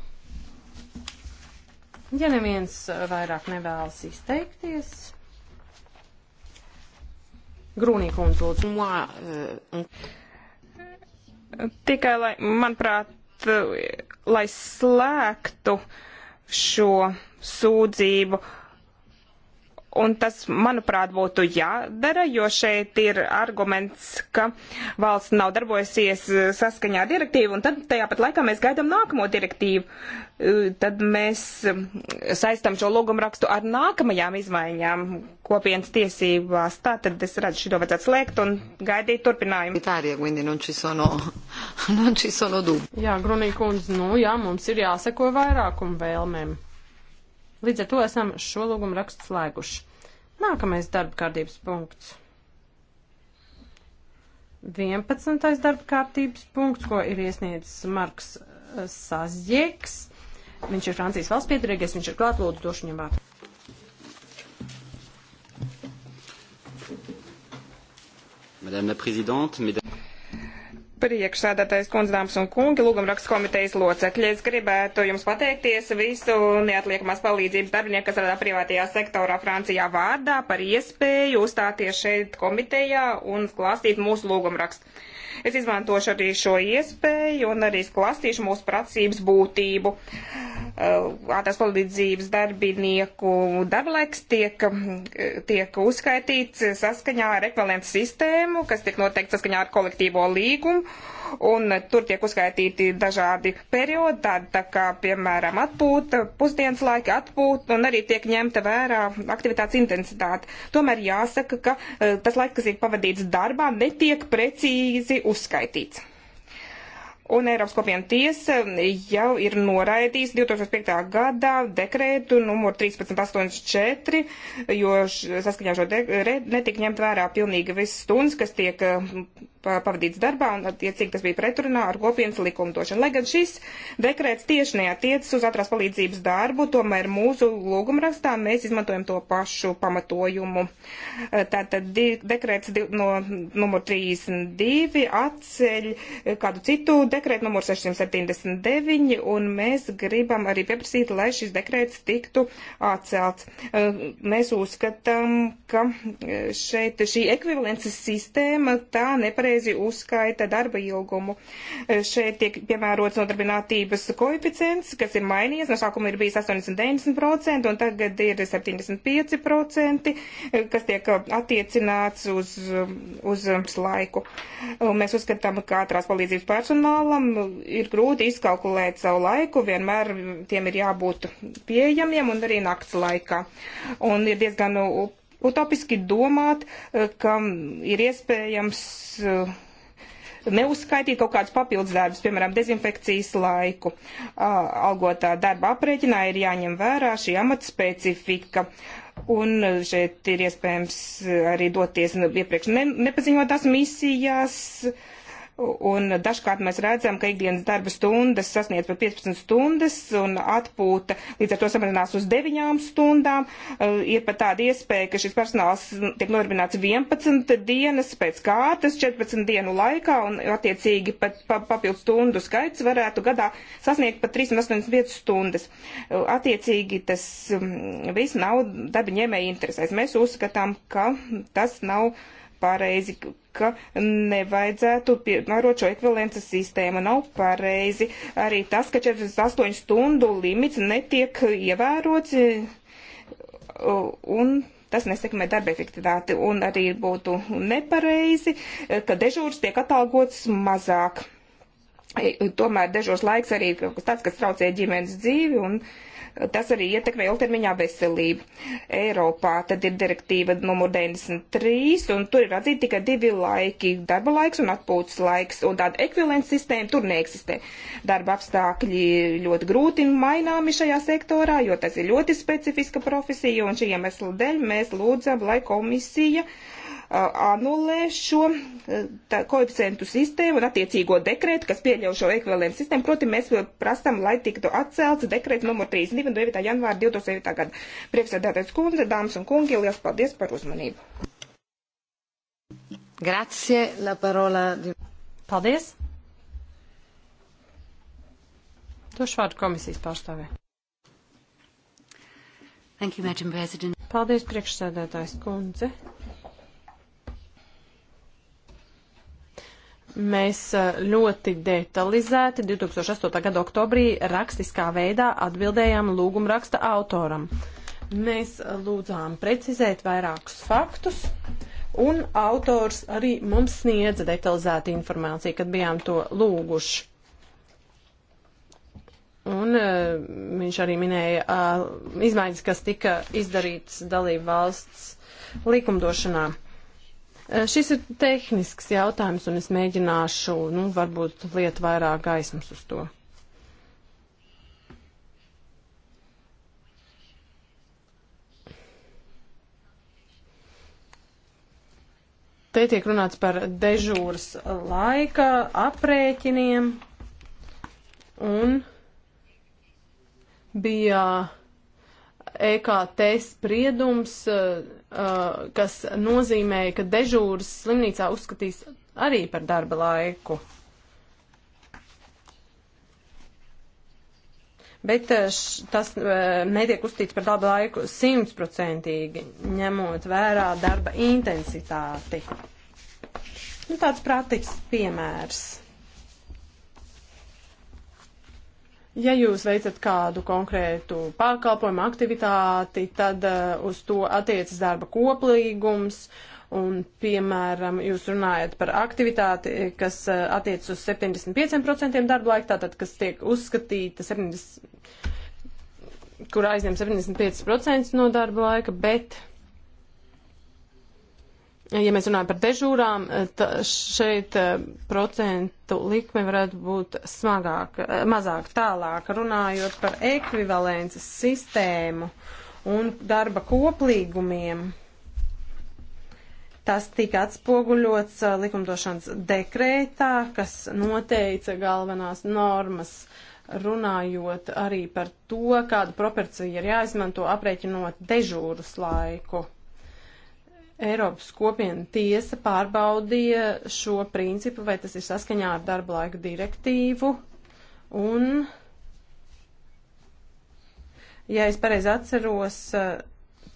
Ja neviens vairāk nevēlas izteikties. Grūnī kundze, lūdzu. Mā, uh, un... Tikai, lai, manuprāt, uh, lai slēgtu šo sūdzību, uh, Un tas, manuprāt, būtu jādara, jo šeit ir arguments, ka valsts nav darbojusies eh, saskaņā ar direktīvu, un tad tajā pat laikā mēs gaidām nākamo direktīvu. Eh, tad mēs eh, saistam šo lūgumu rakstu ar nākamajām izmaiņām kopienas tiesībās. Tā tad es redzu, šito vajadzētu slēgt un gaidīt turpinājumu. Itālija, quindi non ci sono, non ci sono dubbi. Jā, Grunī kundze, nu jā, mums ir jāseko vairākumu vēlmēm. Līdz ar to esam šo lūgumu rakstu slēguši. Nākamais darba kārtības punkts. 11. darba kārtības punkts, ko ir iesniedzis Marks eh, Sazjēks. Viņš ir Francijas valsts piedarīgais, viņš ir klāt, lūdzu, došu viņam vārdu. Madame la Présidente, Mesdames. Priekšsēdētais kundzināms un kungi, lūgumraksts komitejas locekļi, es gribētu jums pateikties visu neatliekamās palīdzības darbinieku, kas strādā privātajā sektorā Francijā vārdā par iespēju uzstāties šeit komitejā un klāstīt mūsu lūgumrakstu. Es izmantošu arī šo iespēju un arī klāstīšu mūsu pracības būtību. Uh, Uh, ātrās palīdzības darbinieku darblaiks tiek, tiek uzskaitīts saskaņā ar ekvivalentu sistēmu, kas tiek noteikts saskaņā ar kolektīvo līgumu, un tur tiek uzskaitīti dažādi periodi, tādi tā kā, piemēram, atpūta, pusdienas laika atpūta, un arī tiek ņemta vērā aktivitātes intensitāte. Tomēr jāsaka, ka uh, tas laiks, kas ir pavadīts darbā, netiek precīzi uzskaitīts. Un Eiropas kopiena tiesa jau ir noraidījusi 2005. gadā dekrētu numur 1384, jo saskaņā šo netika ņemt vērā pilnīgi viss stundas, kas tiek pavadīts darbā, un attiecīgi tas bija pretrunā ar kopienas likumdošanu. Lai gan šis dekrēts tieši neatiecas uz atrās palīdzības darbu, tomēr mūsu lūgumrakstā mēs izmantojam to pašu pamatojumu. E, Tātad dekrēts no numur 32 atceļ kādu citu dekrētu dekrēta numur 679, un mēs gribam arī pieprasīt, lai šis dekrēts tiktu atcelts. Mēs uzskatām, ka šeit šī ekvivalences sistēma tā nepareizi uzskaita darba ilgumu. Šeit tiek piemērots nodarbinātības koeficients, kas ir mainījies. No sākuma ir bijis 80-90%, un tagad ir 75%, kas tiek attiecināts uz, uz laiku. Mēs uzskatām, ka ātrās palīdzības personāla protokolam ir grūti izkalkulēt savu laiku, vienmēr tiem ir jābūt pieejamiem un arī nakts laikā. Un ir diezgan utopiski domāt, e, ka ir iespējams e, neuzskaitīt kaut kādus papildus darbus, piemēram, dezinfekcijas laiku. Algotā darba aprēķinā ir jāņem vērā šī amata specifika. Un šeit ir iespējams arī doties nu, iepriekš ne, nepaziņotās misijās. Uh, Un dažkārt mēs redzam, ka ikdienas darba stundas sasniedz par 15 stundas un atpūta līdz ar to samazinās uz 9 stundām. Eh, ir pat tāda iespēja, ka šis personāls tiek nodarbināts 11 dienas pēc kārtas, 14 dienu laikā un attiecīgi pat pa, papildu stundu skaits varētu gadā sasniegt pat 385 stundas. Eh, attiecīgi tas mm, viss nav darba ņēmēja interesēs. Mēs uzskatām, ka tas nav pareizi ka nevajadzētu piemērot šo ekvivalences sistēmu. Nav pareizi arī tas, ka 48 stundu limits netiek ievērots un tas nesekmē darba efektivitāti. Un arī būtu nepareizi, ka dežūrs tiek atalgots mazāk. Tomēr dežūrs laiks arī ir kaut kas tāds, kas traucē ģimenes dzīvi un uh, tas arī ietekmē ilgtermiņā veselību. Eiropā tad ir direktīva numur 93, un tur ir atzīti tikai divi laiki - darba laiks un atpūtas laiks, un tāda ekvivalents sistēma tur neeksistē. Darba apstākļi ļoti grūti maināmi šajā sektorā, jo tas ir ļoti specifiska profesija, un šī iemesla dēļ mēs lūdzam, lai komisija uh, anulē šo e, tā, koeficientu sistēmu un attiecīgo dekrētu, kas pieļauj šo ekvivalentu sistēmu. Proti, mēs prasam, lai tiktu atcelts dekrēts numur 32 un 9. janvāra 2009. gada. Priekšsēdētājs kundze, dāmas un kungi, liels paldies par uzmanību. Grazie, la parola. Paldies. Došu vārdu komisijas pārstāvē. Thank you, Madam President. Paldies, priekšsēdētājs kundze. mēs ļoti detalizēti 2008. gada oktobrī rakstiskā veidā atbildējām lūguma raksta autoram. Mēs lūdzām precizēt vairākus faktus, un autors arī mums sniedza detalizētu informāciju, kad bijām to lūguši. Un uh, viņš arī minēja uh, izmaiņas, kas tika izdarītas dalību valsts likumdošanā. Eh, šis ir tehnisks jautājums, un es mēģināšu, nu, varbūt liet vairāk gaismas uz to. Te tiek runāts par dežūras laika aprēķiniem, un bija EKT spriedums, eh, eh, kas nozīmēja, ka dežūras slimnīcā uzskatīs arī par darba laiku. Bet eh, š, tas netiek uzstīts par darba laiku simtprocentīgi, ņemot vērā darba intensitāti. Nu, tāds prātīgs piemērs. Ja jūs veicat kādu konkrētu pārkalpojumu aktivitāti, tad uh, uz to attiecas darba koplīgums. Un, piemēram, jūs runājat par aktivitāti, kas uh, eh, attiecas uz 75% darba laika, tātad, kas tiek uzskatīta 70, kur aizņem 75% no darba laika, bet ja mēs runājam par dežūrām, eh, šeit eh, procentu likme varētu būt smagāka, eh, mazāk tālāk, runājot par ekvivalences sistēmu un darba koplīgumiem. Tas tika atspoguļots likumdošanas dekrētā, kas noteica galvenās normas, runājot arī par to, kādu proporciju ir jāizmanto aprēķinot dežūras laiku. Eiropas kopiena tiesa pārbaudīja šo principu, vai tas ir saskaņā ar darba laika direktīvu. Un, ja es pareizi atceros, eh,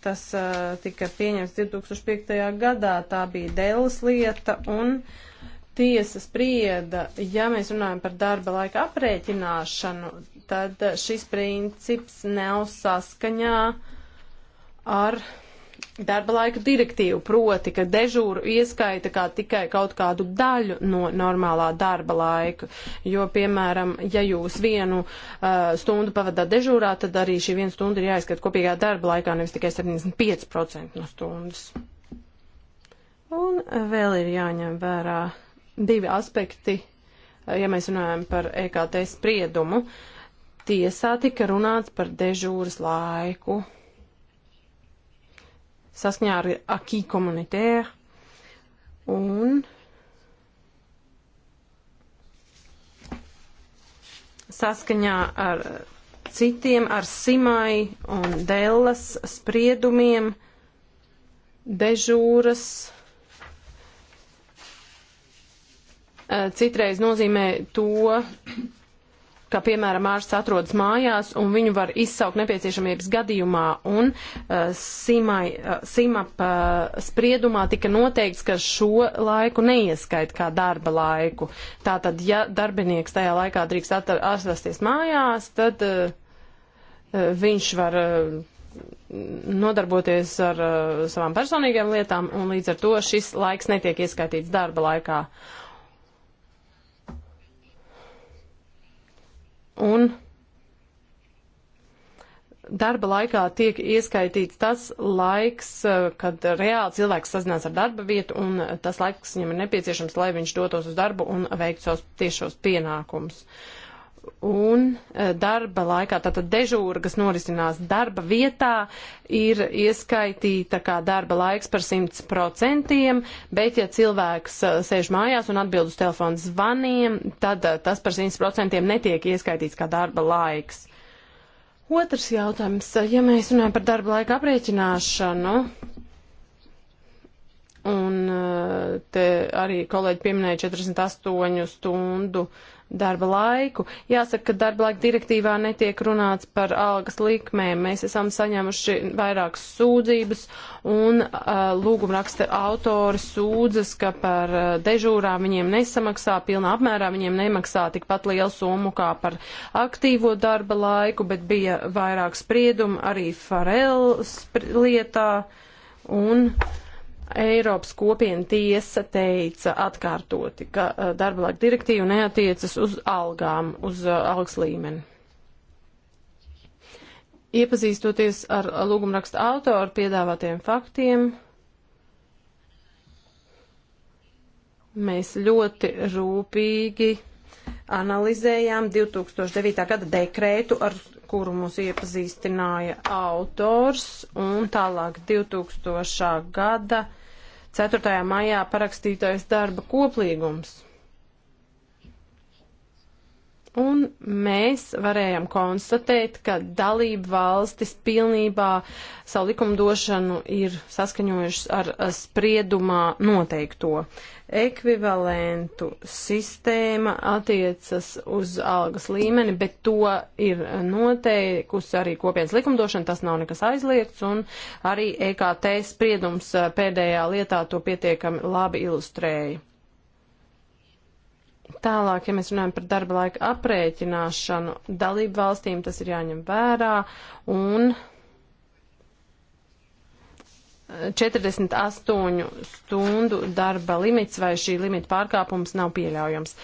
tas eh, tika pieņemts 2005. gadā, tā bija Dēlas lieta, un tiesa sprieda, ja mēs runājam par darba laika aprēķināšanu, tad šis princips nav saskaņā ar darba laika direktīvu, proti, ka dežūru ieskaita kā tikai kaut kādu daļu no normālā darba laika, jo, piemēram, ja jūs vienu uh, stundu pavadāt dežūrā, tad arī šī viena stunda ir jāizskata kopīgā darba laikā, nevis tikai 75% no stundas. Un vēl ir jāņem vērā divi aspekti, uh, ja mēs runājam par EKT spriedumu. Tiesā tika runāts par dežūras laiku saskaņā ar akī komunitēru. Un saskaņā ar citiem, ar Simai un Dellas spriedumiem, dežūras. Eh, citreiz nozīmē to, ka, piemēram, ārsts atrodas mājās un viņu var izsaukt nepieciešamības gadījumā. Un uh, eh, simai, uh, eh, simap uh, eh, spriedumā tika noteikts, ka šo laiku neieskait kā darba laiku. Tātad, ja darbinieks tajā laikā drīkst atrasties mājās, tad uh, viņš var. Uh, nodarboties ar uh, savām personīgām lietām, un līdz ar to šis laiks netiek ieskaitīts darba laikā. Uh, un darba laikā tiek ieskaitīts tas laiks, eh, kad reāli cilvēks sazinās ar darba vietu un tas laiks, kas viņam ir nepieciešams, lai viņš dotos uz darbu un veiktu savus tiešos pienākumus. Uh, un eh, darba laikā, tātad dežūra, kas norisinās darba vietā, ir ieskaitīta kā darba laiks par 100%, bet ja cilvēks eh, sēž mājās un atbild uz telefonu zvaniem, tad eh, tas par 100% netiek ieskaitīts kā darba laiks. Otrs jautājums, ja mēs runājam par darba laika aprēķināšanu, un te arī kolēģi pieminēja 48 stundu, uh, darba laiku. Jāsaka, ka darba laika direktīvā netiek runāts par algas likmēm. Mēs esam saņēmuši vairākas sūdzības un uh, lūgumraksta autori sūdzas, ka par uh, dežūrām viņiem nesamaksā, pilnā apmērā viņiem nemaksā tikpat lielu summu kā par aktīvo darba laiku, bet bija vairāk spriedumu arī Farel lietā un. Uh, Eiropas kopiena tiesa teica atkārtoti, ka uh, darba laika direktīva neatiecas uz algām, uz uh, algas līmeni. Iepazīstoties ar lūgumraksta autoru piedāvātiem faktiem, mēs ļoti rūpīgi analizējām 2009. gada dekrētu, ar kuru mūs iepazīstināja autors, un tālāk 2000. gada 4. maijā parakstītais darba koplīgums. Un mēs varējām konstatēt, ka dalība valstis pilnībā savu likumdošanu ir saskaņojušas ar spriedumā noteikto. Ekvivalentu sistēma attiecas uz algas līmeni, bet to ir noteikusi arī kopienas likumdošana, tas nav nekas aizliegts, un arī EKT spriedums eh, pēdējā lietā to pietiekami labi ilustrēja. Tālāk, ja mēs runājam par darba laika aprēķināšanu, dalību valstīm tas ir jāņem vērā un 48 stundu darba limits vai šī limita pārkāpums nav pieļaujams.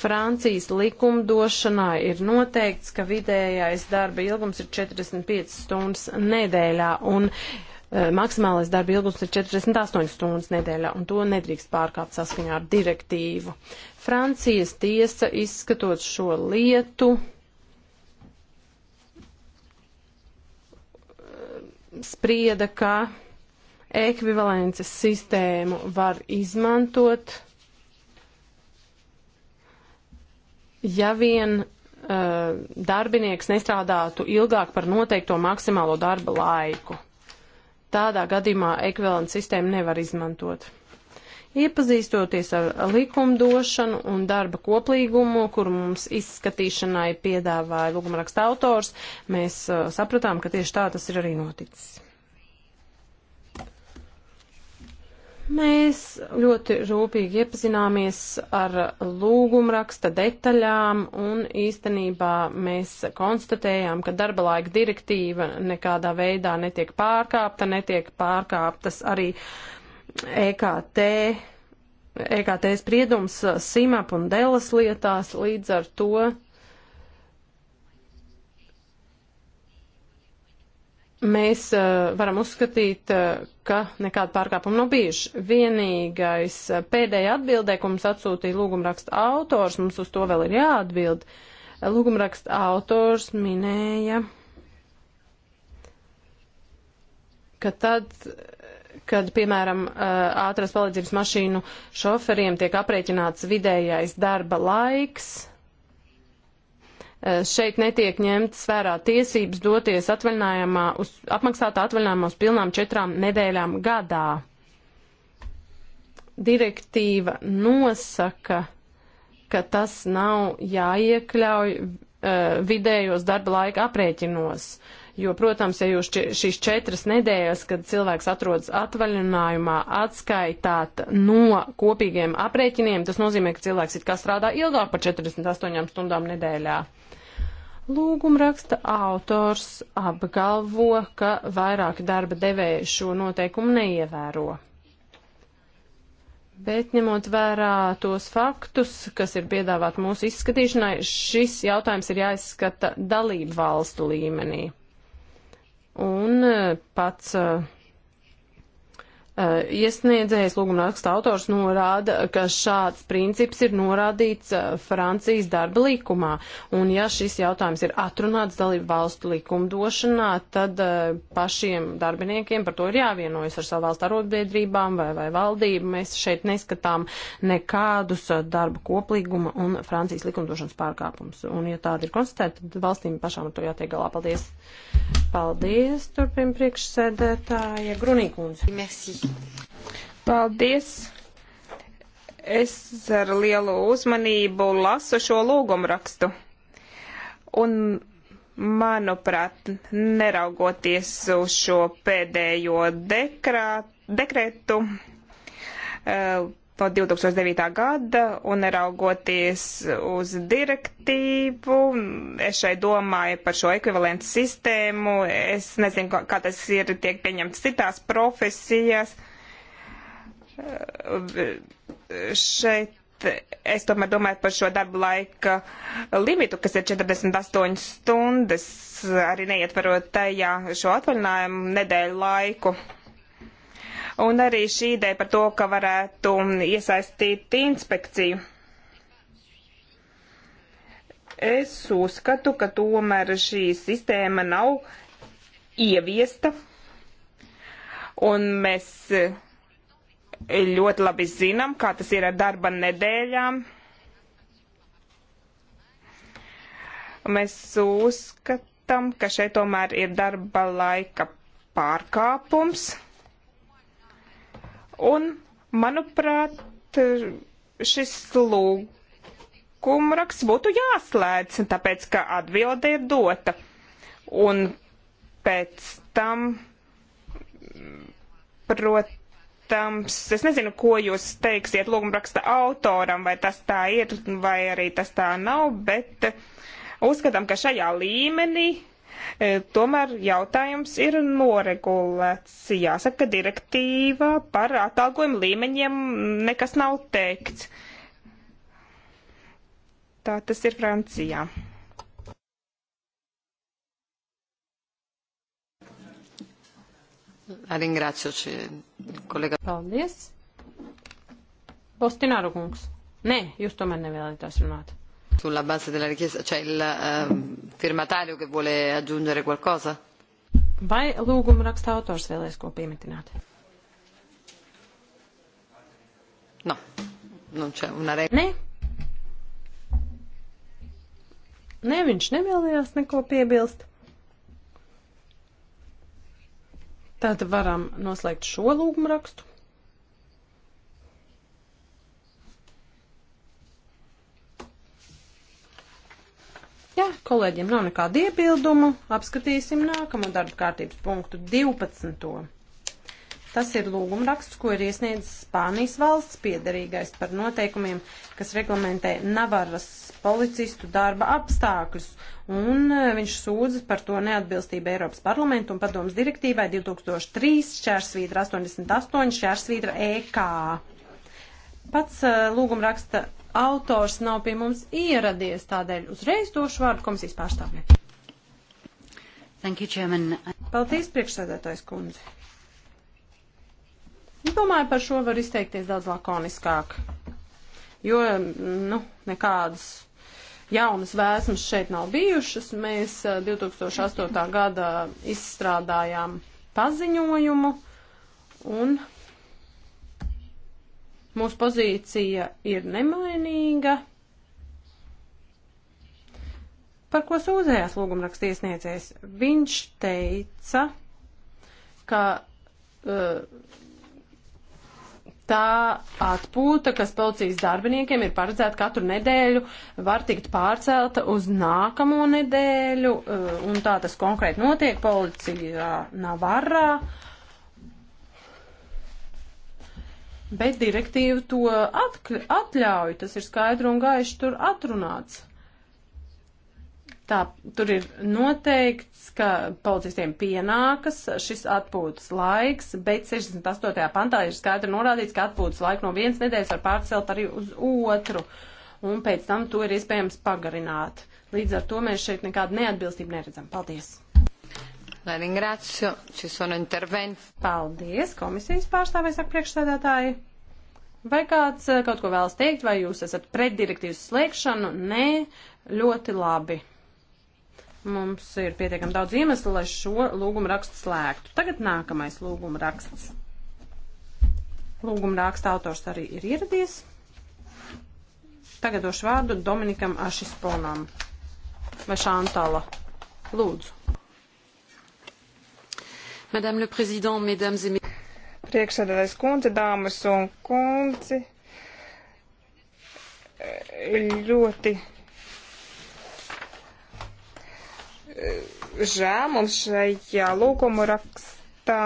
Francijas likumdošanā ir noteikts, ka vidējais darba ilgums ir 45 stundas nedēļā, un Eh, maksimālais darba ilgums ir 48 stundas nedēļā, un to nedrīkst pārkāpt saskaņā ar direktīvu. Francijas tiesa izskatot šo lietu. Eh, sprieda, ka ekvivalences sistēmu var izmantot, ja vien uh, darbinieks nestrādātu ilgāk par noteikto maksimālo darba laiku. Tādā gadījumā ekvivalents sistēmu nevar izmantot. Iepazīstoties ar likumdošanu un darba koplīgumu, kur mums izskatīšanai piedāvāja lūgumraksta autors, mēs uh, sapratām, ka tieši tā tas ir arī noticis. Mēs ļoti rūpīgi iepazināmies ar lūgumraksta detaļām un īstenībā mēs konstatējām, ka darba laika direktīva nekādā veidā netiek pārkāpta, netiek pārkāptas arī EKT, EKT spriedums SIMAP un DELAS lietās līdz ar to mēs uh, varam uzskatīt, uh, ka nekāda pārkāpuma nav bijuši. Vienīgais uh, pēdējā atbildē, ko mums atsūtīja lūgumraksta autors, mums uz to vēl ir jāatbild. Lūgumraksta autors minēja, ka tad, kad, piemēram, ātras palīdzības mašīnu šoferiem tiek aprēķināts vidējais darba laiks, Eh, šeit netiek ņemtas vērā tiesības doties atvaļinājumā, uz, apmaksātā atvaļinājumā uz pilnām četrām nedēļām gadā. Direktīva nosaka, ka tas nav jāiekļauj uh, vidējos darba laika aprēķinos. Uh, Jo, protams, ja jūs šīs četras nedēļas, kad cilvēks atrodas atvaļinājumā, atskaitāt no kopīgiem aprēķiniem, tas nozīmē, ka cilvēks it kā strādā ilgāk par 48 stundām nedēļā. Lūguma raksta autors apgalvo, ka vairāki darba devēji šo noteikumu neievēro. Bet ņemot vērā tos faktus, kas ir piedāvāti mūsu izskatīšanai, šis jautājums ir jāizskata dalību valstu līmenī. Un eh, pats uh, Eh, iesniedzējs lūguma raksta autors norāda, ka šāds princips ir norādīts eh, Francijas darba likumā, un ja šis jautājums ir atrunāts dalību valstu likumdošanā, tad eh, pašiem darbiniekiem par to ir jāvienojas ar savu valstu arotbiedrībām vai, vai valdību. Mēs šeit neskatām nekādus darba koplīguma un Francijas likumdošanas pārkāpumus, un ja tādi ir konstatēti, tad valstīm pašām ar to jātiek galā. Paldies! Paldies, turpin priekšsēdētāja Grunīkundze. Merci. Paldies! Es ar lielu uzmanību lasu šo lūgumu rakstu. Un, manuprāt, neraugoties uz šo pēdējo dekrā, dekretu, uh, no 2009. gada, un neraugoties uz direktīvu, es šeit domāju par šo ekvivalentu sistēmu. Es nezinu, kā tas ir tiek pieņemts citās profesijās. Šeit es tomēr domāju par šo darba laika limitu, kas ir 48 stundas, arī neietvarot tajā šo atvaļinājumu nedēļu laiku un arī šī ideja par to, ka varētu iesaistīt inspekciju. Es uzskatu, ka tomēr šī sistēma nav ieviesta, un mēs ļoti labi zinām, kā tas ir ar darba nedēļām. Mēs uzskatām, ka šeit tomēr ir darba laika pārkāpums. Un, manuprāt, šis lūgumraksts būtu jāslēdz, tāpēc, ka atbilde ir dota. Un pēc tam, protams, es nezinu, ko jūs teiksiet lūgumraksta autoram, vai tas tā ir, vai arī tas tā nav, bet uzskatām, ka šajā līmenī E, tomēr jautājums ir noregulēts. Jāsaka, ka direktīvā par atalgojumu līmeņiem nekas nav teikts. Tā tas ir Francijā. Paldies. Bostināru kungs. Nē, jūs tomēr nevēlētās runāt sulla base della richiesta c'è il eh, firmatario che vuole aggiungere qualcosa? Vai lūguma raksta autors vēlēs ko piemetināt? No, non c'è una regola. Ne? Ne, viņš nevēlējās neko piebilst. Tad varam noslēgt šo lūgumu rakstu. Ja kolēģiem nav nekādu iebildumu, apskatīsim nākamo darba kārtības punktu 12. Tas ir lūgumraksts, ko ir iesniedzis Spānijas valsts piedarīgais par noteikumiem, kas reglamentē Navaras policistu darba apstākļus, un e, viņš sūdzas par to neatbilstību Eiropas parlamentu un padomas direktīvai 2003 šķērsvītra 88 šķērsvītra EK. Pats e, lūgumraksta autors nav pie mums ieradies, tādēļ uzreiz došu vārdu komisijas pārstāvjiem. Paldies, priekšsēdētājs kundze. Nu, domāju, par šo var izteikties daudz lakoniskāk, jo, nu, nekādas jaunas vēsmas šeit nav bijušas. Mēs 2008. Eh, gada izstrādājām paziņojumu un Mūsu pozīcija ir nemainīga. Par ko sūdzējās lūgumraksta iesniedzējs? Viņš teica, ka uh, tā atpūta, kas policijas darbiniekiem ir paredzēta katru nedēļu, var tikt pārcelta uz nākamo nedēļu, uh, un tā tas konkrēti notiek policijā Navarrā. Bet direktīva to atļauj, tas ir skaidri un gaiši tur atrunāts. Tā, tur ir noteikts, ka policistiem pienākas šis atpūtas laiks, bet 68. pantā ir skaidri norādīts, ka atpūtas laiku no vienas nedēļas var pārcelt arī uz otru, un pēc tam to ir iespējams pagarināt. Līdz ar to mēs šeit nekādu neatbilstību neredzam. Paldies! Lai ringrācio, šis un intervents. Paldies, komisijas pārstāvēs ar priekšsēdētāji. Vai kāds eh, kaut ko vēlas teikt, vai jūs esat pret direktīvas slēgšanu? Nē, ļoti labi. Mums ir pietiekami daudz iemeslu, lai šo lūgumu rakstu slēgtu. Tagad nākamais lūgumu raksts. Lūgumu raksta autors arī ir ieradies. Tagad došu vārdu Dominikam Ašisponam vai Šantala. Lūdzu. Madame le Président, mesdames et messieurs. Priekšsēdētājs kundze, dāmas un kundzi, ļoti žēl mums šajā lūgumu rakstā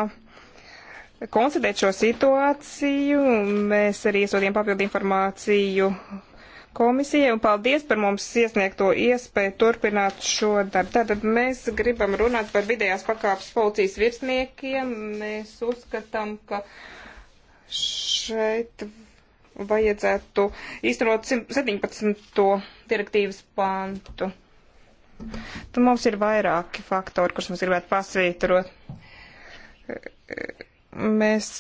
konstatēt šo situāciju. Mēs arī sūtījām papildu informāciju komisijai un paldies par mums iesniegto iespēju turpināt šo darbu. Tātad mēs gribam runāt par vidējās pakāpes policijas virsniekiem. Mēs uzskatām, ka šeit vajadzētu īstenot 17. direktīvas pantu. Tad mums ir vairāki faktori, kurus mēs gribētu pasvītrot. Mēs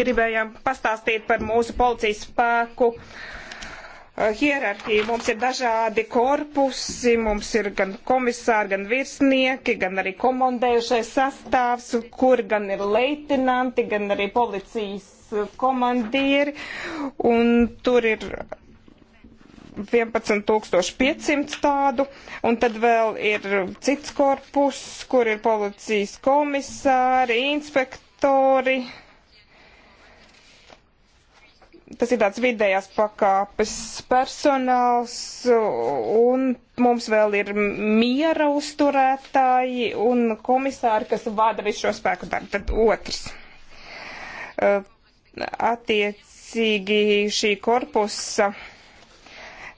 gribējām pastāstīt par mūsu policijas spēku eh, hierarhiju. Mums ir dažādi korpusi, mums ir gan komisāri, gan virsnieki, gan arī komandējušais sastāvs, kur gan ir leitinanti, gan arī policijas komandieri. Un tur ir 11500 tādu, un tad vēl ir cits korpus, kur ir policijas komisāri, inspektori, tas ir tāds vidējās pakāpes personāls, un mums vēl ir miera uzturētāji un komisāri, kas vada visu šo spēku darbu. Tad otrs. Eh, attiecīgi šī korpusa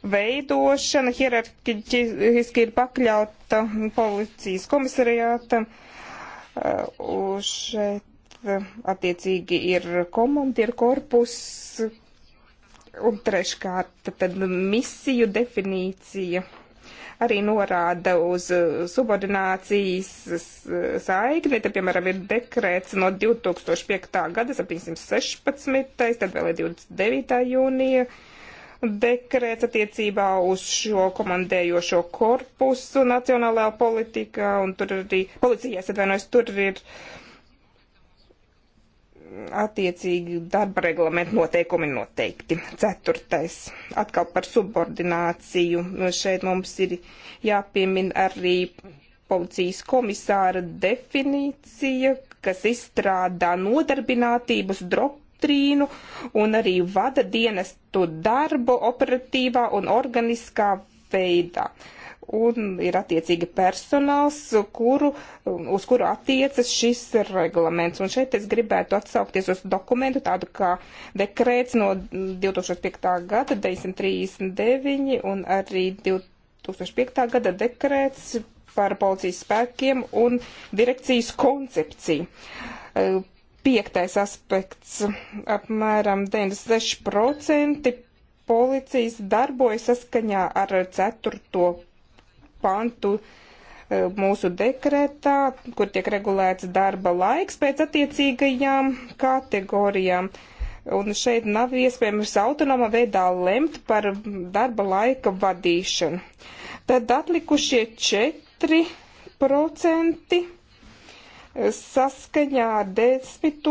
veidošana hierarkiski ir pakļauta policijas komisariāta. Eh, šeit eh, attiecīgi ir komandieru korpus, Un treškārt, tad misiju definīcija arī norāda uz uh, subordinācijas saikni. Te, piemēram, ir dekrēts no 2005. gada 716. tad vēl ir 29. jūnija dekrēts attiecībā uz šo komandējošo korpusu nacionālajā politikā, un tur arī policijas atvainojas, tur ir uh, attiecīgi darba reglamentu noteikumi noteikti. Ceturtais, atkal par subordināciju. Šeit mums ir jāpiemin arī policijas komisāra definīcija, kas izstrādā nodarbinātības doktrīnu un arī vada dienestu darbu operatīvā un organiskā veidā. Uh, un ir attiecīgi personāls, kuru, uz kuru attiecas šis reglaments. Un šeit es gribētu atsaukties uz dokumentu tādu kā dekrēts no 2005. gada 939 un arī 2005. gada dekrēts par policijas spēkiem un direkcijas koncepciju. Piektais aspekts - apmēram 96% policijas darbojas saskaņā ar 4 pantu e, mūsu dekretā, kur tiek regulēts darba laiks pēc attiecīgajām kategorijām. Un šeit nav iespējams autonoma veidā lemt par darba laika vadīšanu. Tad atlikušie 4% e, saskaņā ar 10.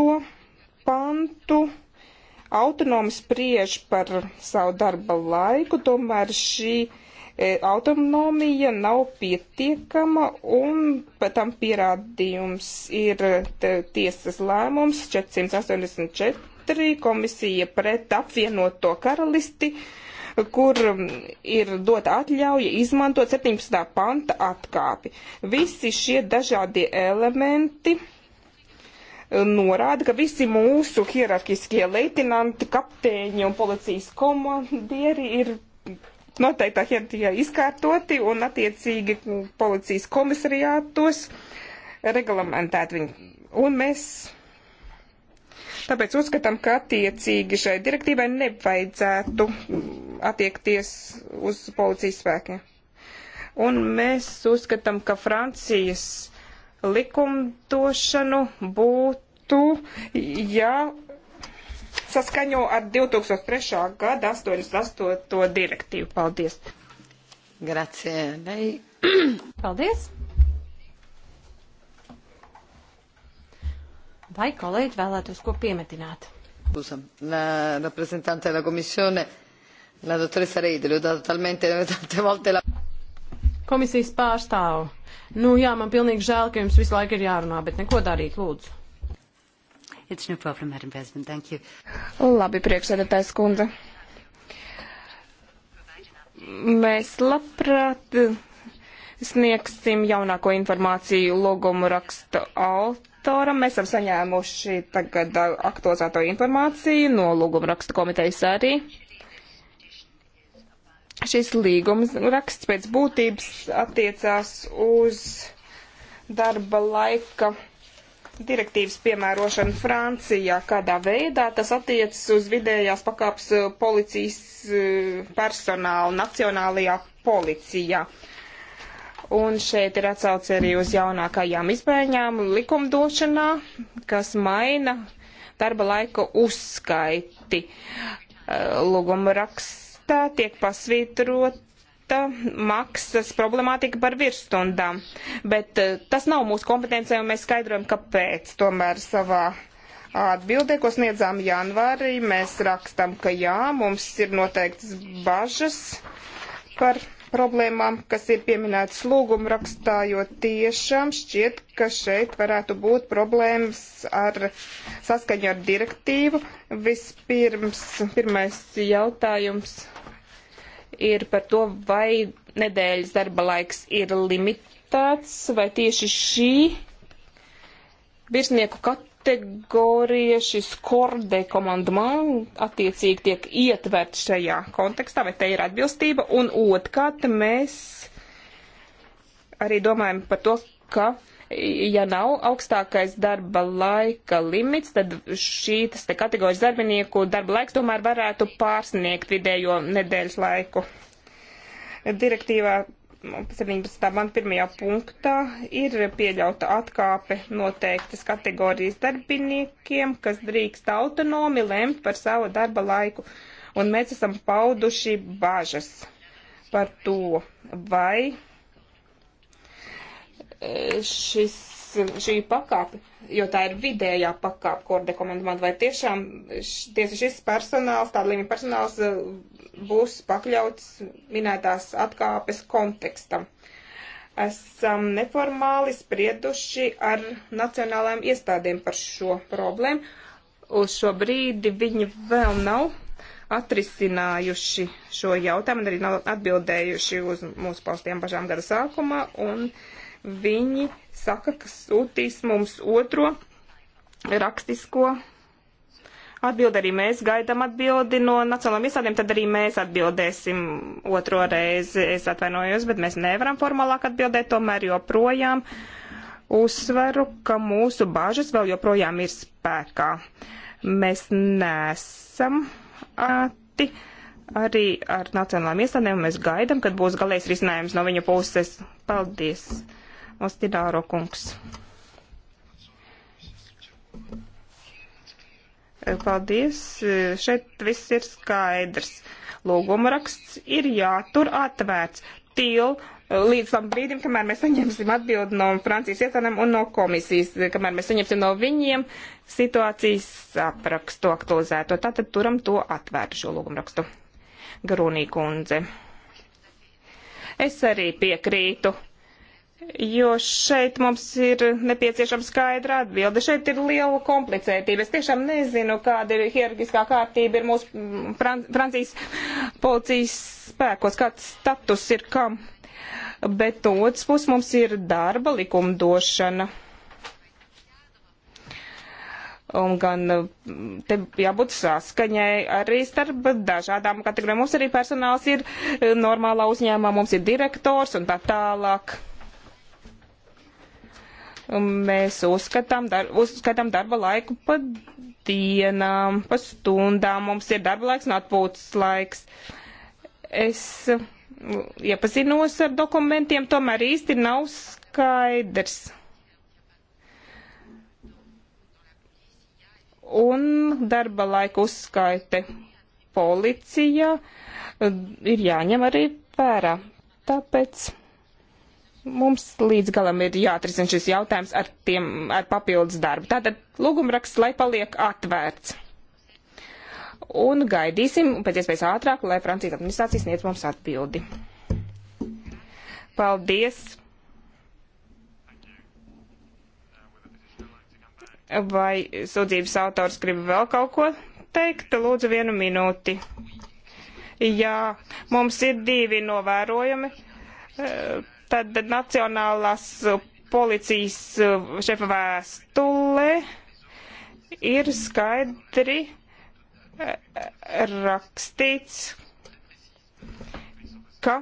pantu autonomi spriež par savu darba laiku, tomēr šī E, autonomija nav pietiekama un tam pierādījums ir tiesas lēmums 484 komisija pret apvienoto karalisti, kur mm, ir dota atļauja izmantot 17. panta atkāpi. Visi šie dažādie elementi e, norāda, ka visi mūsu hierarkiskie leitinanti, kapteiņi un policijas komandieri ir noteiktā hierarhijā izkārtoti un attiecīgi policijas komisariātos reglamentēt viņu. Un mēs tāpēc uzskatām, ka attiecīgi šai direktīvai nevajadzētu attiekties uz policijas spēkiem. Un mēs uzskatām, ka Francijas likumdošanu būtu būtu, ja saskaņo ar 2003. gada 88. direktīvu. Paldies! Grazie, Lei! Paldies! Vai kolēģi vēlētos ko piemetināt? Scusa, la rappresentante della Commissione, la dottoressa Reide, le ho dato talmente tante volte la. Komisijas pārstāvu. Nu jā, man pilnīgi žēl, ka jums visu laiku ir jārunā, bet neko darīt, lūdzu. It's no problem, Madam President. Thank you. Labi, priekšsēdētājs kundze. Mēs labprāt sniegsim jaunāko informāciju logumu raksta autoram. Mēs esam saņēmuši tagad uh, aktualizēto informāciju no logumu raksta komitejas arī. Šis līgums raksts pēc būtības attiecās uz darba laika direktīvas piemērošana Francijā, kādā veidā tas attiecas uz vidējās pakāps eh, policijas eh, personālu nacionālajā policijā. Un šeit ir atsauce arī uz jaunākajām izmaiņām likumdošanā, kas maina darba laika uzskaiti. Eh, lūguma rakstā tiek pasvītrot skaita maksas problemātika par virsstundām, bet eh, tas nav mūsu kompetencija, un mēs skaidrojam, kāpēc tomēr savā atbildē, ko sniedzām janvārī, mēs rakstam, ka jā, mums ir noteiktas bažas par problēmām, kas ir pieminētas lūguma rakstā, jo tiešām šķiet, ka šeit varētu būt problēmas ar saskaņu ar direktīvu. Vispirms, pirmais jautājums ir par to, vai nedēļas darba laiks ir limitēts, vai tieši šī virsnieku kategorija, šis korde komandman, attiecīgi tiek ietvert šajā kontekstā, vai te ir atbilstība. Un otrkārt, mēs arī domājam par to, ka ja nav augstākais darba laika limits, tad šīs te kategorijas darbinieku darba laiks tomēr varētu pārsniegt vidējo nedēļas laiku. Direktīvā 17. man pirmajā punktā ir pieļauta atkāpe noteiktas kategorijas darbiniekiem, kas drīkst autonomi lemt par savu darba laiku. Un mēs esam pauduši bažas par to, vai šis, šī pakāpe, jo tā ir vidējā pakāpe, ko rekomendamāt, vai tiešām tieši šis personāls, tāda līmeņa personāls eh, būs pakļauts minētās atkāpes kontekstam. Esam neformāli sprieduši ar nacionālajām iestādēm par šo problēmu. Uz šo brīdi viņi vēl nav atrisinājuši šo jautājumu, arī nav atbildējuši uz mūsu paustiem pašām gada sākumā, un uh, Viņi saka, ka sūtīs mums otro rakstisko atbildi. Arī mēs gaidām atbildi no nacionālajiem iestādēm, tad arī mēs atbildēsim otro reizi. Es atvainojos, bet mēs nevaram formālāk atbildēt, tomēr joprojām uzsveru, ka mūsu bažas vēl joprojām ir spēkā. Mēs nesam ati arī ar nacionālām iestādēm, un mēs gaidām, kad būs galējs risinājums no viņa puses. Paldies! Ostidāro kungs. Paldies, šeit viss ir skaidrs. Lūgumraksts ir jātur atvērts til līdz tam brīdim, kamēr mēs saņemsim atbildi no Francijas iestādēm un no komisijas, kamēr mēs saņemsim no viņiem situācijas aprakstu aktualizēto. Tātad turam to atvērtu šo lūgumrakstu. Garunī kundze. Es arī piekrītu jo šeit mums ir nepieciešama skaidra atbilde. Šeit ir liela komplicētība. Es tiešām nezinu, kāda ir hierarkiskā kārtība ir mūsu mm, Fran Francijas policijas spēkos, kāds status ir kam. Bet no otras puses mums ir darba likumdošana. Un gan mm, te jābūt saskaņai arī starp dažādām kategorijām. Mums arī personāls ir mm, normālā uzņēmumā, mums ir direktors un tā tālāk Mēs uzskatām, dar, uzskatām darba laiku pa dienām, pa stundām. Mums ir darba laiks un atpūtas laiks. Es mm, iepazinos ar dokumentiem, tomēr īsti nav skaidrs. Un darba laika uzskaite policija mm, ir jāņem arī vērā. Tāpēc mums līdz galam ir jāatrisina šis jautājums ar, tiem, ar papildus darbu. Tātad lūgumraksts, lai paliek atvērts. Un gaidīsim pēc iespējas ātrāk, lai Francijas administrācija sniedz mums atbildi. Paldies! Vai sūdzības autors grib vēl kaut ko teikt? Lūdzu, vienu minūti. Jā, mums ir divi novērojumi eh, Tad Nacionālās uh, policijas uh, šefa vēstulē ir skaidri uh, rakstīts, ka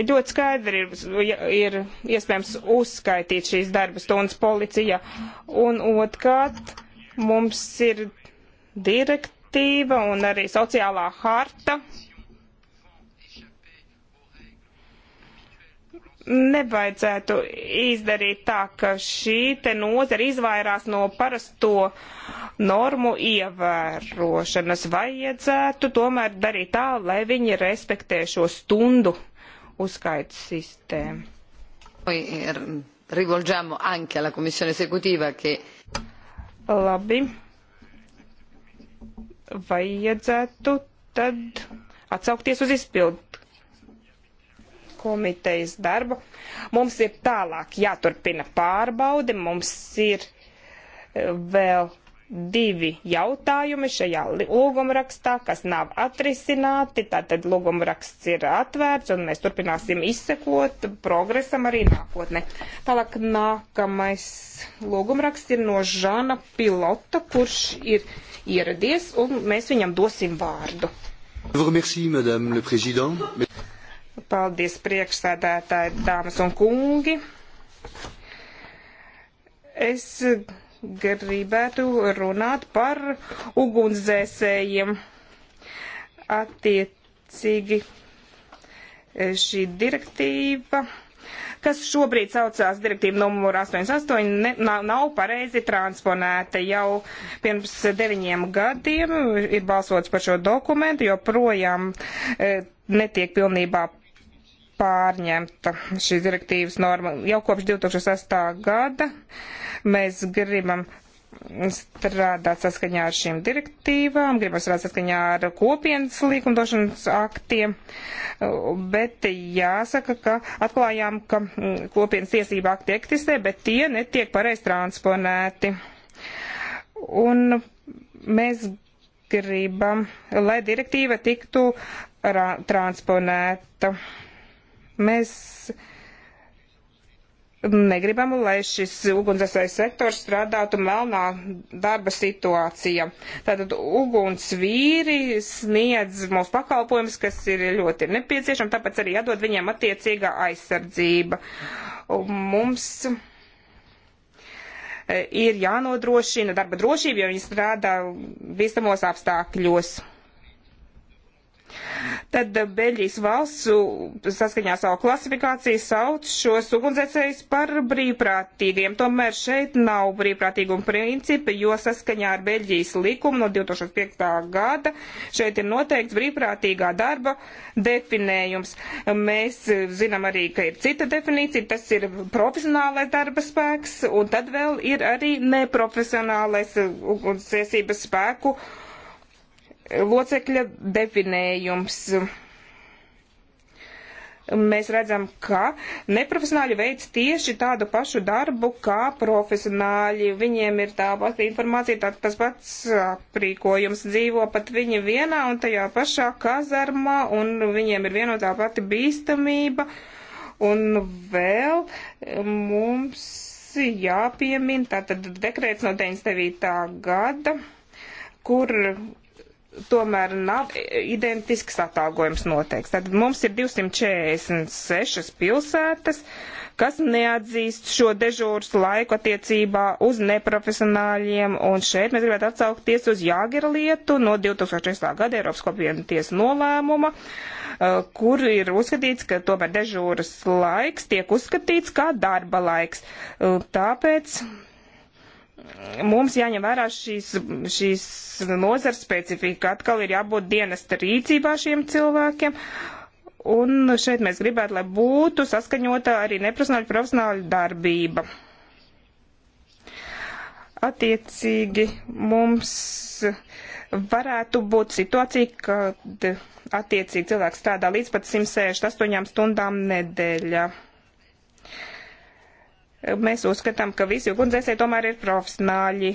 ļoti skaidri ir, ir iespējams uzskaitīt šīs darba stundas policija. Un otrkārt, mums ir direktīva un arī sociālā harta, nevajadzētu izdarīt tā, ka šī te nozara izvairās no parasto normu ievērošanas. Vajadzētu tomēr darīt tā, lai viņi respektē šo stundu uzskaitu sistēmu. Eh, rivolgiamo anche alla Commissione esecutiva che. Labi. Vajadzētu tad atsaukties uz izpildu komitejas darbu. Mums ir tālāk jāturpina pārbaudi, mums ir e, vēl divi jautājumi šajā lūgumrakstā, kas nav atrisināti. Tātad lūgumraksts ir atvērts un mēs turpināsim izsekot progresam arī nākotnē. Tālāk nākamais lūgumraksts ir no Žana Pilota, kurš ir ieradies un mēs viņam dosim vārdu. Merci, madame, Paldies priekšsēdētāji, dāmas un kungi. Es gribētu runāt par ugunsdzēsējiem. Attiecīgi šī direktīva, kas šobrīd saucās direktīva numur 88, ne, nav, nav pareizi transponēta. Jau pirms deviņiem gadiem ir balsots par šo dokumentu, jo projām e, netiek pilnībā pārņemta šīs direktīvas norma. Jau kopš 2008. gada mēs gribam strādāt saskaņā ar šīm direktīvām, gribam strādāt saskaņā ar kopienas līkumdošanas aktiem, bet jāsaka, ka atklājām, ka kopienas tiesība akti eksistē, bet tie netiek pareiz transponēti. Un mēs gribam, lai direktīva tiktu transponēta. Mēs negribam, lai šis ugunsdzēsēju sektors strādātu melnā darba situācijā. Tātad ugunsvīri sniedz mums pakalpojumus, kas ir ļoti nepieciešami, tāpēc arī jādod viņiem attiecīgā aizsardzība. Mums e, ir jānodrošina darba drošība, jo viņi strādā bīstamos apstākļos. Tad Beļģijas valsts saskaņā savu klasifikāciju sauc šos ugunsdzēsējus par brīvprātīgiem. Tomēr šeit nav brīvprātīguma principa, jo saskaņā ar Beļģijas likumu no 2005. gada šeit ir noteikts brīvprātīgā darba definējums. Mēs zinām arī, ka ir cita definīcija, tas ir profesionālais darba spēks, un tad vēl ir arī neprofesionālais ugunsdzēsības spēku locekļa definējums. Mēs redzam, ka neprofesionāļi veic tieši tādu pašu darbu kā profesionāļi. Viņiem ir tā pati informācija, tā, tas pats aprīkojums dzīvo pat viņi vienā un tajā pašā kazarmā, un viņiem ir vienotā pati bīstamība. Un vēl mums jāpiemina tātad dekrēts no 99. gada kur tomēr nav identisks atalgojums noteikts. Tad mums ir 246 pilsētas, kas neatzīst šo dežūras laiku attiecībā uz neprofesionāļiem, un šeit mēs gribētu atsaukties uz Jāgera lietu no 2006. gada Eiropas kopienu tiesa nolēmuma, eh, kur ir uzskatīts, ka tomēr dežūras laiks tiek uzskatīts kā darba laiks. Eh, tāpēc mums jāņem vērā šīs, šīs nozars specifika. Atkal ir jābūt dienesta rīcībā šiem cilvēkiem. Un šeit mēs gribētu, lai būtu saskaņota arī neprofesionāla profesionāla darbība. Attiecīgi mums varētu būt situācija, kad attiecīgi cilvēks strādā līdz pat 168 stundām nedēļā. Mēs uzskatām, ka visi ugunsdzēsēji tomēr ir profesionāļi,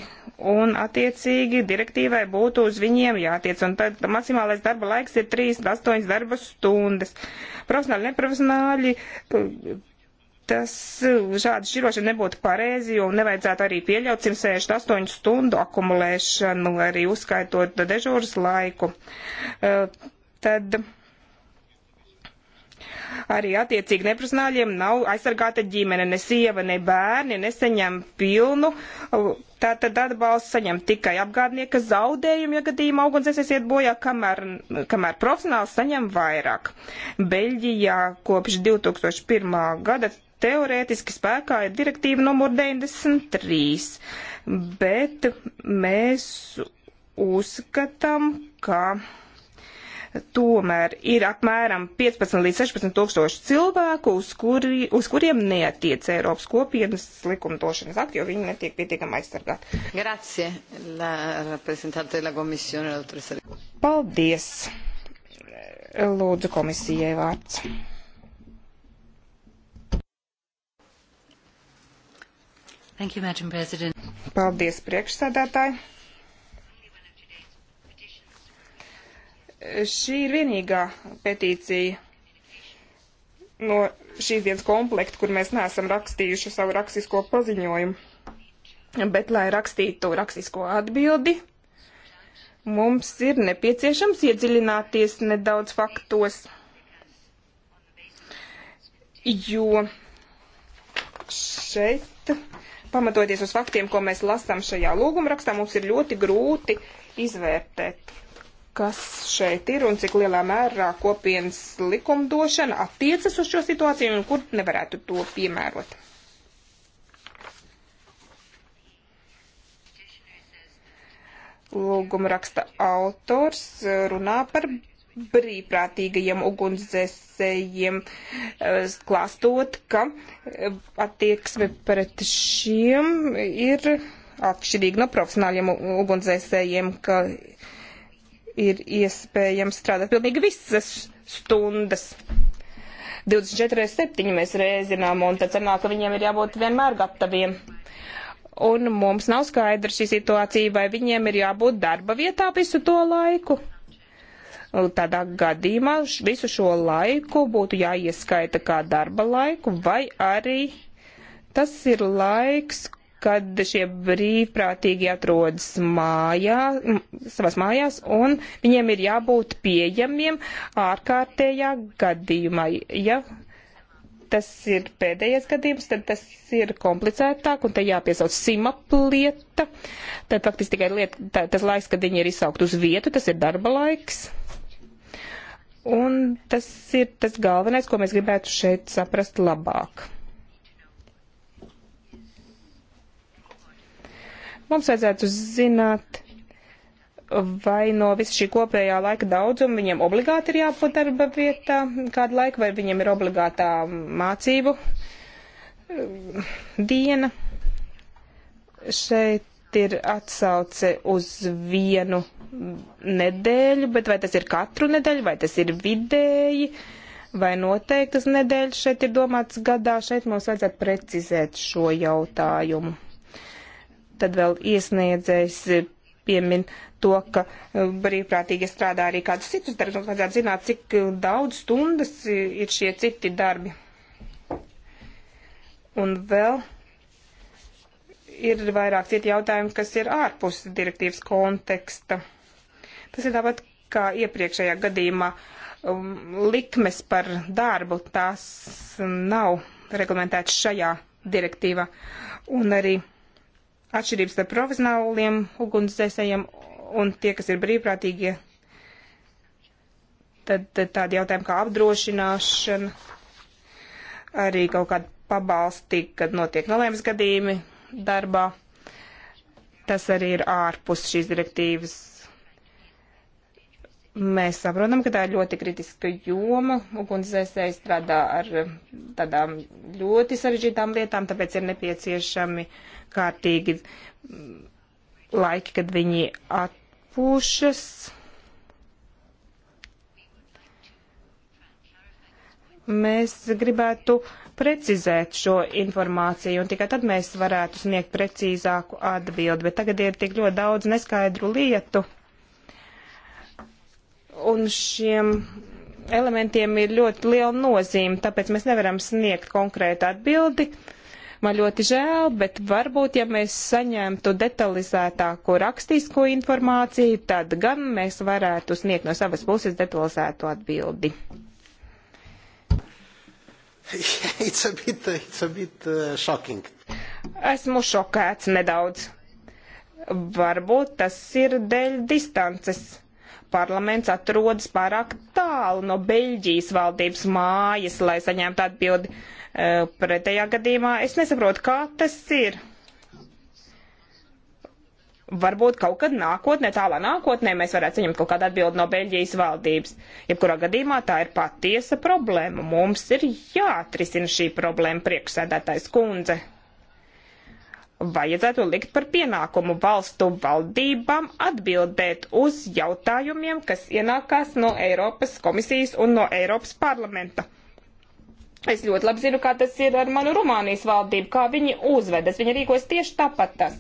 un attiecīgi direktīvai būtu uz viņiem jātiec, un tad maksimālais darba laiks ir 38 darba stundas. Profesionāļi, neprofesionāļi, tas šāda šķirošana nebūtu pareizi, un nevajadzētu arī pieļaut 168 stundu akumulēšanu, arī uzskaitot dežūras laiku. Tad, Arī attiecīgi neprofesionāļiem nav aizsargāta ģimene, ne sieva, ne bērni nesaņem pilnu. Uh, tātad atbalsts saņem tikai apgādnieka zaudējumu, ja gadījumā ugunsdzēsēs iet bojā, kamēr, kamēr profesionāls saņem vairāk. Beļģijā kopš 2001. gada teorētiski spēkā ir direktīva numur 93, bet mēs uzskatām, ka tomēr ir apmēram 15 līdz 16 tūkstoši cilvēku, uz, kuri, uz kuriem neatiec Eiropas kopienas likumdošanas akti, jo viņi netiek pietiekami aizsargāti. Grazie, la reprezentante de la komisione. Paldies. Lūdzu komisijai vārds. Thank you, Madam President. Paldies priekšsēdētāji. Šī ir vienīgā petīcija no šīs dienas komplekta, kur mēs neesam rakstījuši savu rakstisko paziņojumu. Bet, lai rakstītu rakstisko atbildi, mums ir nepieciešams iedziļināties nedaudz faktos, jo šeit, pamatoties uz faktiem, ko mēs lasām šajā lūgumrakstā, mums ir ļoti grūti izvērtēt kas šeit ir un cik lielā mērā kopienas likumdošana attiecas uz šo situāciju un kur nevarētu to piemērot. Lūguma raksta autors runā par brīvprātīgajiem ugunsdzēsējiem, eh, klāstot, ka eh, attieksme pret šiem ir atšķirīga no profesionāļiem ugunsdzēsējiem, ka uh, ir iespējams strādāt pilnīgi visas stundas. 24.7 mēs rēzinām, un tad sanāk, ka viņiem ir jābūt vienmēr gataviem. Un mums nav skaidra šī situācija, vai viņiem ir jābūt darba vietā visu to laiku. Tādā gadījumā visu šo laiku būtu jāieskaita kā darba laiku, vai arī tas ir laiks, kad šie brīvprātīgi atrodas mājā, savās mājās, un viņiem ir jābūt pieejamiem ārkārtējā gadījumā. Ja tas ir pēdējais gadījums, tad tas ir komplicētāk, un te jāpiesauc simap lieta. Tad faktiski tikai lieta, tā, tas laiks, kad viņi ir izsaukt uz vietu, tas ir darba laiks. Un tas ir tas galvenais, ko mēs gribētu šeit saprast labāk. Mums vajadzētu zināt, vai no visa šī kopējā laika daudzuma viņiem obligāti ir jābūt darba vietā kādu laiku, vai viņiem ir obligātā mācību um, diena. Šeit ir atsauce uz vienu nedēļu, bet vai tas ir katru nedēļu, vai tas ir vidēji, vai noteiktas nedēļas šeit ir domāts gadā, šeit mums vajadzētu precizēt šo jautājumu. Tad vēl iesniedzējs piemin to, ka uh, brīvprātīgi strādā arī kādus citus darbus, un vajadzētu zināt, cik daudz stundas ir šie citi darbi. Un vēl ir vairāk citu jautājumu, kas ir ārpus direktīvas konteksta. Tas ir tāpat kā iepriekšējā gadījumā um, likmes par darbu, tās nav reglamentētas šajā direktīvā. Un arī atšķirības starp profesionāliem ugunsdzēsējiem un tie, kas ir brīvprātīgie. Tad, tad tādi jautājumi kā apdrošināšana, arī kaut kāda pabalsti, kad notiek nelēmas gadījumi darbā. Tas arī ir ārpus šīs direktīvas Mēs saprotam, ka tā ir ļoti kritiska joma. Ugunsdzēsēji strādā ar tādām ļoti sarežģītām lietām, tāpēc ir nepieciešami kārtīgi laiki, kad viņi atpūšas. Mēs gribētu precizēt šo informāciju, un tikai tad mēs varētu sniegt precīzāku atbildi, bet tagad ir tik ļoti daudz neskaidru lietu un šiem elementiem ir ļoti liela nozīme, tāpēc mēs nevaram sniegt konkrētu atbildi. Man ļoti žēl, bet varbūt, ja mēs saņemtu detalizētāko rakstisko informāciju, tad gan mēs varētu sniegt no savas puses detalizēto atbildi. It's a bit, it's a bit uh, shocking. Esmu šokēts nedaudz. Varbūt tas ir dēļ distances parlaments atrodas pārāk tālu no Beļģijas valdības mājas, lai saņemtu atbildi. E, pretējā gadījumā es nesaprotu, kā tas ir. Varbūt kaut kad nākotnē, tālā nākotnē, mēs varētu saņemt kaut kādu atbildi no Beļģijas valdības. Jebkurā gadījumā tā ir patiesa problēma. Mums ir jāatrisina šī problēma, priekšsēdētājs kundze vajadzētu likt par pienākumu valstu valdībām atbildēt uz jautājumiem, kas ienākās no Eiropas komisijas un no Eiropas parlamenta. Es ļoti labi zinu, kā tas ir ar manu Rumānijas valdību, kā viņi uzvedas. Viņi rīkojas tieši tāpat tas.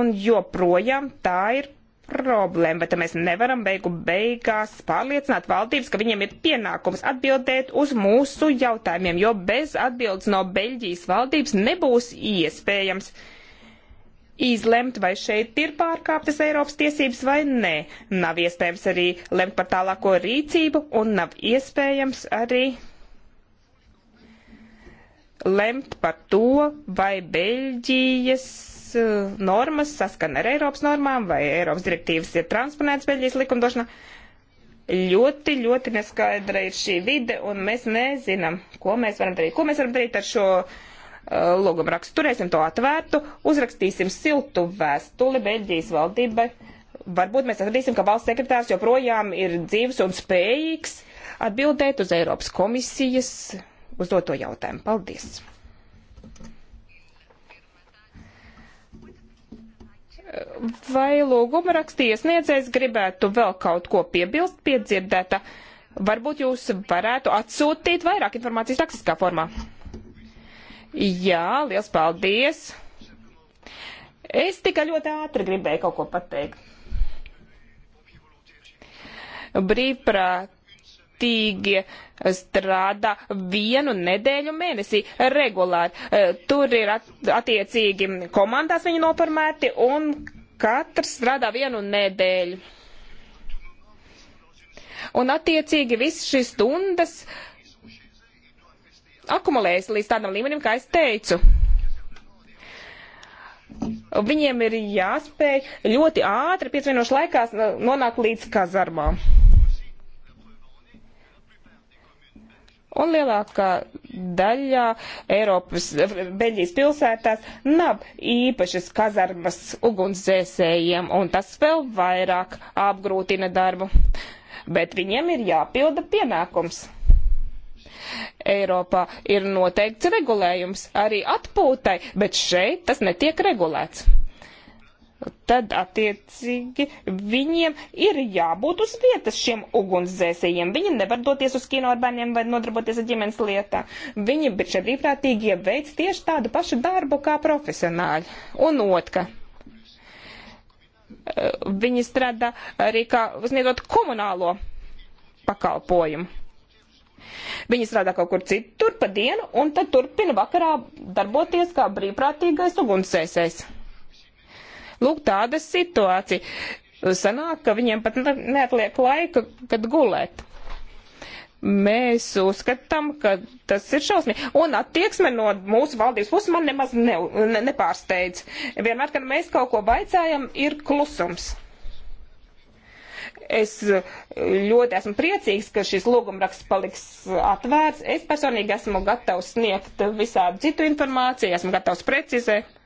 Un joprojām tā ir problēma, bet mēs nevaram beigu beigās pārliecināt valdības, ka viņiem ir pienākums atbildēt uz mūsu jautājumiem, jo bez atbildes no Beļģijas valdības nebūs iespējams izlemt, vai šeit ir pārkāptas Eiropas tiesības vai nē. Nav iespējams arī lemt par tālāko rīcību un nav iespējams arī lemt par to, vai Beļģijas Uh, normas saskana ar Eiropas normām vai Eiropas direktīvas ir transponētas Beļģijas likumdošanā. Ļoti, ļoti neskaidra ir šī vide, un mēs nezinām, ko mēs varam darīt. Ko mēs varam darīt ar šo uh, logumrakstu? Turēsim to atvērtu, uzrakstīsim siltu vēstuli Beļģijas valdībai. Varbūt mēs atradīsim, ka valsts sekretārs joprojām ir dzīves un spējīgs atbildēt uz Eiropas komisijas uzdoto jautājumu. Paldies! Vai lūguma rakstiesniedzējs gribētu vēl kaut ko piebilst piedzirdēta? Varbūt jūs varētu atsūtīt vairāk informācijas rakstiskā formā. Jā, liels paldies! Es tikai ļoti ātri gribēju kaut ko pateikt. Brīvprātīgie strādā vienu nedēļu mēnesī regulāri. Eh, tur ir attiecīgi komandās viņi noformēti un katrs strādā vienu nedēļu. Un attiecīgi viss šīs stundas akumulējas līdz tādam līmenim, kā es teicu. Viņiem ir jāspēj ļoti ātri, piecvienošu laikās, eh, nonākt līdz kazarmām. Un lielākā daļā Eiropas, Beļģijas pilsētās nav īpašas kazarmas ugunsdzēsējiem, un tas vēl vairāk apgrūtina darbu. Bet viņiem ir jāpilda pienākums. Eiropā ir noteikts regulējums arī atpūtai, bet šeit tas netiek regulēts tad attiecīgi viņiem ir jābūt uz vietas šiem ugunsdzēsējiem. Viņi nevar doties uz kino ar bērniem vai nodarboties ar ģimenes lietām. Viņi šie brīvprātīgie veic tieši tādu pašu darbu kā profesionāļi. Un otka. Viņi strādā arī kā sniedzot komunālo pakalpojumu. Viņi strādā kaut kur citur pa dienu un tad turpina vakarā darboties kā brīvprātīgais ugunsdzēsējs. Lūk, tāda situācija. Sanāk, ka viņiem pat neatliek laika, kad gulēt. Mēs uzskatām, ka tas ir šausmīgi. Un attieksme no mūsu valdības puses man nemaz ne, ne, nepārsteidz. Vienmēr, kad mēs kaut ko baicājam, ir klusums. Es ļoti esmu priecīgs, ka šis lūgumraksts paliks atvērts. Es personīgi esmu gatavs sniegt visādu citu informāciju, esmu gatavs precizēt